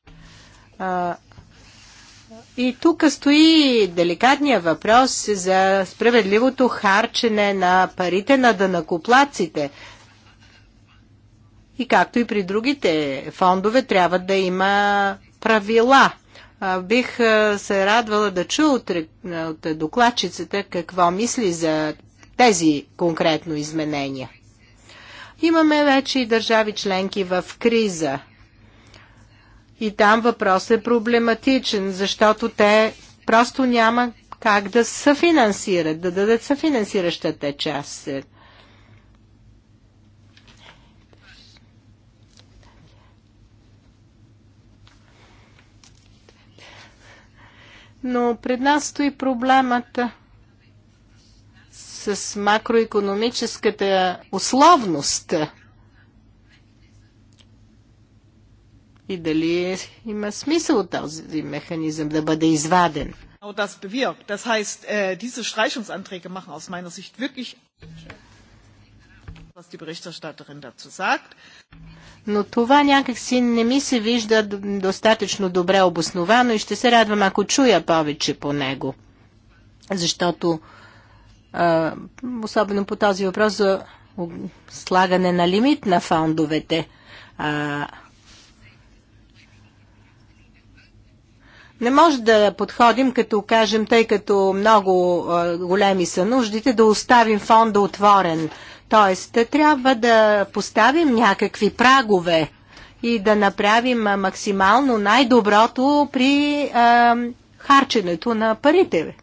D: и тук стои деликатния въпрос за справедливото харчене на парите на дънакоплаците. И както и при другите фондове трябва да има правила Бих се радвала да чу от, от докладчицата какво мисли за тези конкретно изменения. Имаме вече и държави членки в криза. И там въпрос е проблематичен, защото те просто няма как да съфинансират, да дадат съфинансиращата част. но пред нас стои проблемът с макроекономическата условност. И дали има смисъл от този механизъм да бъде изваден?
A: das bewirkt. Das heißt, äh, diese Streichungsanträge machen aus meiner Sicht wirklich
D: но това някакси не ми се вижда достатъчно добре обосновано и ще се радвам, ако чуя повече по него. Защото, особено по този въпрос за слагане на лимит на фондовете, Не може да подходим, като кажем, тъй като много големи са нуждите, да оставим фонда отворен Тоест, трябва да поставим някакви прагове и да направим максимално най-доброто при а, харченето на парите.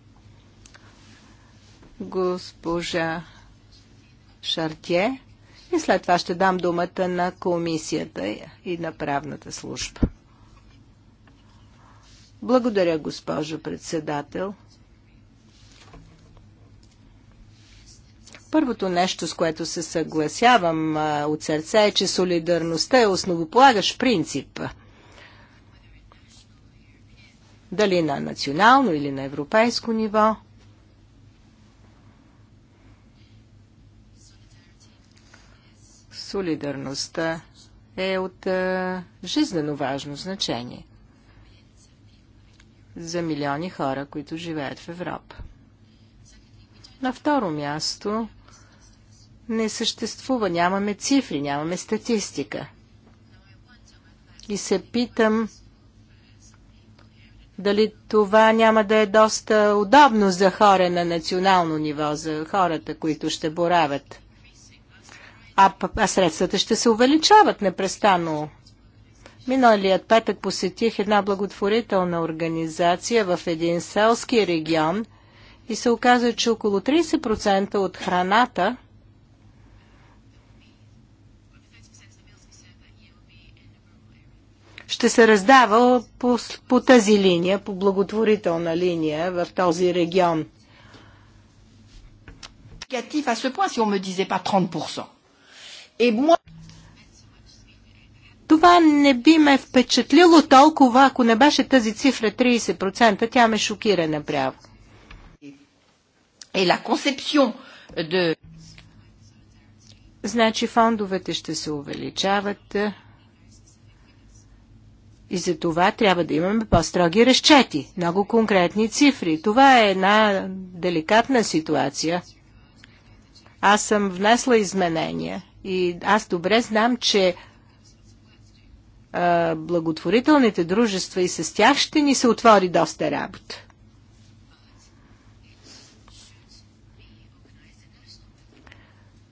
D: Госпожа Шартие. И след това ще дам думата на комисията и на правната служба. Благодаря, госпожо председател. Първото нещо, с което се съгласявам а, от сърце е, че солидарността е основополагащ принцип. Дали на национално или на европейско ниво. Солидарността е от а, жизнено важно значение за милиони хора, които живеят в Европа. На второ място, не съществува. Нямаме цифри, нямаме статистика. И се питам дали това няма да е доста удобно за хора на национално ниво, за хората, които ще боравят. А, а средствата ще се увеличават непрестанно. Миналият петък посетих една благотворителна организация в един селски регион и се оказа, че около 30% от храната – ще се раздава по, по тази линия, по благотворителна линия в този регион. Това не би ме впечатлило толкова, ако не беше тази цифра 30%. Тя ме шокира направо. la conception de... Значи фондовете ще се увеличават, и за това трябва да имаме по-строги разчети, много конкретни цифри. Това е една деликатна ситуация. Аз съм внесла изменения и аз добре знам, че а, благотворителните дружества и с тях ще ни се отвори доста работа.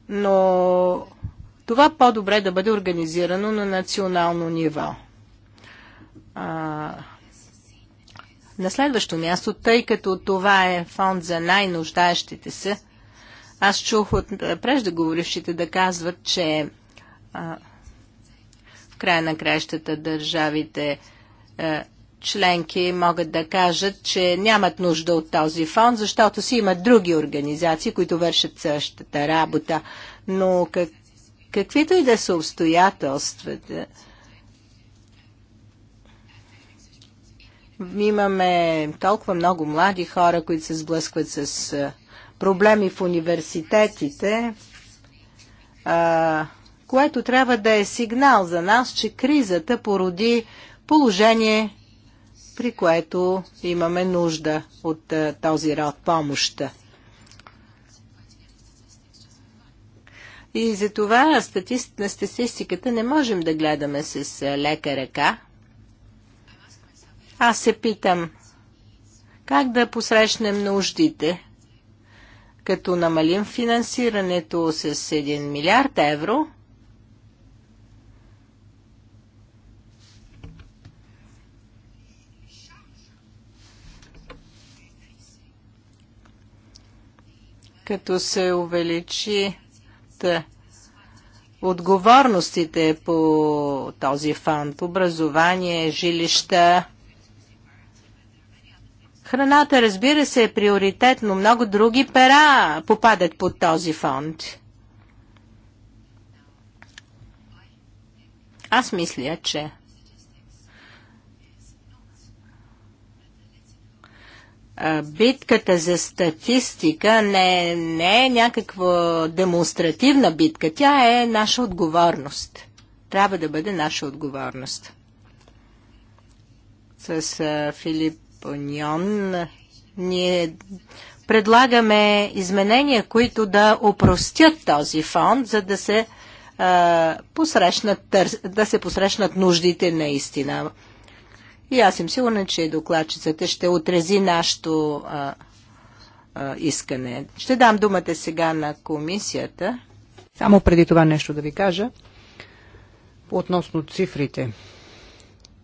D: Но това по-добре да бъде организирано на национално ниво а, на следващо място, тъй като това е фонд за най-нуждаещите се, аз чух от преждеговорившите да казват, че а, в края на краищата държавите а, е, членки могат да кажат, че нямат нужда от този фонд, защото си имат други организации, които вършат същата работа. Но как, каквито и да са обстоятелствата, Имаме толкова много млади хора, които се сблъскват с проблеми в университетите, което трябва да е сигнал за нас, че кризата породи положение, при което имаме нужда от този род помощта. И за това на статистиката не можем да гледаме с лека ръка. Аз се питам, как да посрещнем нуждите? Като намалим финансирането с 1 милиард евро, като се увеличи да, отговорностите по този фонд, образование, жилища, Храната, разбира се, е приоритет, но много други пера попадат под този фонд. Аз мисля, че битката за статистика не, не е някаква демонстративна битка. Тя е наша отговорност. Трябва да бъде наша отговорност. С Филип Union, ние предлагаме изменения, които да опростят този фонд, за да се, а, посрещнат, търс, да се посрещнат нуждите наистина. И аз съм сигурна, че докладчицата ще отрези нашето а, а, искане. Ще дам думата сега на комисията.
B: Само преди това нещо да ви кажа. Относно цифрите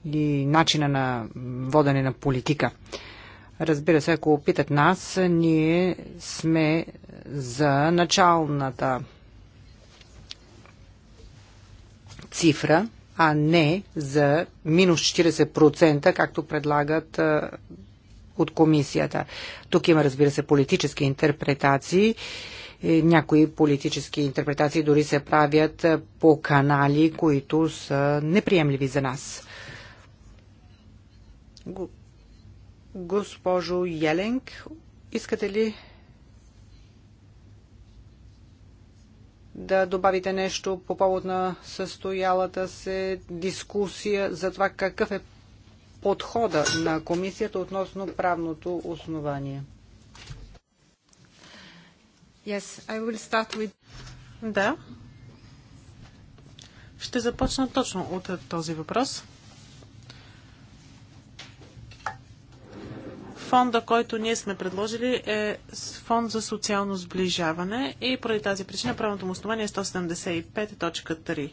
B: и начина на водене на политика. Разбира се, ако опитат нас, ние сме за началната цифра, а не за минус 40%, както предлагат от комисията. Тук има, разбира се, политически интерпретации. Е, някои политически интерпретации дори се правят по канали, които са неприемливи за нас. Госпожо Еленг, искате ли да добавите нещо по повод на състоялата се дискусия за това какъв е подхода на комисията относно правното основание?
C: Yes, I will start with... Да. Ще започна точно от този въпрос. Фонда, който ние сме предложили е фонд за социално сближаване и поради тази причина правилното му основание е 175.3.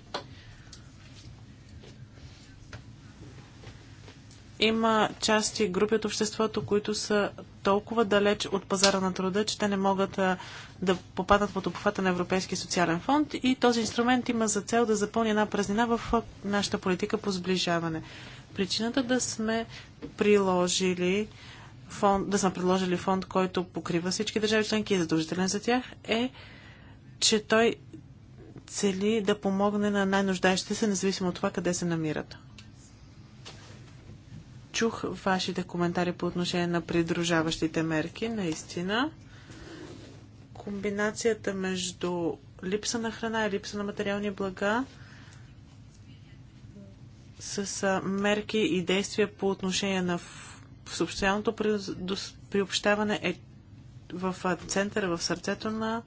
C: Има части групи от обществото, които са толкова далеч от пазара на труда, че те не могат да попаднат под обхвата на Европейския социален фонд и този инструмент има за цел да запълни една празнина в нашата политика по сближаване. Причината да сме приложили фонд, да сме предложили фонд, който покрива всички държави членки и е задължителен за тях, е, че той цели да помогне на най-нуждаещите се, независимо от това къде се намират. Чух вашите коментари по отношение на придружаващите мерки. Наистина, комбинацията между липса на храна и липса на материални блага с мерки и действия по отношение на социалното приобщаване е в центъра, в сърцето на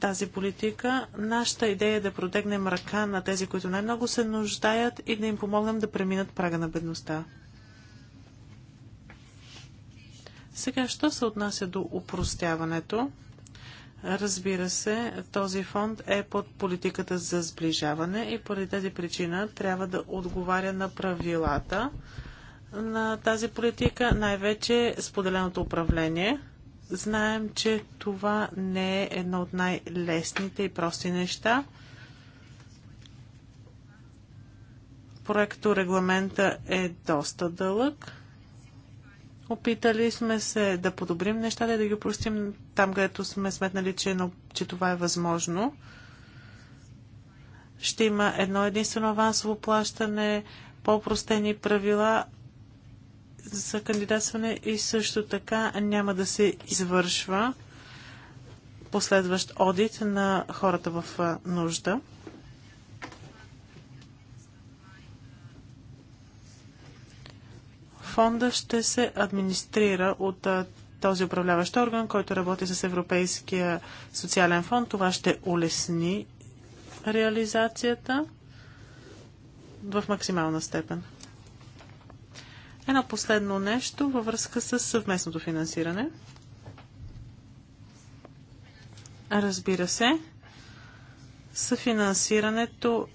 C: тази политика. Нашата идея е да протегнем ръка на тези, които най-много се нуждаят и да им помогнем да преминат прага на бедността. Сега, що се отнася до упростяването? Разбира се, този фонд е под политиката за сближаване и поради тази причина трябва да отговаря на правилата, на тази политика, най-вече споделеното управление. Знаем, че това не е едно от най-лесните и прости неща. Проекто регламента е доста дълъг. Опитали сме се да подобрим нещата и да ги простим там, където сме сметнали, че, е но, че това е възможно. Ще има едно единствено авансово плащане, по-простени правила, за кандидатстване и също така няма да се извършва последващ одит на хората в нужда. Фонда ще се администрира от този управляващ орган, който работи с Европейския социален фонд. Това ще улесни реализацията в максимална степен. Едно последно нещо във връзка с съвместното финансиране. Разбира се, съфинансирането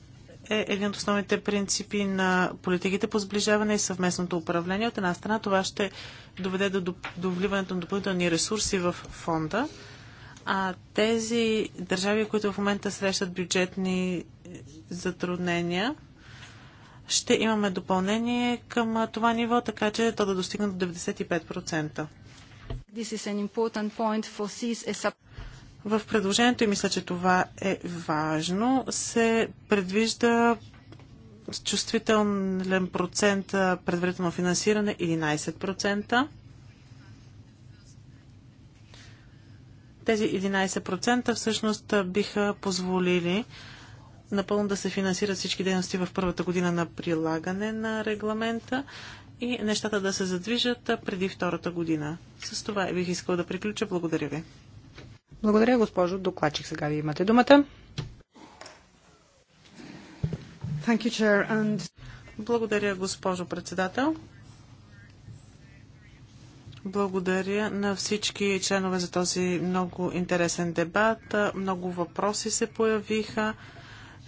C: е един от основните принципи на политиките по сближаване и съвместното управление. От една страна това ще доведе до, до вливането на допълнителни ресурси в фонда, а тези държави, които в момента срещат бюджетни затруднения, ще имаме допълнение към това ниво, така че то да достигне до 95%. В предложението, и мисля, че това е важно, се предвижда чувствителен процент предварително финансиране 11%. Тези 11% всъщност биха позволили напълно да се финансират всички дейности в първата година на прилагане на регламента и нещата да се задвижат преди втората година. С това бих искал да приключа. Благодаря ви.
B: Благодаря, госпожо докладчик. Сега ви имате думата.
C: Thank you, Chair, and... Благодаря, госпожо председател. Благодаря на всички членове за този много интересен дебат. Много въпроси се появиха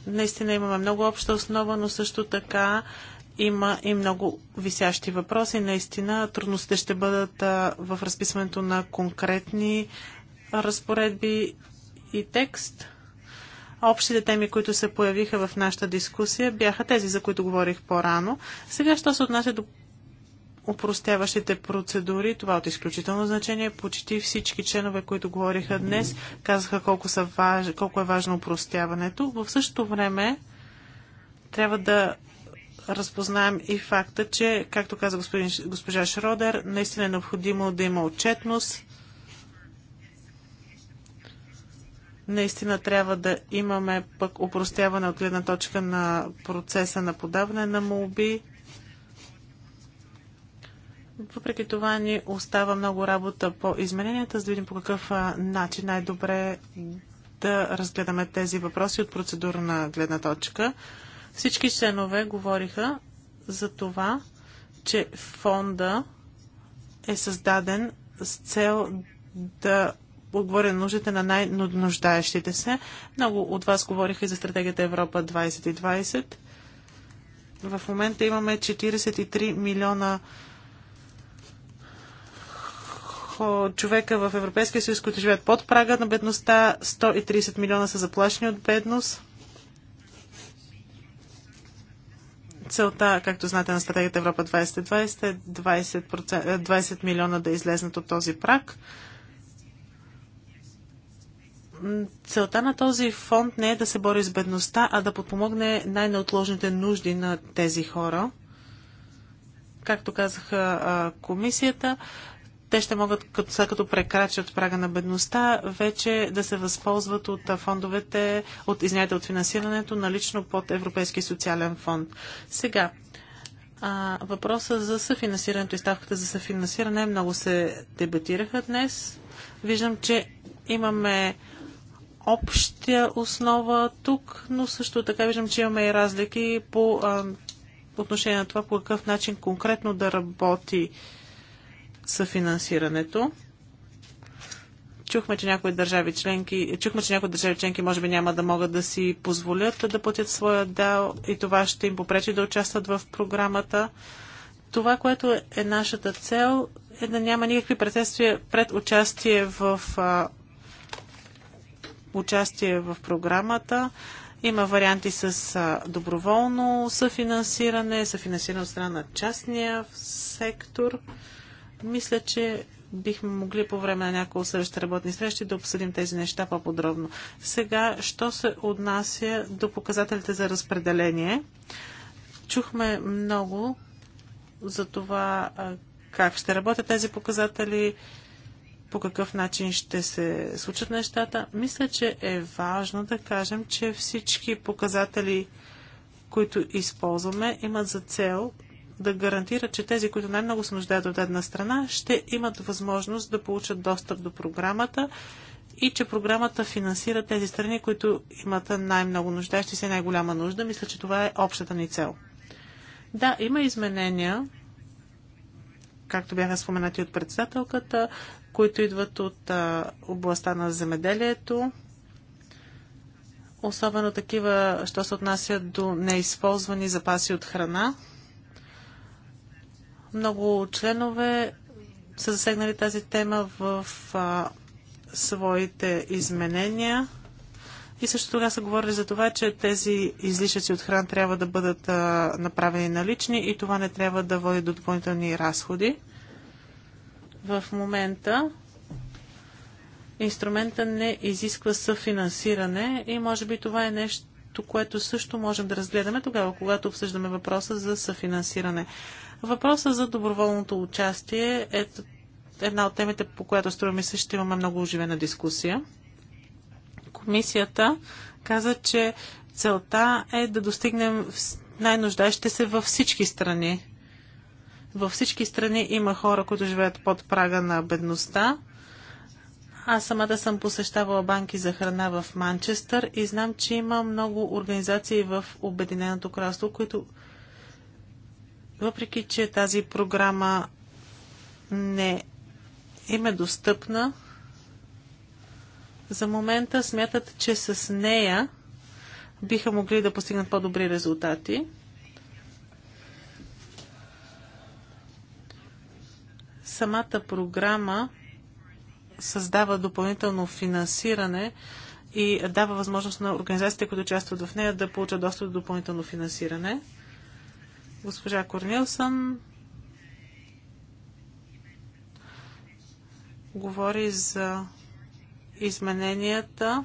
C: наистина имаме много обща основа, но също така има и много висящи въпроси. Наистина трудностите ще бъдат в разписването на конкретни разпоредби и текст. Общите теми, които се появиха в нашата дискусия, бяха тези, за които говорих по-рано. Сега, що се отнася до упростяващите процедури. Това е от изключително значение. Почти всички членове, които говориха днес, казаха колко, са важ... колко е важно упростяването. В същото време трябва да разпознаем и факта, че, както каза господин, госпожа Шродер, наистина е необходимо да има отчетност. Наистина трябва да имаме пък упростяване от гледна точка на процеса на подаване на молби въпреки това ни остава много работа по измененията, за да видим по какъв начин най-добре да разгледаме тези въпроси от процедурна гледна точка. Всички членове говориха за това, че фонда е създаден с цел да отговоря на нуждите на най-нуждаещите се. Много от вас говориха и за стратегията Европа 2020. В момента имаме 43 милиона човека в Европейския съюз, които живеят под прага на бедността, 130 милиона са заплашени от бедност. Целта, както знаете, на стратегията Европа 2020 е 20, 20 е, милиона да излезнат от този праг. Целта на този фонд не е да се бори с бедността, а да подпомогне най-неотложните нужди на тези хора както казаха комисията, те ще могат, като, след като прекрачат прага на бедността, вече да се възползват от фондовете, от, извиняйте, от финансирането налично под Европейския социален фонд. Сега, а, въпроса за съфинансирането и ставката за съфинансиране много се дебатираха днес. Виждам, че имаме обща основа тук, но също така виждам, че имаме и разлики по а, отношение на това по какъв начин конкретно да работи съфинансирането. Чухме, че някои държави членки, чухме, че някои държави членки може би няма да могат да си позволят да платят своя дел и това ще им попречи да участват в програмата. Това, което е нашата цел, е да няма никакви препятствия пред участие в а, участие в програмата. Има варианти с а, доброволно съфинансиране, съфинансиране от страна на частния сектор. Мисля, че бихме могли по време на няколко следващите работни срещи да обсъдим тези неща по-подробно. Сега, що се отнася до показателите за разпределение? Чухме много за това как ще работят тези показатели, по какъв начин ще се случат нещата. Мисля, че е важно да кажем, че всички показатели, които използваме, имат за цел да гарантира, че тези, които най-много се нуждаят от една страна, ще имат възможност да получат достъп до програмата и че програмата финансира тези страни, които имат най-много нуждащи се най-голяма нужда. Мисля, че това е общата ни цел. Да, има изменения, както бяха споменати от председателката, които идват от а, областта на земеделието, особено такива, що се отнасят до неизползвани запаси от храна. Много членове са засегнали тази тема в а, своите изменения. И също тогава са говорили за това, че тези излишъци от хран трябва да бъдат а, направени налични и това не трябва да води до допълнителни разходи. В момента инструмента не изисква съфинансиране и може би това е нещо, което също можем да разгледаме тогава, когато обсъждаме въпроса за съфинансиране. Въпросът за доброволното участие е една от темите, по която струва ми се ще имаме много оживена дискусия. Комисията каза, че целта е да достигнем най-нуждащите се във всички страни. Във всички страни има хора, които живеят под прага на бедността. Аз самата съм посещавала банки за храна в Манчестър и знам, че има много организации в Обединеното кралство, които въпреки, че тази програма не им е достъпна, за момента смятат, че с нея биха могли да постигнат по-добри резултати. Самата програма създава допълнително финансиране и дава възможност на организациите, които участват в нея, да получат достъп до допълнително финансиране. Госпожа Корнилсън говори за измененията,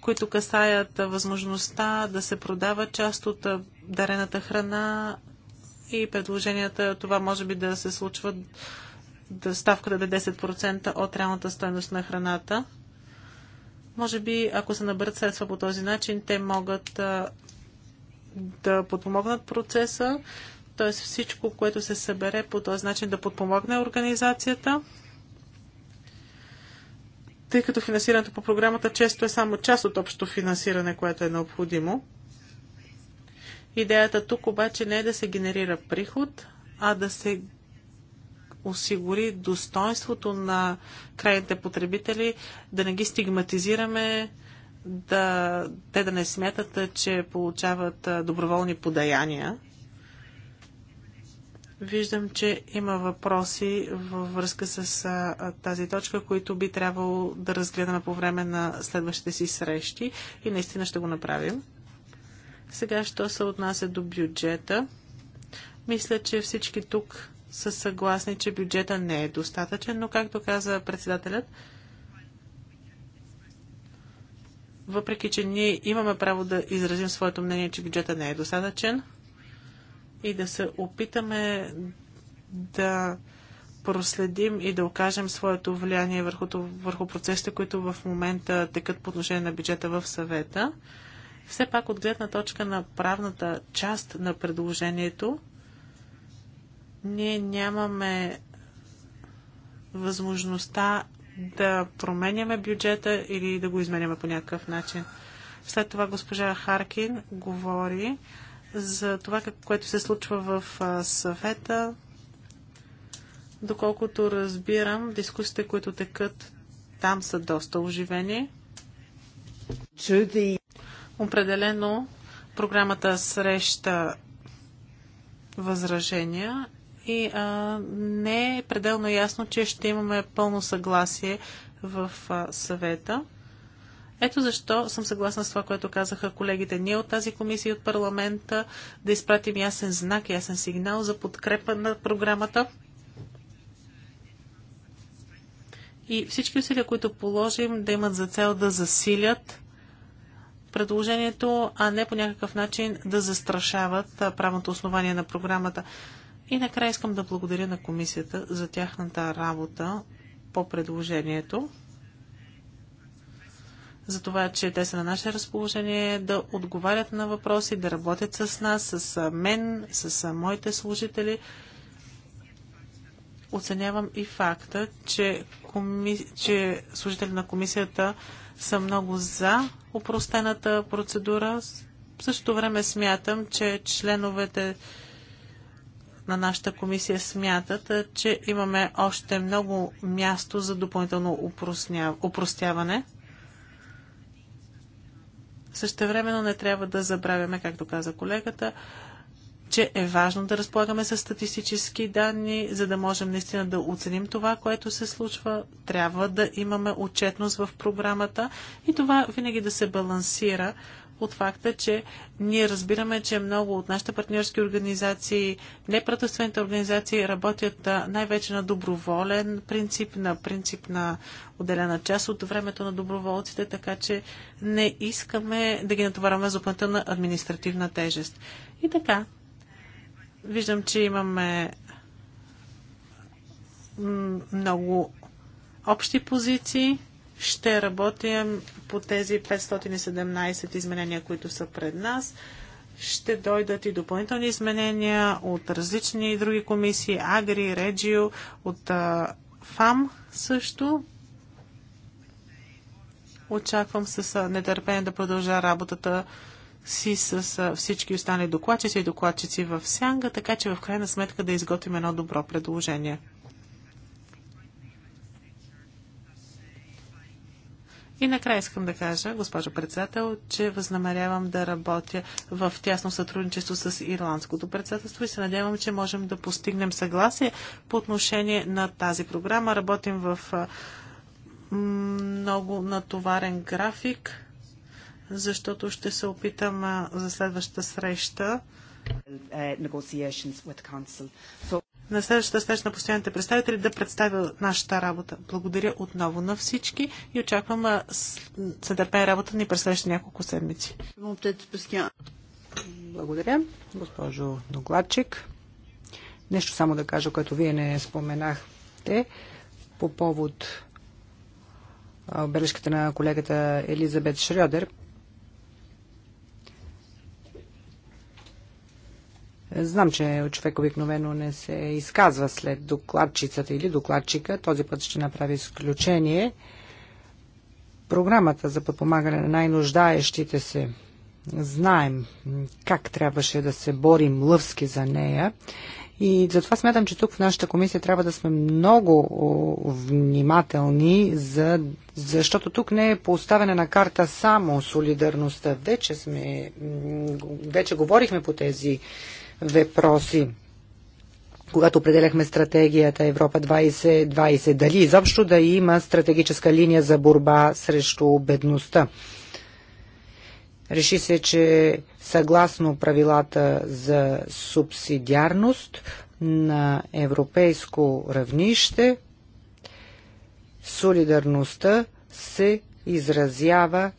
C: които касаят възможността да се продава част от дарената храна и предложенията това може би да се случва да ставката да е 10% от реалната стоеност на храната. Може би, ако се набърт средства по този начин, те могат да подпомогнат процеса, т.е. всичко, което се събере по този начин да подпомогне организацията. Тъй като финансирането по програмата често е само част от общо финансиране, което е необходимо. Идеята тук обаче не е да се генерира приход, а да се осигури достоинството на крайните потребители, да не ги стигматизираме, да, те да не смятат, че получават доброволни подаяния. Виждам, че има въпроси във връзка с а, тази точка, които би трябвало да разгледаме по време на следващите си срещи и наистина ще го направим. Сега, що се отнася до бюджета, мисля, че всички тук са съгласни, че бюджета не е достатъчен, но както каза председателят, въпреки че ние имаме право да изразим своето мнение, че бюджета не е достатъчен и да се опитаме да проследим и да окажем своето влияние върху, върху процесите, които в момента текат по отношение на бюджета в съвета. Все пак от гледна точка на правната част на предложението, ние нямаме възможността да променяме бюджета или да го изменяме по някакъв начин. След това госпожа Харкин говори за това, което се случва в съвета. Доколкото разбирам, дискусите, които текат там са доста оживени. Определено програмата среща възражения и а, не е пределно ясно, че ще имаме пълно съгласие в а, съвета. Ето защо съм съгласна с това, което казаха колегите ние от тази комисия от парламента, да изпратим ясен знак, ясен сигнал за подкрепа на програмата. И всички усилия, които положим, да имат за цел да засилят предложението, а не по някакъв начин да застрашават правното основание на програмата. И накрая искам да благодаря на комисията за тяхната работа по предложението. За това, че те са на наше разположение да отговарят на въпроси, да работят с нас, с мен, с моите служители. Оценявам и факта, че, коми... че служители на комисията са много за упростената процедура. В същото време смятам, че членовете на нашата комисия смятат, че имаме още много място за допълнително упростяване. Същевременно не трябва да забравяме, както каза колегата, че е важно да разполагаме с статистически данни, за да можем наистина да оценим това, което се случва. Трябва да имаме отчетност в програмата и това винаги да се балансира от факта, че ние разбираме, че много от нашите партньорски организации, неправителствените организации работят най-вече на доброволен принцип, на принцип на отделена част от времето на доброволците, така че не искаме да ги натоварваме за на административна тежест. И така, виждам, че имаме много общи позиции. Ще работим по тези 517 изменения, които са пред нас. Ще дойдат и допълнителни изменения от различни други комисии, Агри, Реджио, от ФАМ също. Очаквам с нетърпение да продължа работата си с всички останали докладчици и докладчици в сянга, така че в крайна сметка да изготвим едно добро предложение. И накрая искам да кажа, госпожо председател, че възнамерявам да работя в тясно сътрудничество с Ирландското председателство и се надявам, че можем да постигнем съгласие по отношение на тази програма. Работим в много натоварен график, защото ще се опитам за следващата среща uh, на следващата среща на постоянните представители да представя нашата работа. Благодаря отново на всички и очаквам съдърпен работа ни през следващите няколко седмици. Благодаря, госпожо Догладчик. Нещо
B: само да кажа, което вие не споменахте по повод бележката на колегата Елизабет Шрёдер Знам, че човек обикновено не се изказва след докладчицата или докладчика. Този път ще направи изключение. Програмата за подпомагане на най-нуждаещите се знаем как трябваше да се борим лъвски за нея. И затова смятам, че тук в нашата комисия трябва да сме много внимателни, за, защото тук не е поставена на карта само солидарността. Вече, сме, вече говорихме по тези въпроси когато определяхме стратегията Европа 2020, дали изобщо да има стратегическа линия за борба срещу бедността. Реши се, че съгласно правилата за субсидиарност на европейско равнище, солидарността се изразява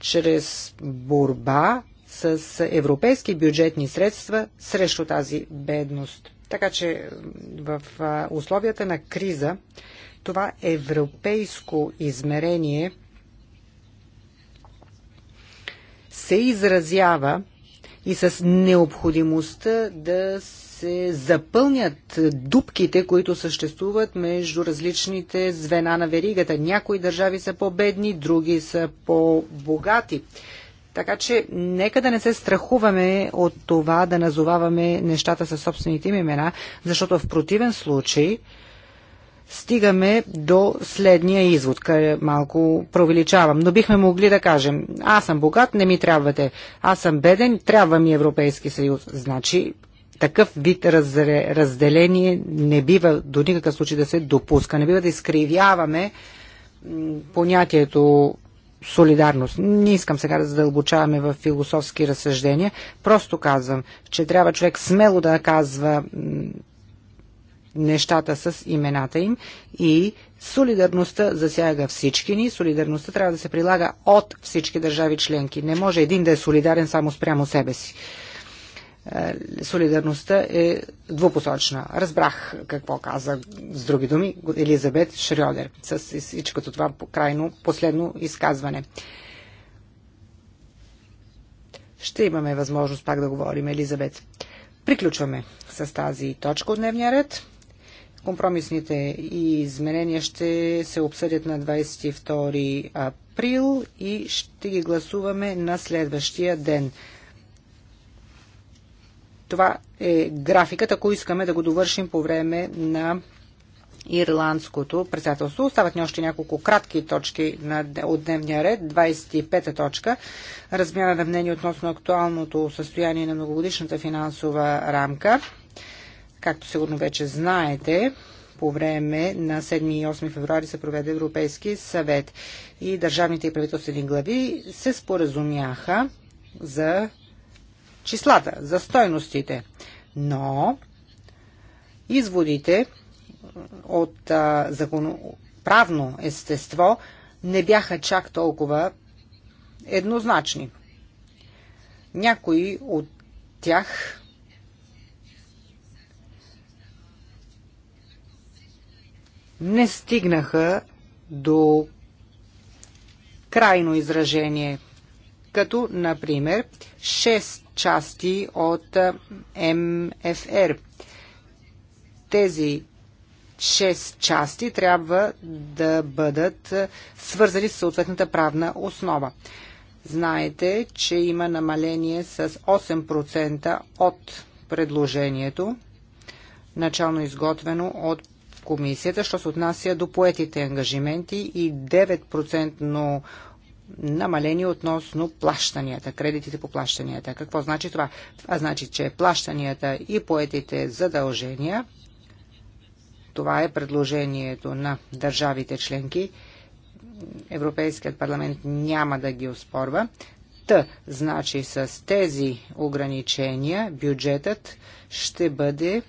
B: чрез борба с европейски бюджетни средства срещу тази бедност. Така че в условията на криза това европейско измерение се изразява и с необходимостта да се запълнят дупките, които съществуват между различните звена на веригата. Някои държави са по-бедни, други са по-богати. Така че нека да не се страхуваме от това да назоваваме нещата със собствените им имена, защото в противен случай стигаме до следния извод. Къде малко провеличавам, но бихме могли да кажем, аз съм богат, не ми трябвате. Аз съм беден, трябва ми Европейски съюз. Значи, такъв вид разделение не бива до никакъв случай да се допуска. Не бива да изкривяваме понятието солидарност. Не искам сега да задълбочаваме в философски разсъждения. Просто казвам, че трябва човек смело да казва нещата с имената им и солидарността засяга всички ни. Солидарността трябва да се прилага от всички държави членки. Не може един да е солидарен само спрямо себе си. Е, солидарността е двупосочна. Разбрах какво каза с други думи Елизабет Шрьодер с всичкото това крайно последно изказване. Ще имаме възможност пак да говорим, Елизабет. Приключваме с тази точка от дневния ред. Компромисните и изменения ще се обсъдят на 22 април и ще ги гласуваме на следващия ден. Това е графиката, ако искаме да го довършим по време на ирландското председателство. Остават ни още няколко кратки точки на, от дневния ред. 25-та точка. Размяна на мнение относно актуалното състояние на многогодишната финансова рамка. Както сигурно вече знаете, по време на 7 и 8 февруари се проведе Европейски съвет и държавните и правителствени глави се споразумяха за числата, за стойностите. Но изводите от а, законоправно естество не бяха чак толкова еднозначни. Някои от тях не стигнаха до крайно изражение, като, например, 6 части от МФР. Тези 6 части трябва да бъдат свързани с съответната правна основа. Знаете, че има намаление с 8% от предложението, начално изготвено от комисията, що се отнася до поетите ангажименти и 9% намаление относно плащанията, кредитите по плащанията. Какво значи това? Това значи, че плащанията и поетите задължения, това е предложението на държавите членки, Европейският парламент няма да ги оспорва. Т. значи с тези ограничения бюджетът ще бъде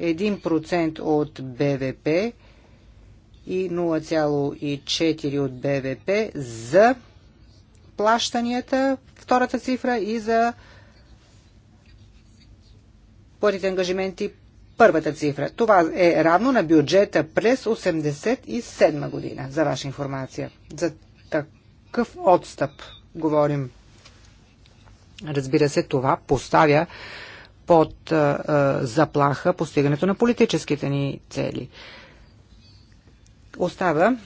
B: 1% от БВП и 0,4 от БВП за плащанията, втората цифра и за платите ангажименти, първата цифра. Това е равно на бюджета през 87 година, за ваша информация. За такъв отстъп говорим. Разбира се, това поставя под а, а, заплаха постигането на политическите ни цели остава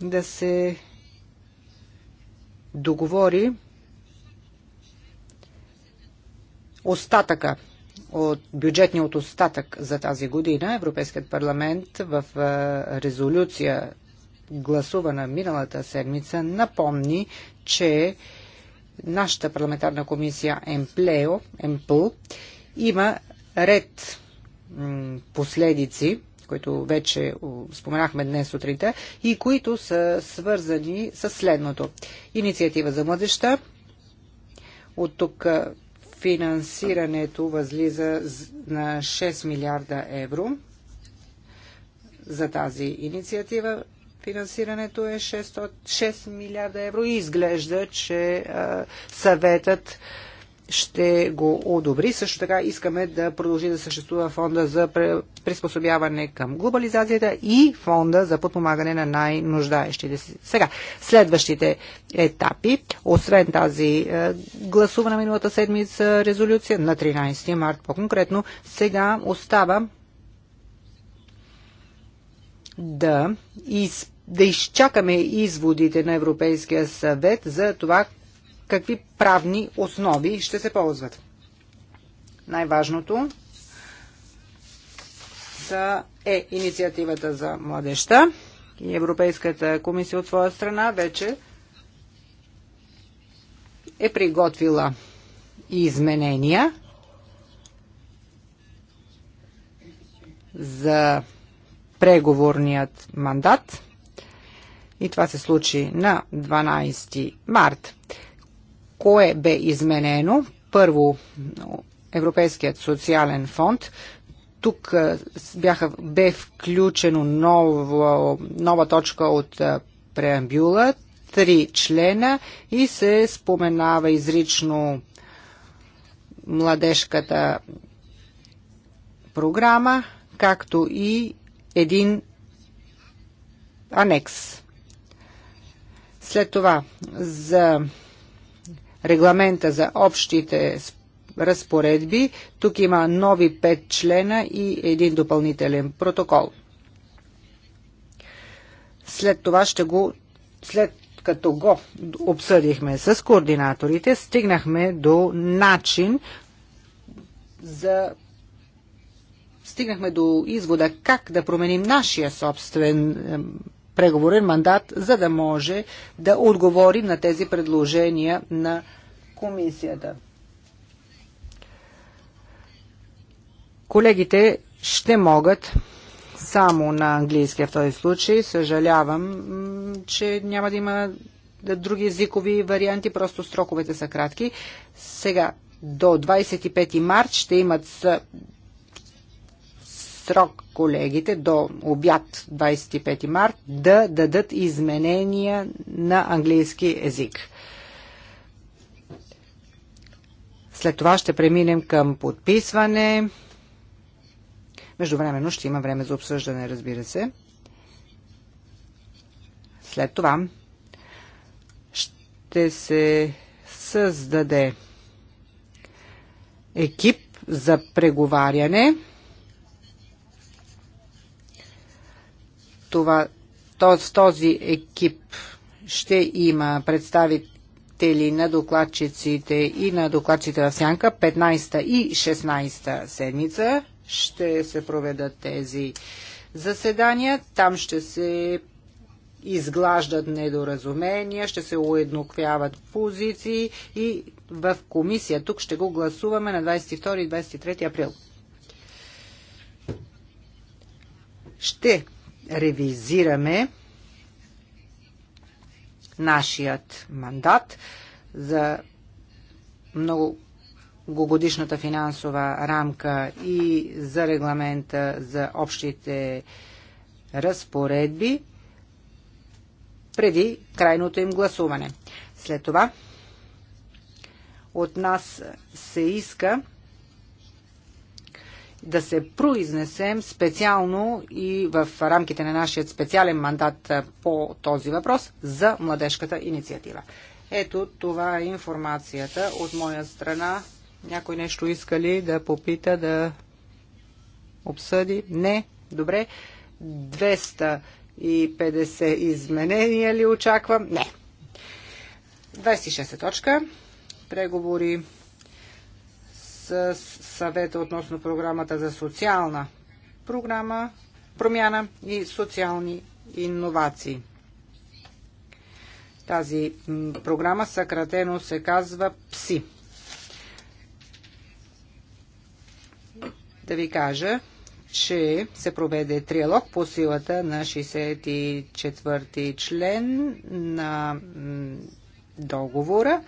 B: да се договори остатъка от бюджетният остатък за тази година. Европейският парламент в резолюция гласувана миналата седмица напомни, че нашата парламентарна комисия МПЛЕО, МПЛ има ред последици които вече споменахме днес сутринта и които са свързани с следното. Инициатива за младеща. От тук финансирането възлиза на 6 милиарда евро. За тази инициатива финансирането е 600, 6 милиарда евро и изглежда, че а, съветът а, ще го одобри. Също така искаме да продължи да съществува фонда за приспособяване към глобализацията и фонда за подпомагане на най-нуждаещите си. Сега, следващите етапи, освен тази е, гласувана миналата седмица резолюция на 13 март по-конкретно, сега остава да, из, да изчакаме изводите на Европейския съвет за това какви правни основи ще се ползват. Най-важното е инициативата за младеща и Европейската комисия от своя страна вече е приготвила изменения за преговорният мандат. И това се случи на 12 март кое бе изменено. Първо, Европейският социален фонд. Тук бяха, бе включено ново, нова точка от преамбюла, три члена и се споменава изрично младежката програма, както и един анекс. След това за регламента за общите разпоредби. Тук има нови пет члена и един допълнителен протокол. След това ще го, след като го обсъдихме с координаторите, стигнахме до начин за стигнахме до извода как да променим нашия собствен преговорен мандат, за да може да отговорим на тези предложения на комисията. Колегите ще могат само на английския в този случай. Съжалявам, че няма да има други езикови варианти, просто строковете са кратки. Сега до 25 март ще имат срок колегите до обяд 25 март да дадат изменения на английски език. След това ще преминем към подписване. Междувременно ще има време за обсъждане, разбира се. След това ще се създаде екип за преговаряне. това, в този екип ще има представители на докладчиците и на докладчите в Сянка 15 и 16 седмица. Ще се проведат тези заседания. Там ще се изглаждат недоразумения, ще се уедноквяват позиции и в комисия. Тук ще го гласуваме на 22 и 23 април. Ще ревизираме нашият мандат за много многогодишната финансова рамка и за регламента за общите разпоредби преди крайното им гласуване. След това от нас се иска да се произнесем специално и в рамките на нашия специален мандат по този въпрос за младежката инициатива. Ето това е информацията от моя страна. Някой нещо иска ли да попита, да обсъди? Не? Добре. 250 изменения ли очаквам? Не. 26 точка. Преговори съвета относно програмата за социална програма, промяна и социални иновации. Тази програма съкратено се казва ПСИ. Да ви кажа, че се проведе триалог по силата на 64 ти член на договора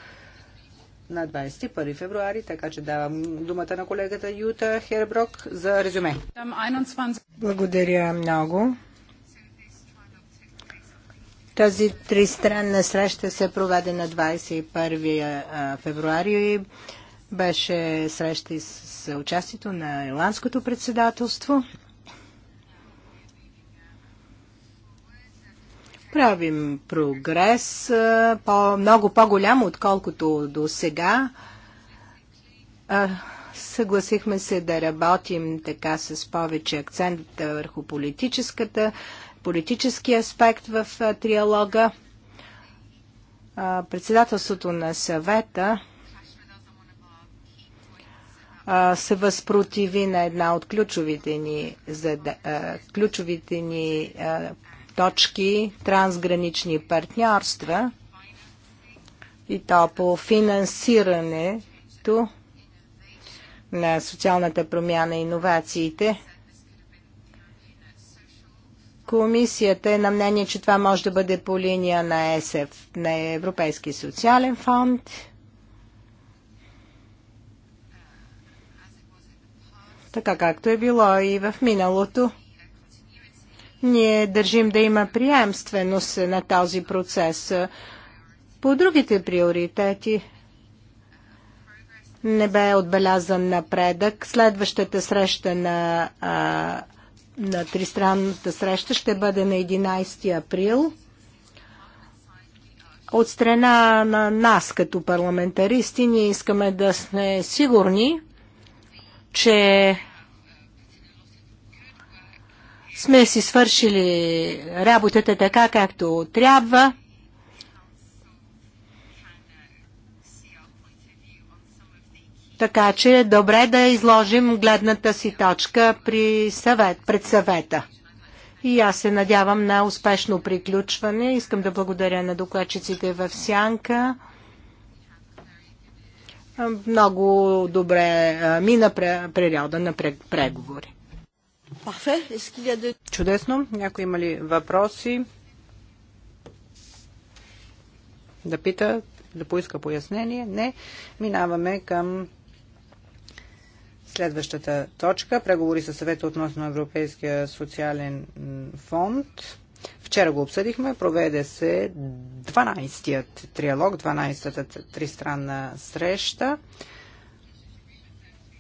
B: на 21 февруари, така че давам думата на колегата Юта Херброк за резюме.
D: Благодаря много. Тази тристранна среща се проведе на 21 февруари. Беше среща с участието на Ирландското председателство. правим прогрес, по, много по-голям, отколкото до сега. Съгласихме се да работим така с повече акцент върху политическата, политически аспект в триалога. Председателството на съвета се възпротиви на една от ключовите ни, ключовите ни точки трансгранични партньорства и то по финансирането на социалната промяна и иновациите. Комисията е на мнение, че това може да бъде по линия на ЕСФ, на Европейски социален фонд. Така както е било и в миналото. Ние държим да има приемственост на този процес. По другите приоритети не бе отбелязан напредък. Следващата среща на, а, на тристранната среща ще бъде на 11 април. От страна на нас като парламентаристи ние искаме да сме сигурни, че сме си свършили работата така, както трябва. Така че е добре да изложим гледната си точка при съвет, пред съвета. И аз се надявам на успешно приключване. Искам да благодаря на докладчиците в Сянка. Много добре мина периода на преговори.
B: Чудесно. Някой има ли въпроси? Да пита, да поиска пояснение? Не. Минаваме към следващата точка. Преговори със съвета относно Европейския социален фонд. Вчера го обсъдихме, проведе се 12-тият триалог, 12-та тристранна среща.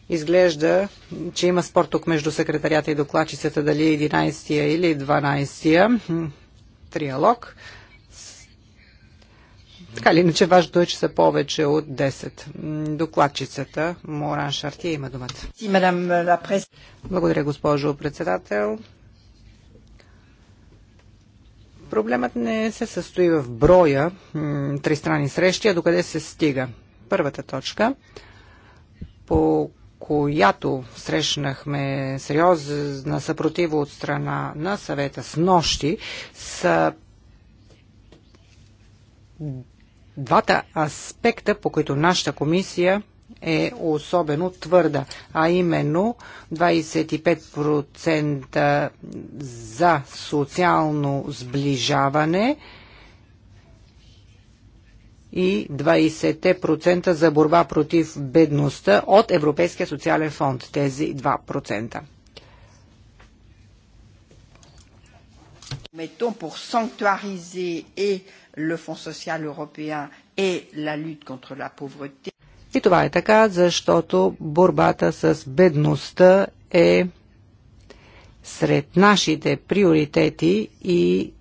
B: Изглежда, че има спор тук между секретарията и докладчицата, дали 11-я е или 12-я триалог. Така ли, иначе важното е, че са повече от 10. Докладчицата Моран Шартия има
A: думата.
B: Благодаря, госпожо председател. Проблемът не се състои в броя тристранни срещи, а докъде се стига. Първата точка, по която срещнахме сериозна съпротива от страна на съвета с нощи, са двата аспекта, по които нашата комисия е особено твърда, а именно 25% за социално сближаване – и 20% за борба против бедността от Европейския социален фонд, тези 2%.
A: mettons pour sanctuariser et le Fonds social européen et la lutte contre la pauvreté.
B: И това е така, защото борбата с бедността е сред нашите приоритети и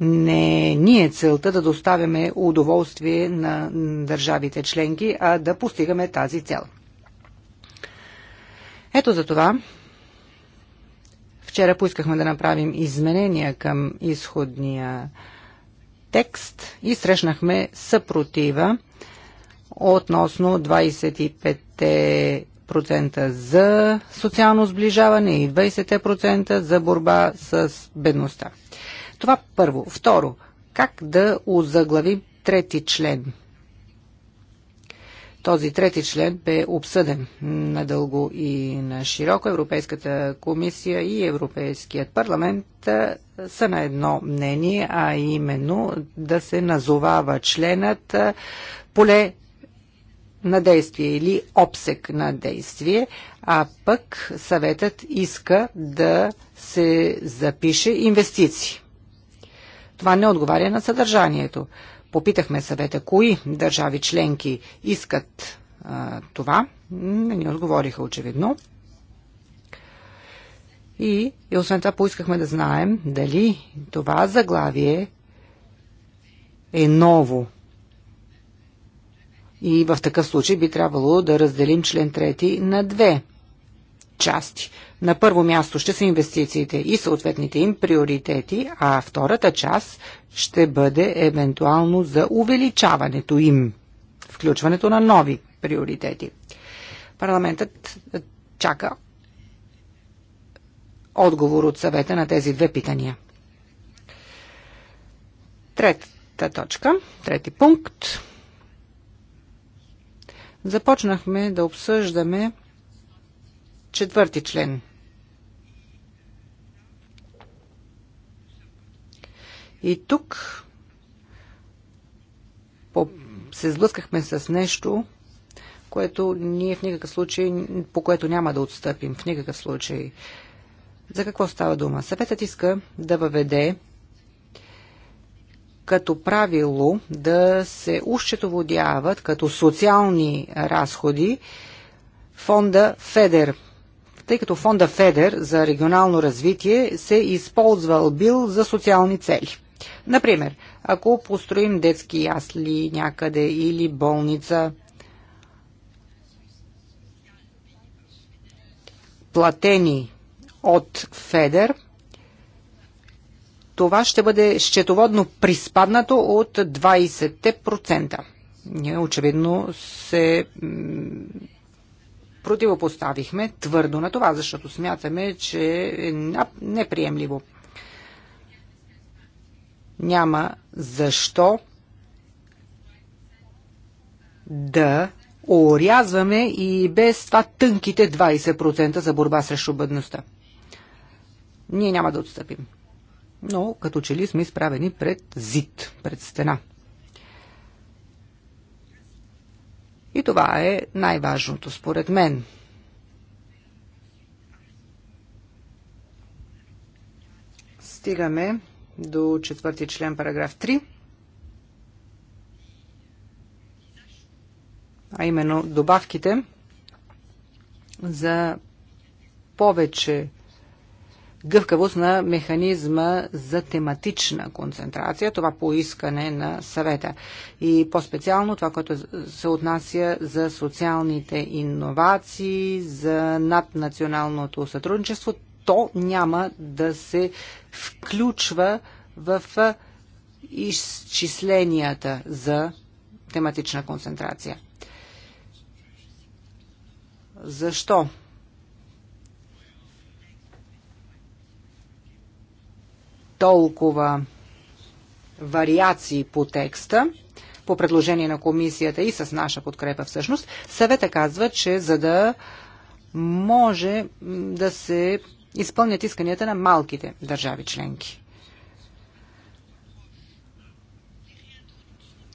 B: не ни е целта да доставяме удоволствие на държавите членки, а да постигаме тази цел. Ето за това вчера поискахме да направим изменения към изходния текст и срещнахме съпротива относно 25% за социално сближаване и 20% за борба с бедността. Това първо. Второ, как да озаглавим трети член? Този трети член бе обсъден надълго и на широко. Европейската комисия и Европейският парламент са на едно мнение, а именно да се назовава членът поле на действие или обсек на действие, а пък съветът иска да се запише инвестиции. Това не отговаря на съдържанието. Попитахме съвета, кои държави членки искат а, това. Не ни отговориха очевидно. И, и освен това поискахме да знаем дали това заглавие е ново. И в такъв случай би трябвало да разделим член 3 на две части. На първо място ще са инвестициите и съответните им приоритети, а втората част ще бъде евентуално за увеличаването им, включването на нови приоритети. Парламентът е, чака отговор от съвета на тези две питания. Третата точка, трети пункт. Започнахме да обсъждаме Четвърти член. И тук по, се сблъскахме с нещо, което ние в никакъв случай, по което няма да отстъпим, в никакъв случай. За какво става дума? Съветът иска да въведе като правило да се ущетоводяват като социални разходи фонда ФЕДЕР – тъй като фонда ФЕДЕР за регионално развитие се използвал бил за социални цели. Например, ако построим детски ясли някъде или болница, платени от ФЕДЕР, това ще бъде счетоводно приспаднато от 20%. Ние очевидно се противопоставихме твърдо на това, защото смятаме, че е неприемливо. Няма защо да орязваме и без това тънките 20% за борба срещу бъдността. Ние няма да отстъпим. Но като че ли сме изправени пред зид, пред стена. И това е най-важното според мен. Стигаме до четвърти член, параграф 3. а именно добавките за повече гъвкавост на механизма за тематична концентрация, това по искане на съвета. И по-специално това, което се отнася за социалните иновации, за наднационалното сътрудничество, то няма да се включва в изчисленията за тематична концентрация. Защо? толкова вариации по текста, по предложение на комисията и с наша подкрепа всъщност, съвета казва, че за да може да се изпълнят исканията на малките държави членки.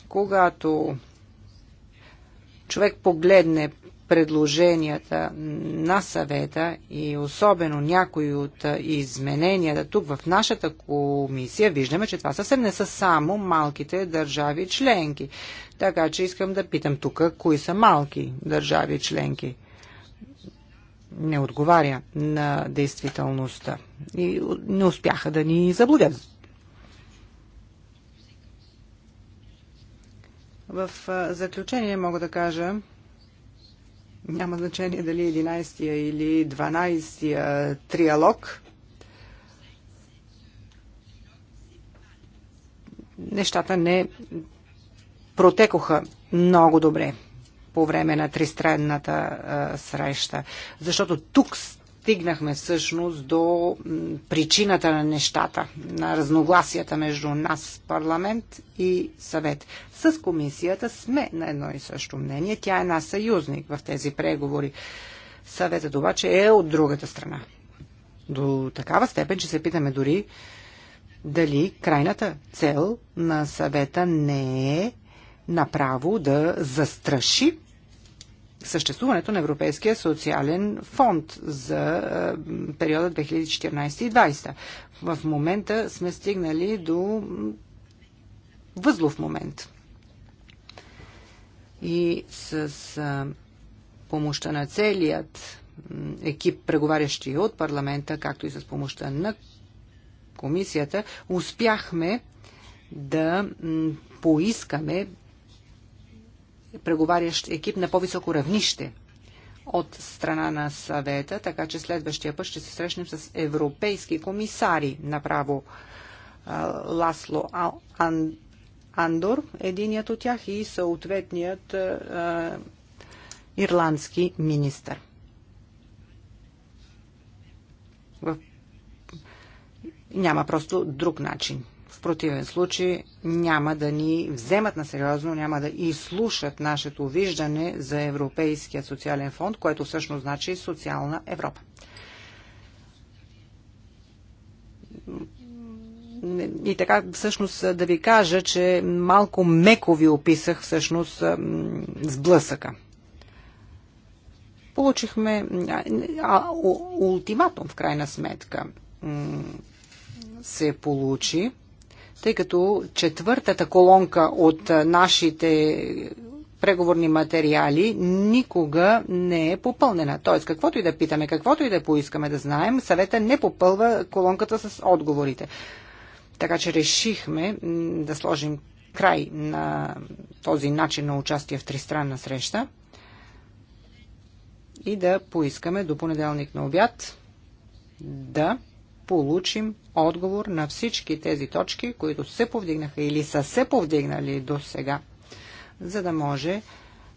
B: Когато човек погледне предложенията на съвета и особено някои от измененията тук в нашата комисия, виждаме, че това съвсем не са само малките държави членки. Така че искам да питам тук, кои са малки държави членки. Не отговаря на действителността. И не успяха да ни заблудят. В заключение мога да кажа, няма значение дали 11-я е или 12-я триалог. Нещата не протекоха много добре по време на тристранната среща. Защото тук стигнахме всъщност до причината на нещата, на разногласията между нас, парламент и съвет. С комисията сме на едно и също мнение. Тя е нас съюзник в тези преговори. Съветът обаче е от другата страна. До такава степен, че се питаме дори дали крайната цел на съвета не е направо да застраши съществуването на Европейския социален фонд за периода 2014-2020. В момента сме стигнали до възлов момент. И с помощта на целият екип, преговарящи от парламента, както и с помощта на комисията, успяхме да поискаме преговарящ екип на по-високо равнище от страна на съвета, така че следващия път ще се срещнем с европейски комисари направо. Ласло Андор, единият от тях и съответният ирландски министр. В... Няма просто друг начин противен случай няма да ни вземат на сериозно, няма да изслушат нашето виждане за Европейския социален фонд, което всъщност значи социална Европа. И така, всъщност, да ви кажа, че малко меко ви описах всъщност сблъсъка. Получихме а, ултиматум, в крайна сметка се получи тъй като четвъртата колонка от нашите преговорни материали никога не е попълнена. Т.е. каквото и да питаме, каквото и да поискаме да знаем, съвета не попълва колонката с отговорите. Така че решихме да сложим край на този начин на участие в тристранна среща и да поискаме до понеделник на обяд да получим отговор на всички тези точки, които се повдигнаха или са се повдигнали до сега, за да може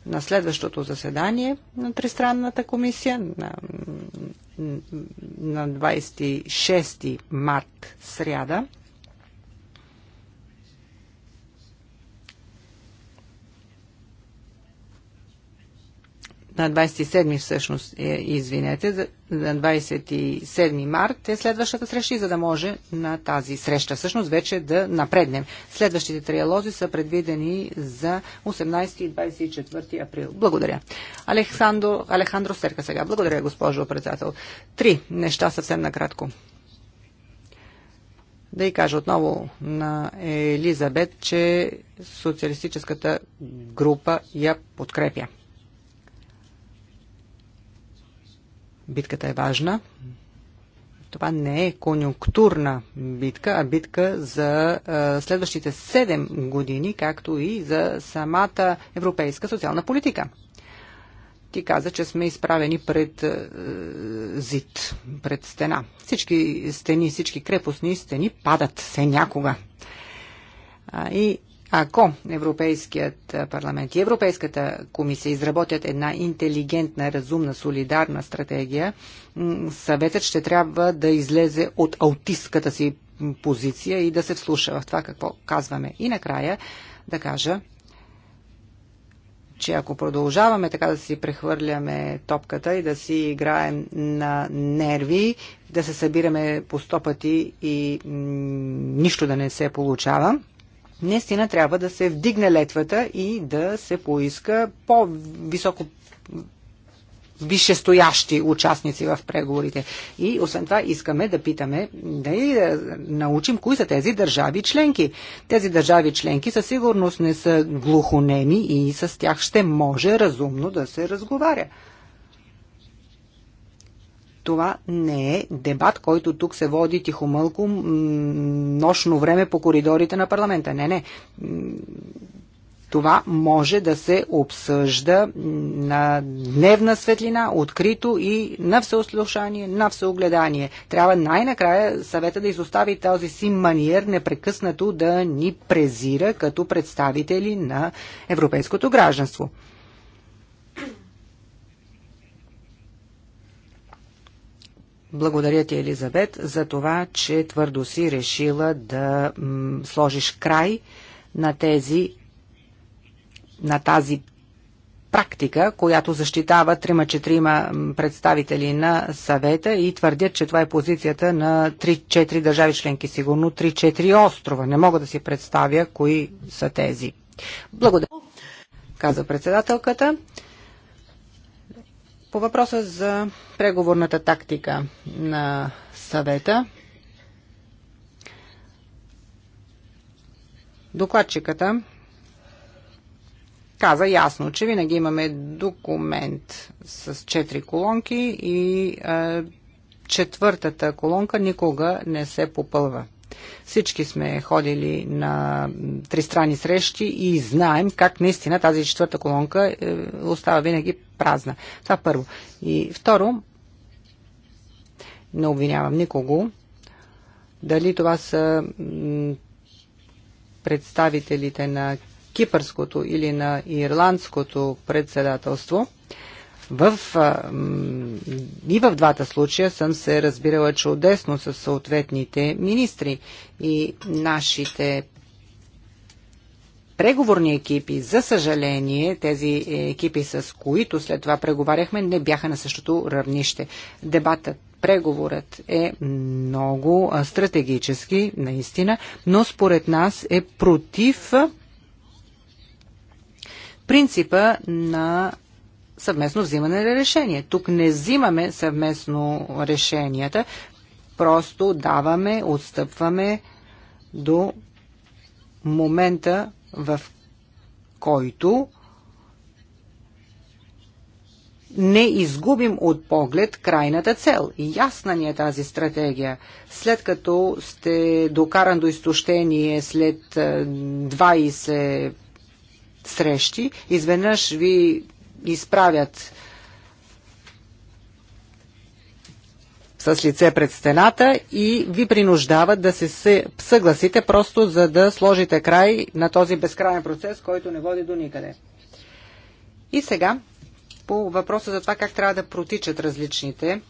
B: на следващото заседание на Тристранната комисия на, на 26 март сряда на 27 всъщност, е, извинете, на 27 март е следващата среща за да може на тази среща всъщност вече да напреднем. Следващите триалози са предвидени за 18 и 24 април. Благодаря. Александро, Алехандро Серка сега. Благодаря, госпожо председател. Три неща съвсем накратко. Да и кажа отново на Елизабет, че социалистическата група я подкрепя. Битката е важна. Това не е конюнктурна битка, а битка за а, следващите 7 години, както и за самата европейска социална политика. Ти каза, че сме изправени пред а, зид, пред стена. Всички стени, всички крепостни стени падат се някога. А, и ако Европейският парламент и Европейската комисия изработят една интелигентна, разумна, солидарна стратегия, съветът ще трябва да излезе от аутистката си позиция и да се вслуша в това какво казваме. И накрая да кажа, че ако продължаваме така да си прехвърляме топката и да си играем на нерви, да се събираме по сто пъти и нищо да не се получава, наистина трябва да се вдигне летвата и да се поиска по-високо висшестоящи участници в преговорите. И освен това искаме да питаме, да и да научим кои са тези държави членки. Тези държави членки със сигурност не са глухонеми и с тях ще може разумно да се разговаря. Това не е дебат, който тук се води тихомълко нощно време по коридорите на парламента. Не, не. Това може да се обсъжда на дневна светлина, открито и на всеослушание, на всеогледание. Трябва най-накрая съвета да изостави този си маниер непрекъснато да ни презира като представители на европейското гражданство. Благодаря ти, Елизабет, за това, че твърдо си решила да сложиш край на тези на тази практика, която защитава трима-четирима представители на съвета и твърдят, че това е позицията на 3-4 държави членки, сигурно 3-4 острова. Не мога да си представя кои са тези. Благодаря, каза председателката. По въпроса за преговорната тактика на съвета, докладчиката каза ясно, че винаги имаме документ с четири колонки и четвъртата колонка никога не се попълва. Всички сме ходили на тристрани срещи и знаем как наистина тази четвърта колонка е, остава винаги празна. Това първо. И второ, не обвинявам никого, дали това са представителите на кипърското или на ирландското председателство – в, и в двата случая съм се разбирала чудесно с съответните министри и нашите преговорни екипи, за съжаление, тези екипи, с които след това преговаряхме, не бяха на същото равнище. Дебатът, преговорът е много стратегически, наистина, но според нас е против принципа на съвместно взимане на решение. Тук не взимаме съвместно решенията, просто даваме, отстъпваме до момента, в който не изгубим от поглед крайната цел. Ясна ни е тази стратегия. След като сте докаран до изтощение след 20 срещи, изведнъж ви изправят с лице пред стената и ви принуждават да се съгласите просто за да сложите край на този безкрайен процес, който не води до никъде. И сега по въпроса за това как трябва да протичат различните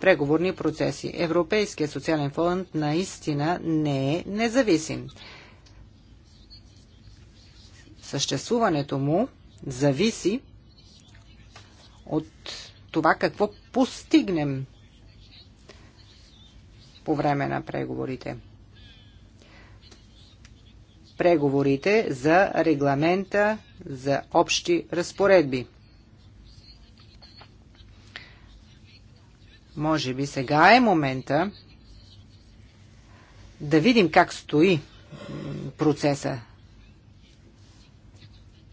B: преговорни процеси. Европейският социален фонд наистина не е независим. Съществуването му зависи от това какво постигнем по време на преговорите. Преговорите за регламента за общи разпоредби. Може би сега е момента да видим как стои процеса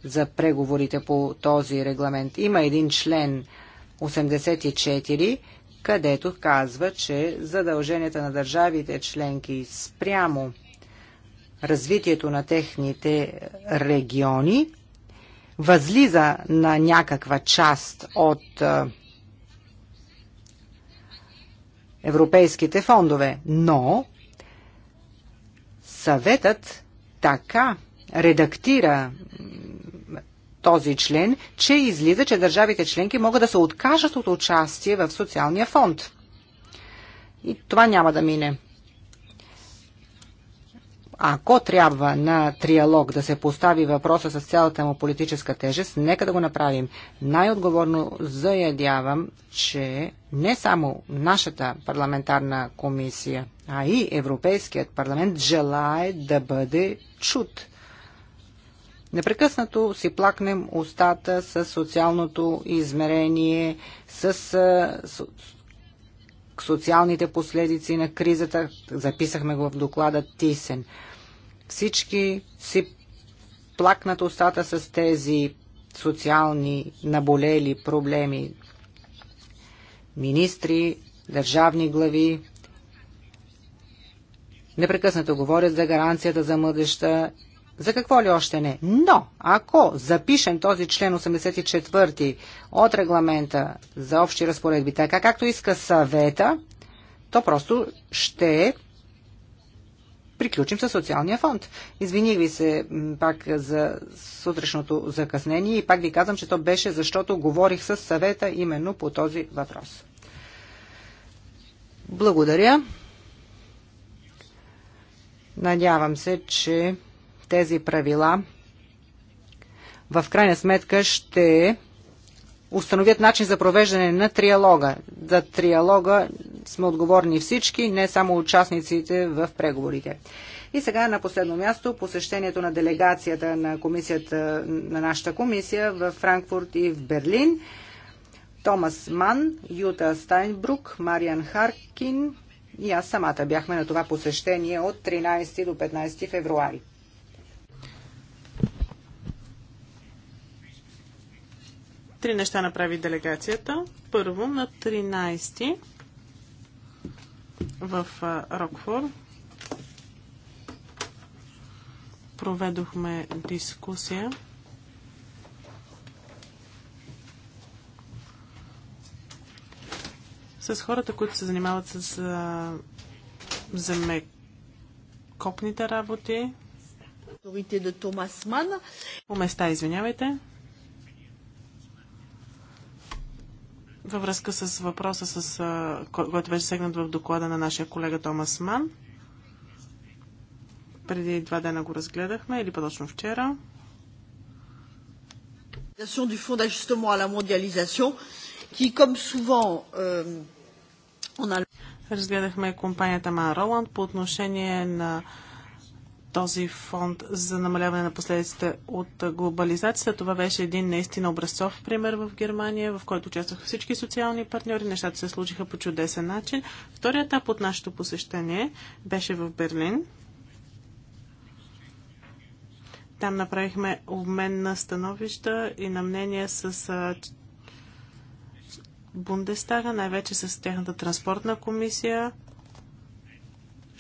B: за преговорите по този регламент. Има един член 84, където казва, че задълженията на държавите членки спрямо развитието на техните региони възлиза на някаква част от европейските фондове, но съветът така редактира този член, че излиза, че държавите членки могат да се откажат от участие в социалния фонд. И това няма да мине. Ако трябва на триалог да се постави въпроса с цялата му политическа тежест, нека да го направим. Най-отговорно заядявам, че не само нашата парламентарна комисия, а и Европейският парламент желае да бъде чут Непрекъснато си плакнем устата с социалното измерение, с, социалните последици на кризата. Записахме го в доклада Тисен. Всички си плакнат устата с тези социални наболели проблеми. Министри, държавни глави, непрекъснато говорят за гаранцията за младеща за какво ли още не. Но, ако запишем този член 84 от регламента за общи разпоредби, така както иска съвета, то просто ще приключим със социалния фонд. Извиних ви се пак за сутрешното закъснение и пак ви казвам, че то беше защото говорих с съвета именно по този въпрос. Благодаря. Надявам се, че тези правила в крайна сметка ще установят начин за провеждане на триалога. За триалога сме отговорни всички, не само участниците в преговорите. И сега на последно място посещението на делегацията на, комисията, на нашата комисия в Франкфурт и в Берлин. Томас Ман, Юта Стайнбрук, Мариан Харкин и аз самата бяхме на това посещение от 13 до 15
C: февруари. Три неща направи делегацията. Първо, на 13 в Рокфор проведохме дискусия с хората, които се занимават с земекопните работи. По места, извинявайте. във връзка с въпроса, с, който беше сегнат в доклада на нашия колега Томас Ман. Преди два дена го разгледахме, или по-точно вчера.
A: du d'ajustement à la mondialisation, qui, comme souvent euh, Разгледахме компанията Ман Роланд по отношение на
C: този фонд за намаляване на последиците от глобализацията. Това беше един наистина образцов пример в Германия, в който участваха всички социални партньори. Нещата се случиха по чудесен начин. Вторият етап от нашето посещение беше в Берлин. Там направихме обмен на становища и на мнения с Бундестага, най-вече с тяхната транспортна комисия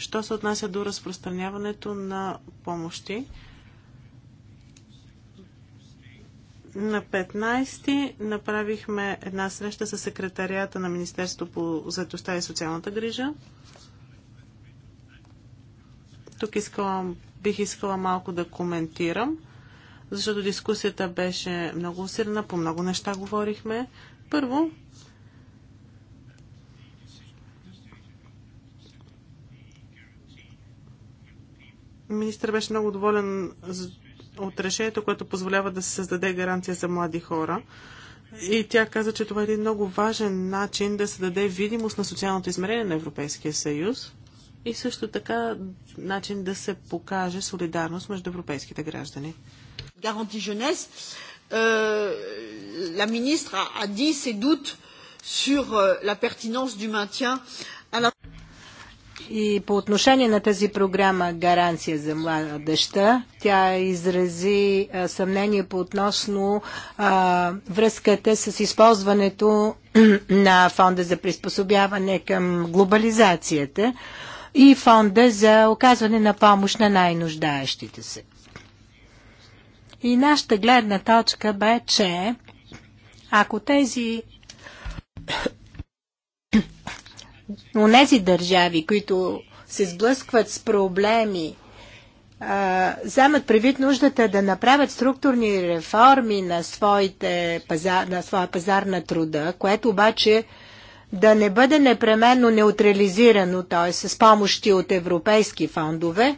C: Що се отнася до разпространяването на помощи? На 15 направихме една среща с секретарията на Министерство по заедостта и социалната грижа. Тук искала, бих искала малко да коментирам, защото дискусията беше много усилена, по много неща говорихме. Първо, Министър беше много доволен от решението, което позволява да се създаде гаранция за млади хора. И тя каза, че това е един много важен начин да се даде видимост на социалното измерение на Европейския съюз и също така начин да се
A: покаже солидарност между европейските граждани. Гаранти Женес, е, Министра ади a dit ses doutes sur е, la pertinence du maintien euh,
D: и по отношение на тази програма Гаранция за младеща, тя изрази съмнение по относно а, връзката с използването на фонда за приспособяване към глобализацията и фонда за оказване на помощ на най-нуждаещите се. И нашата гледна точка бе, че ако тези онези държави, които се сблъскват с проблеми, вземат предвид нуждата да направят структурни реформи на, своите пазар, на своя пазар на труда, което обаче да не бъде непременно неутрализирано, т.е. с помощи от европейски фондове.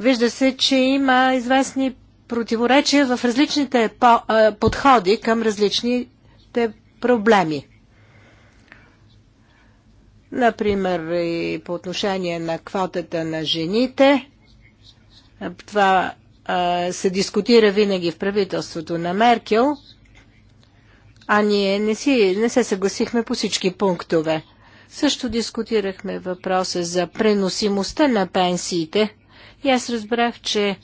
D: Вижда се, че има известни противоречия в различните подходи към различни същите проблеми. Например, и по отношение на квотата на жените, това а, се дискутира винаги в правителството на Меркел, а ние не, си, не се съгласихме по всички пунктове. Също дискутирахме въпроса за преносимостта на пенсиите и аз разбрах, че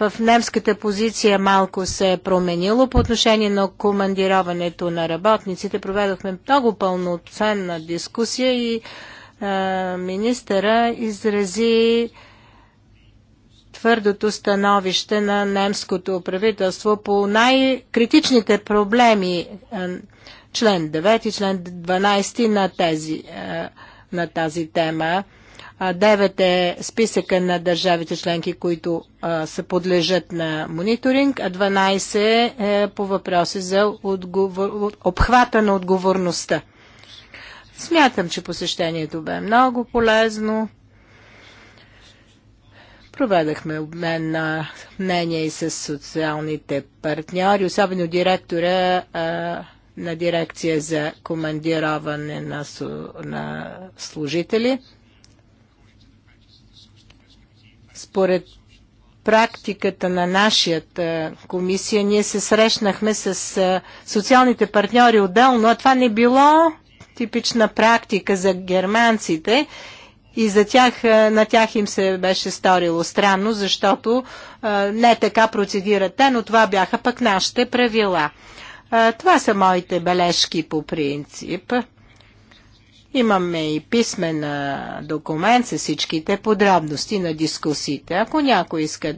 D: в немската позиция малко се е променило по отношение на командироването на работниците. Проведохме много пълноценна дискусия и а, е, министъра изрази твърдото становище на немското правителство по най-критичните проблеми е, член 9 и член 12 на, тези, е, на тази тема. Девет е списъка на държавите членки, които се подлежат на мониторинг, а 12 е, е по въпроси за отговор... обхвата на отговорността. Смятам, че посещението бе много полезно. Проведахме обмен на мнения и с социалните партньори, особено директора на дирекция за командироване на, на служители. Според практиката на нашата е, комисия, ние се срещнахме с е, социалните партньори отделно, а това не било типична практика за германците и за тях, е, на тях им се беше сторило странно, защото не така процедират те, но това бяха пък нашите правила. Това са моите бележки по принцип. Имаме и писмен документ с всичките подробности на дискусиите. Ако някой иска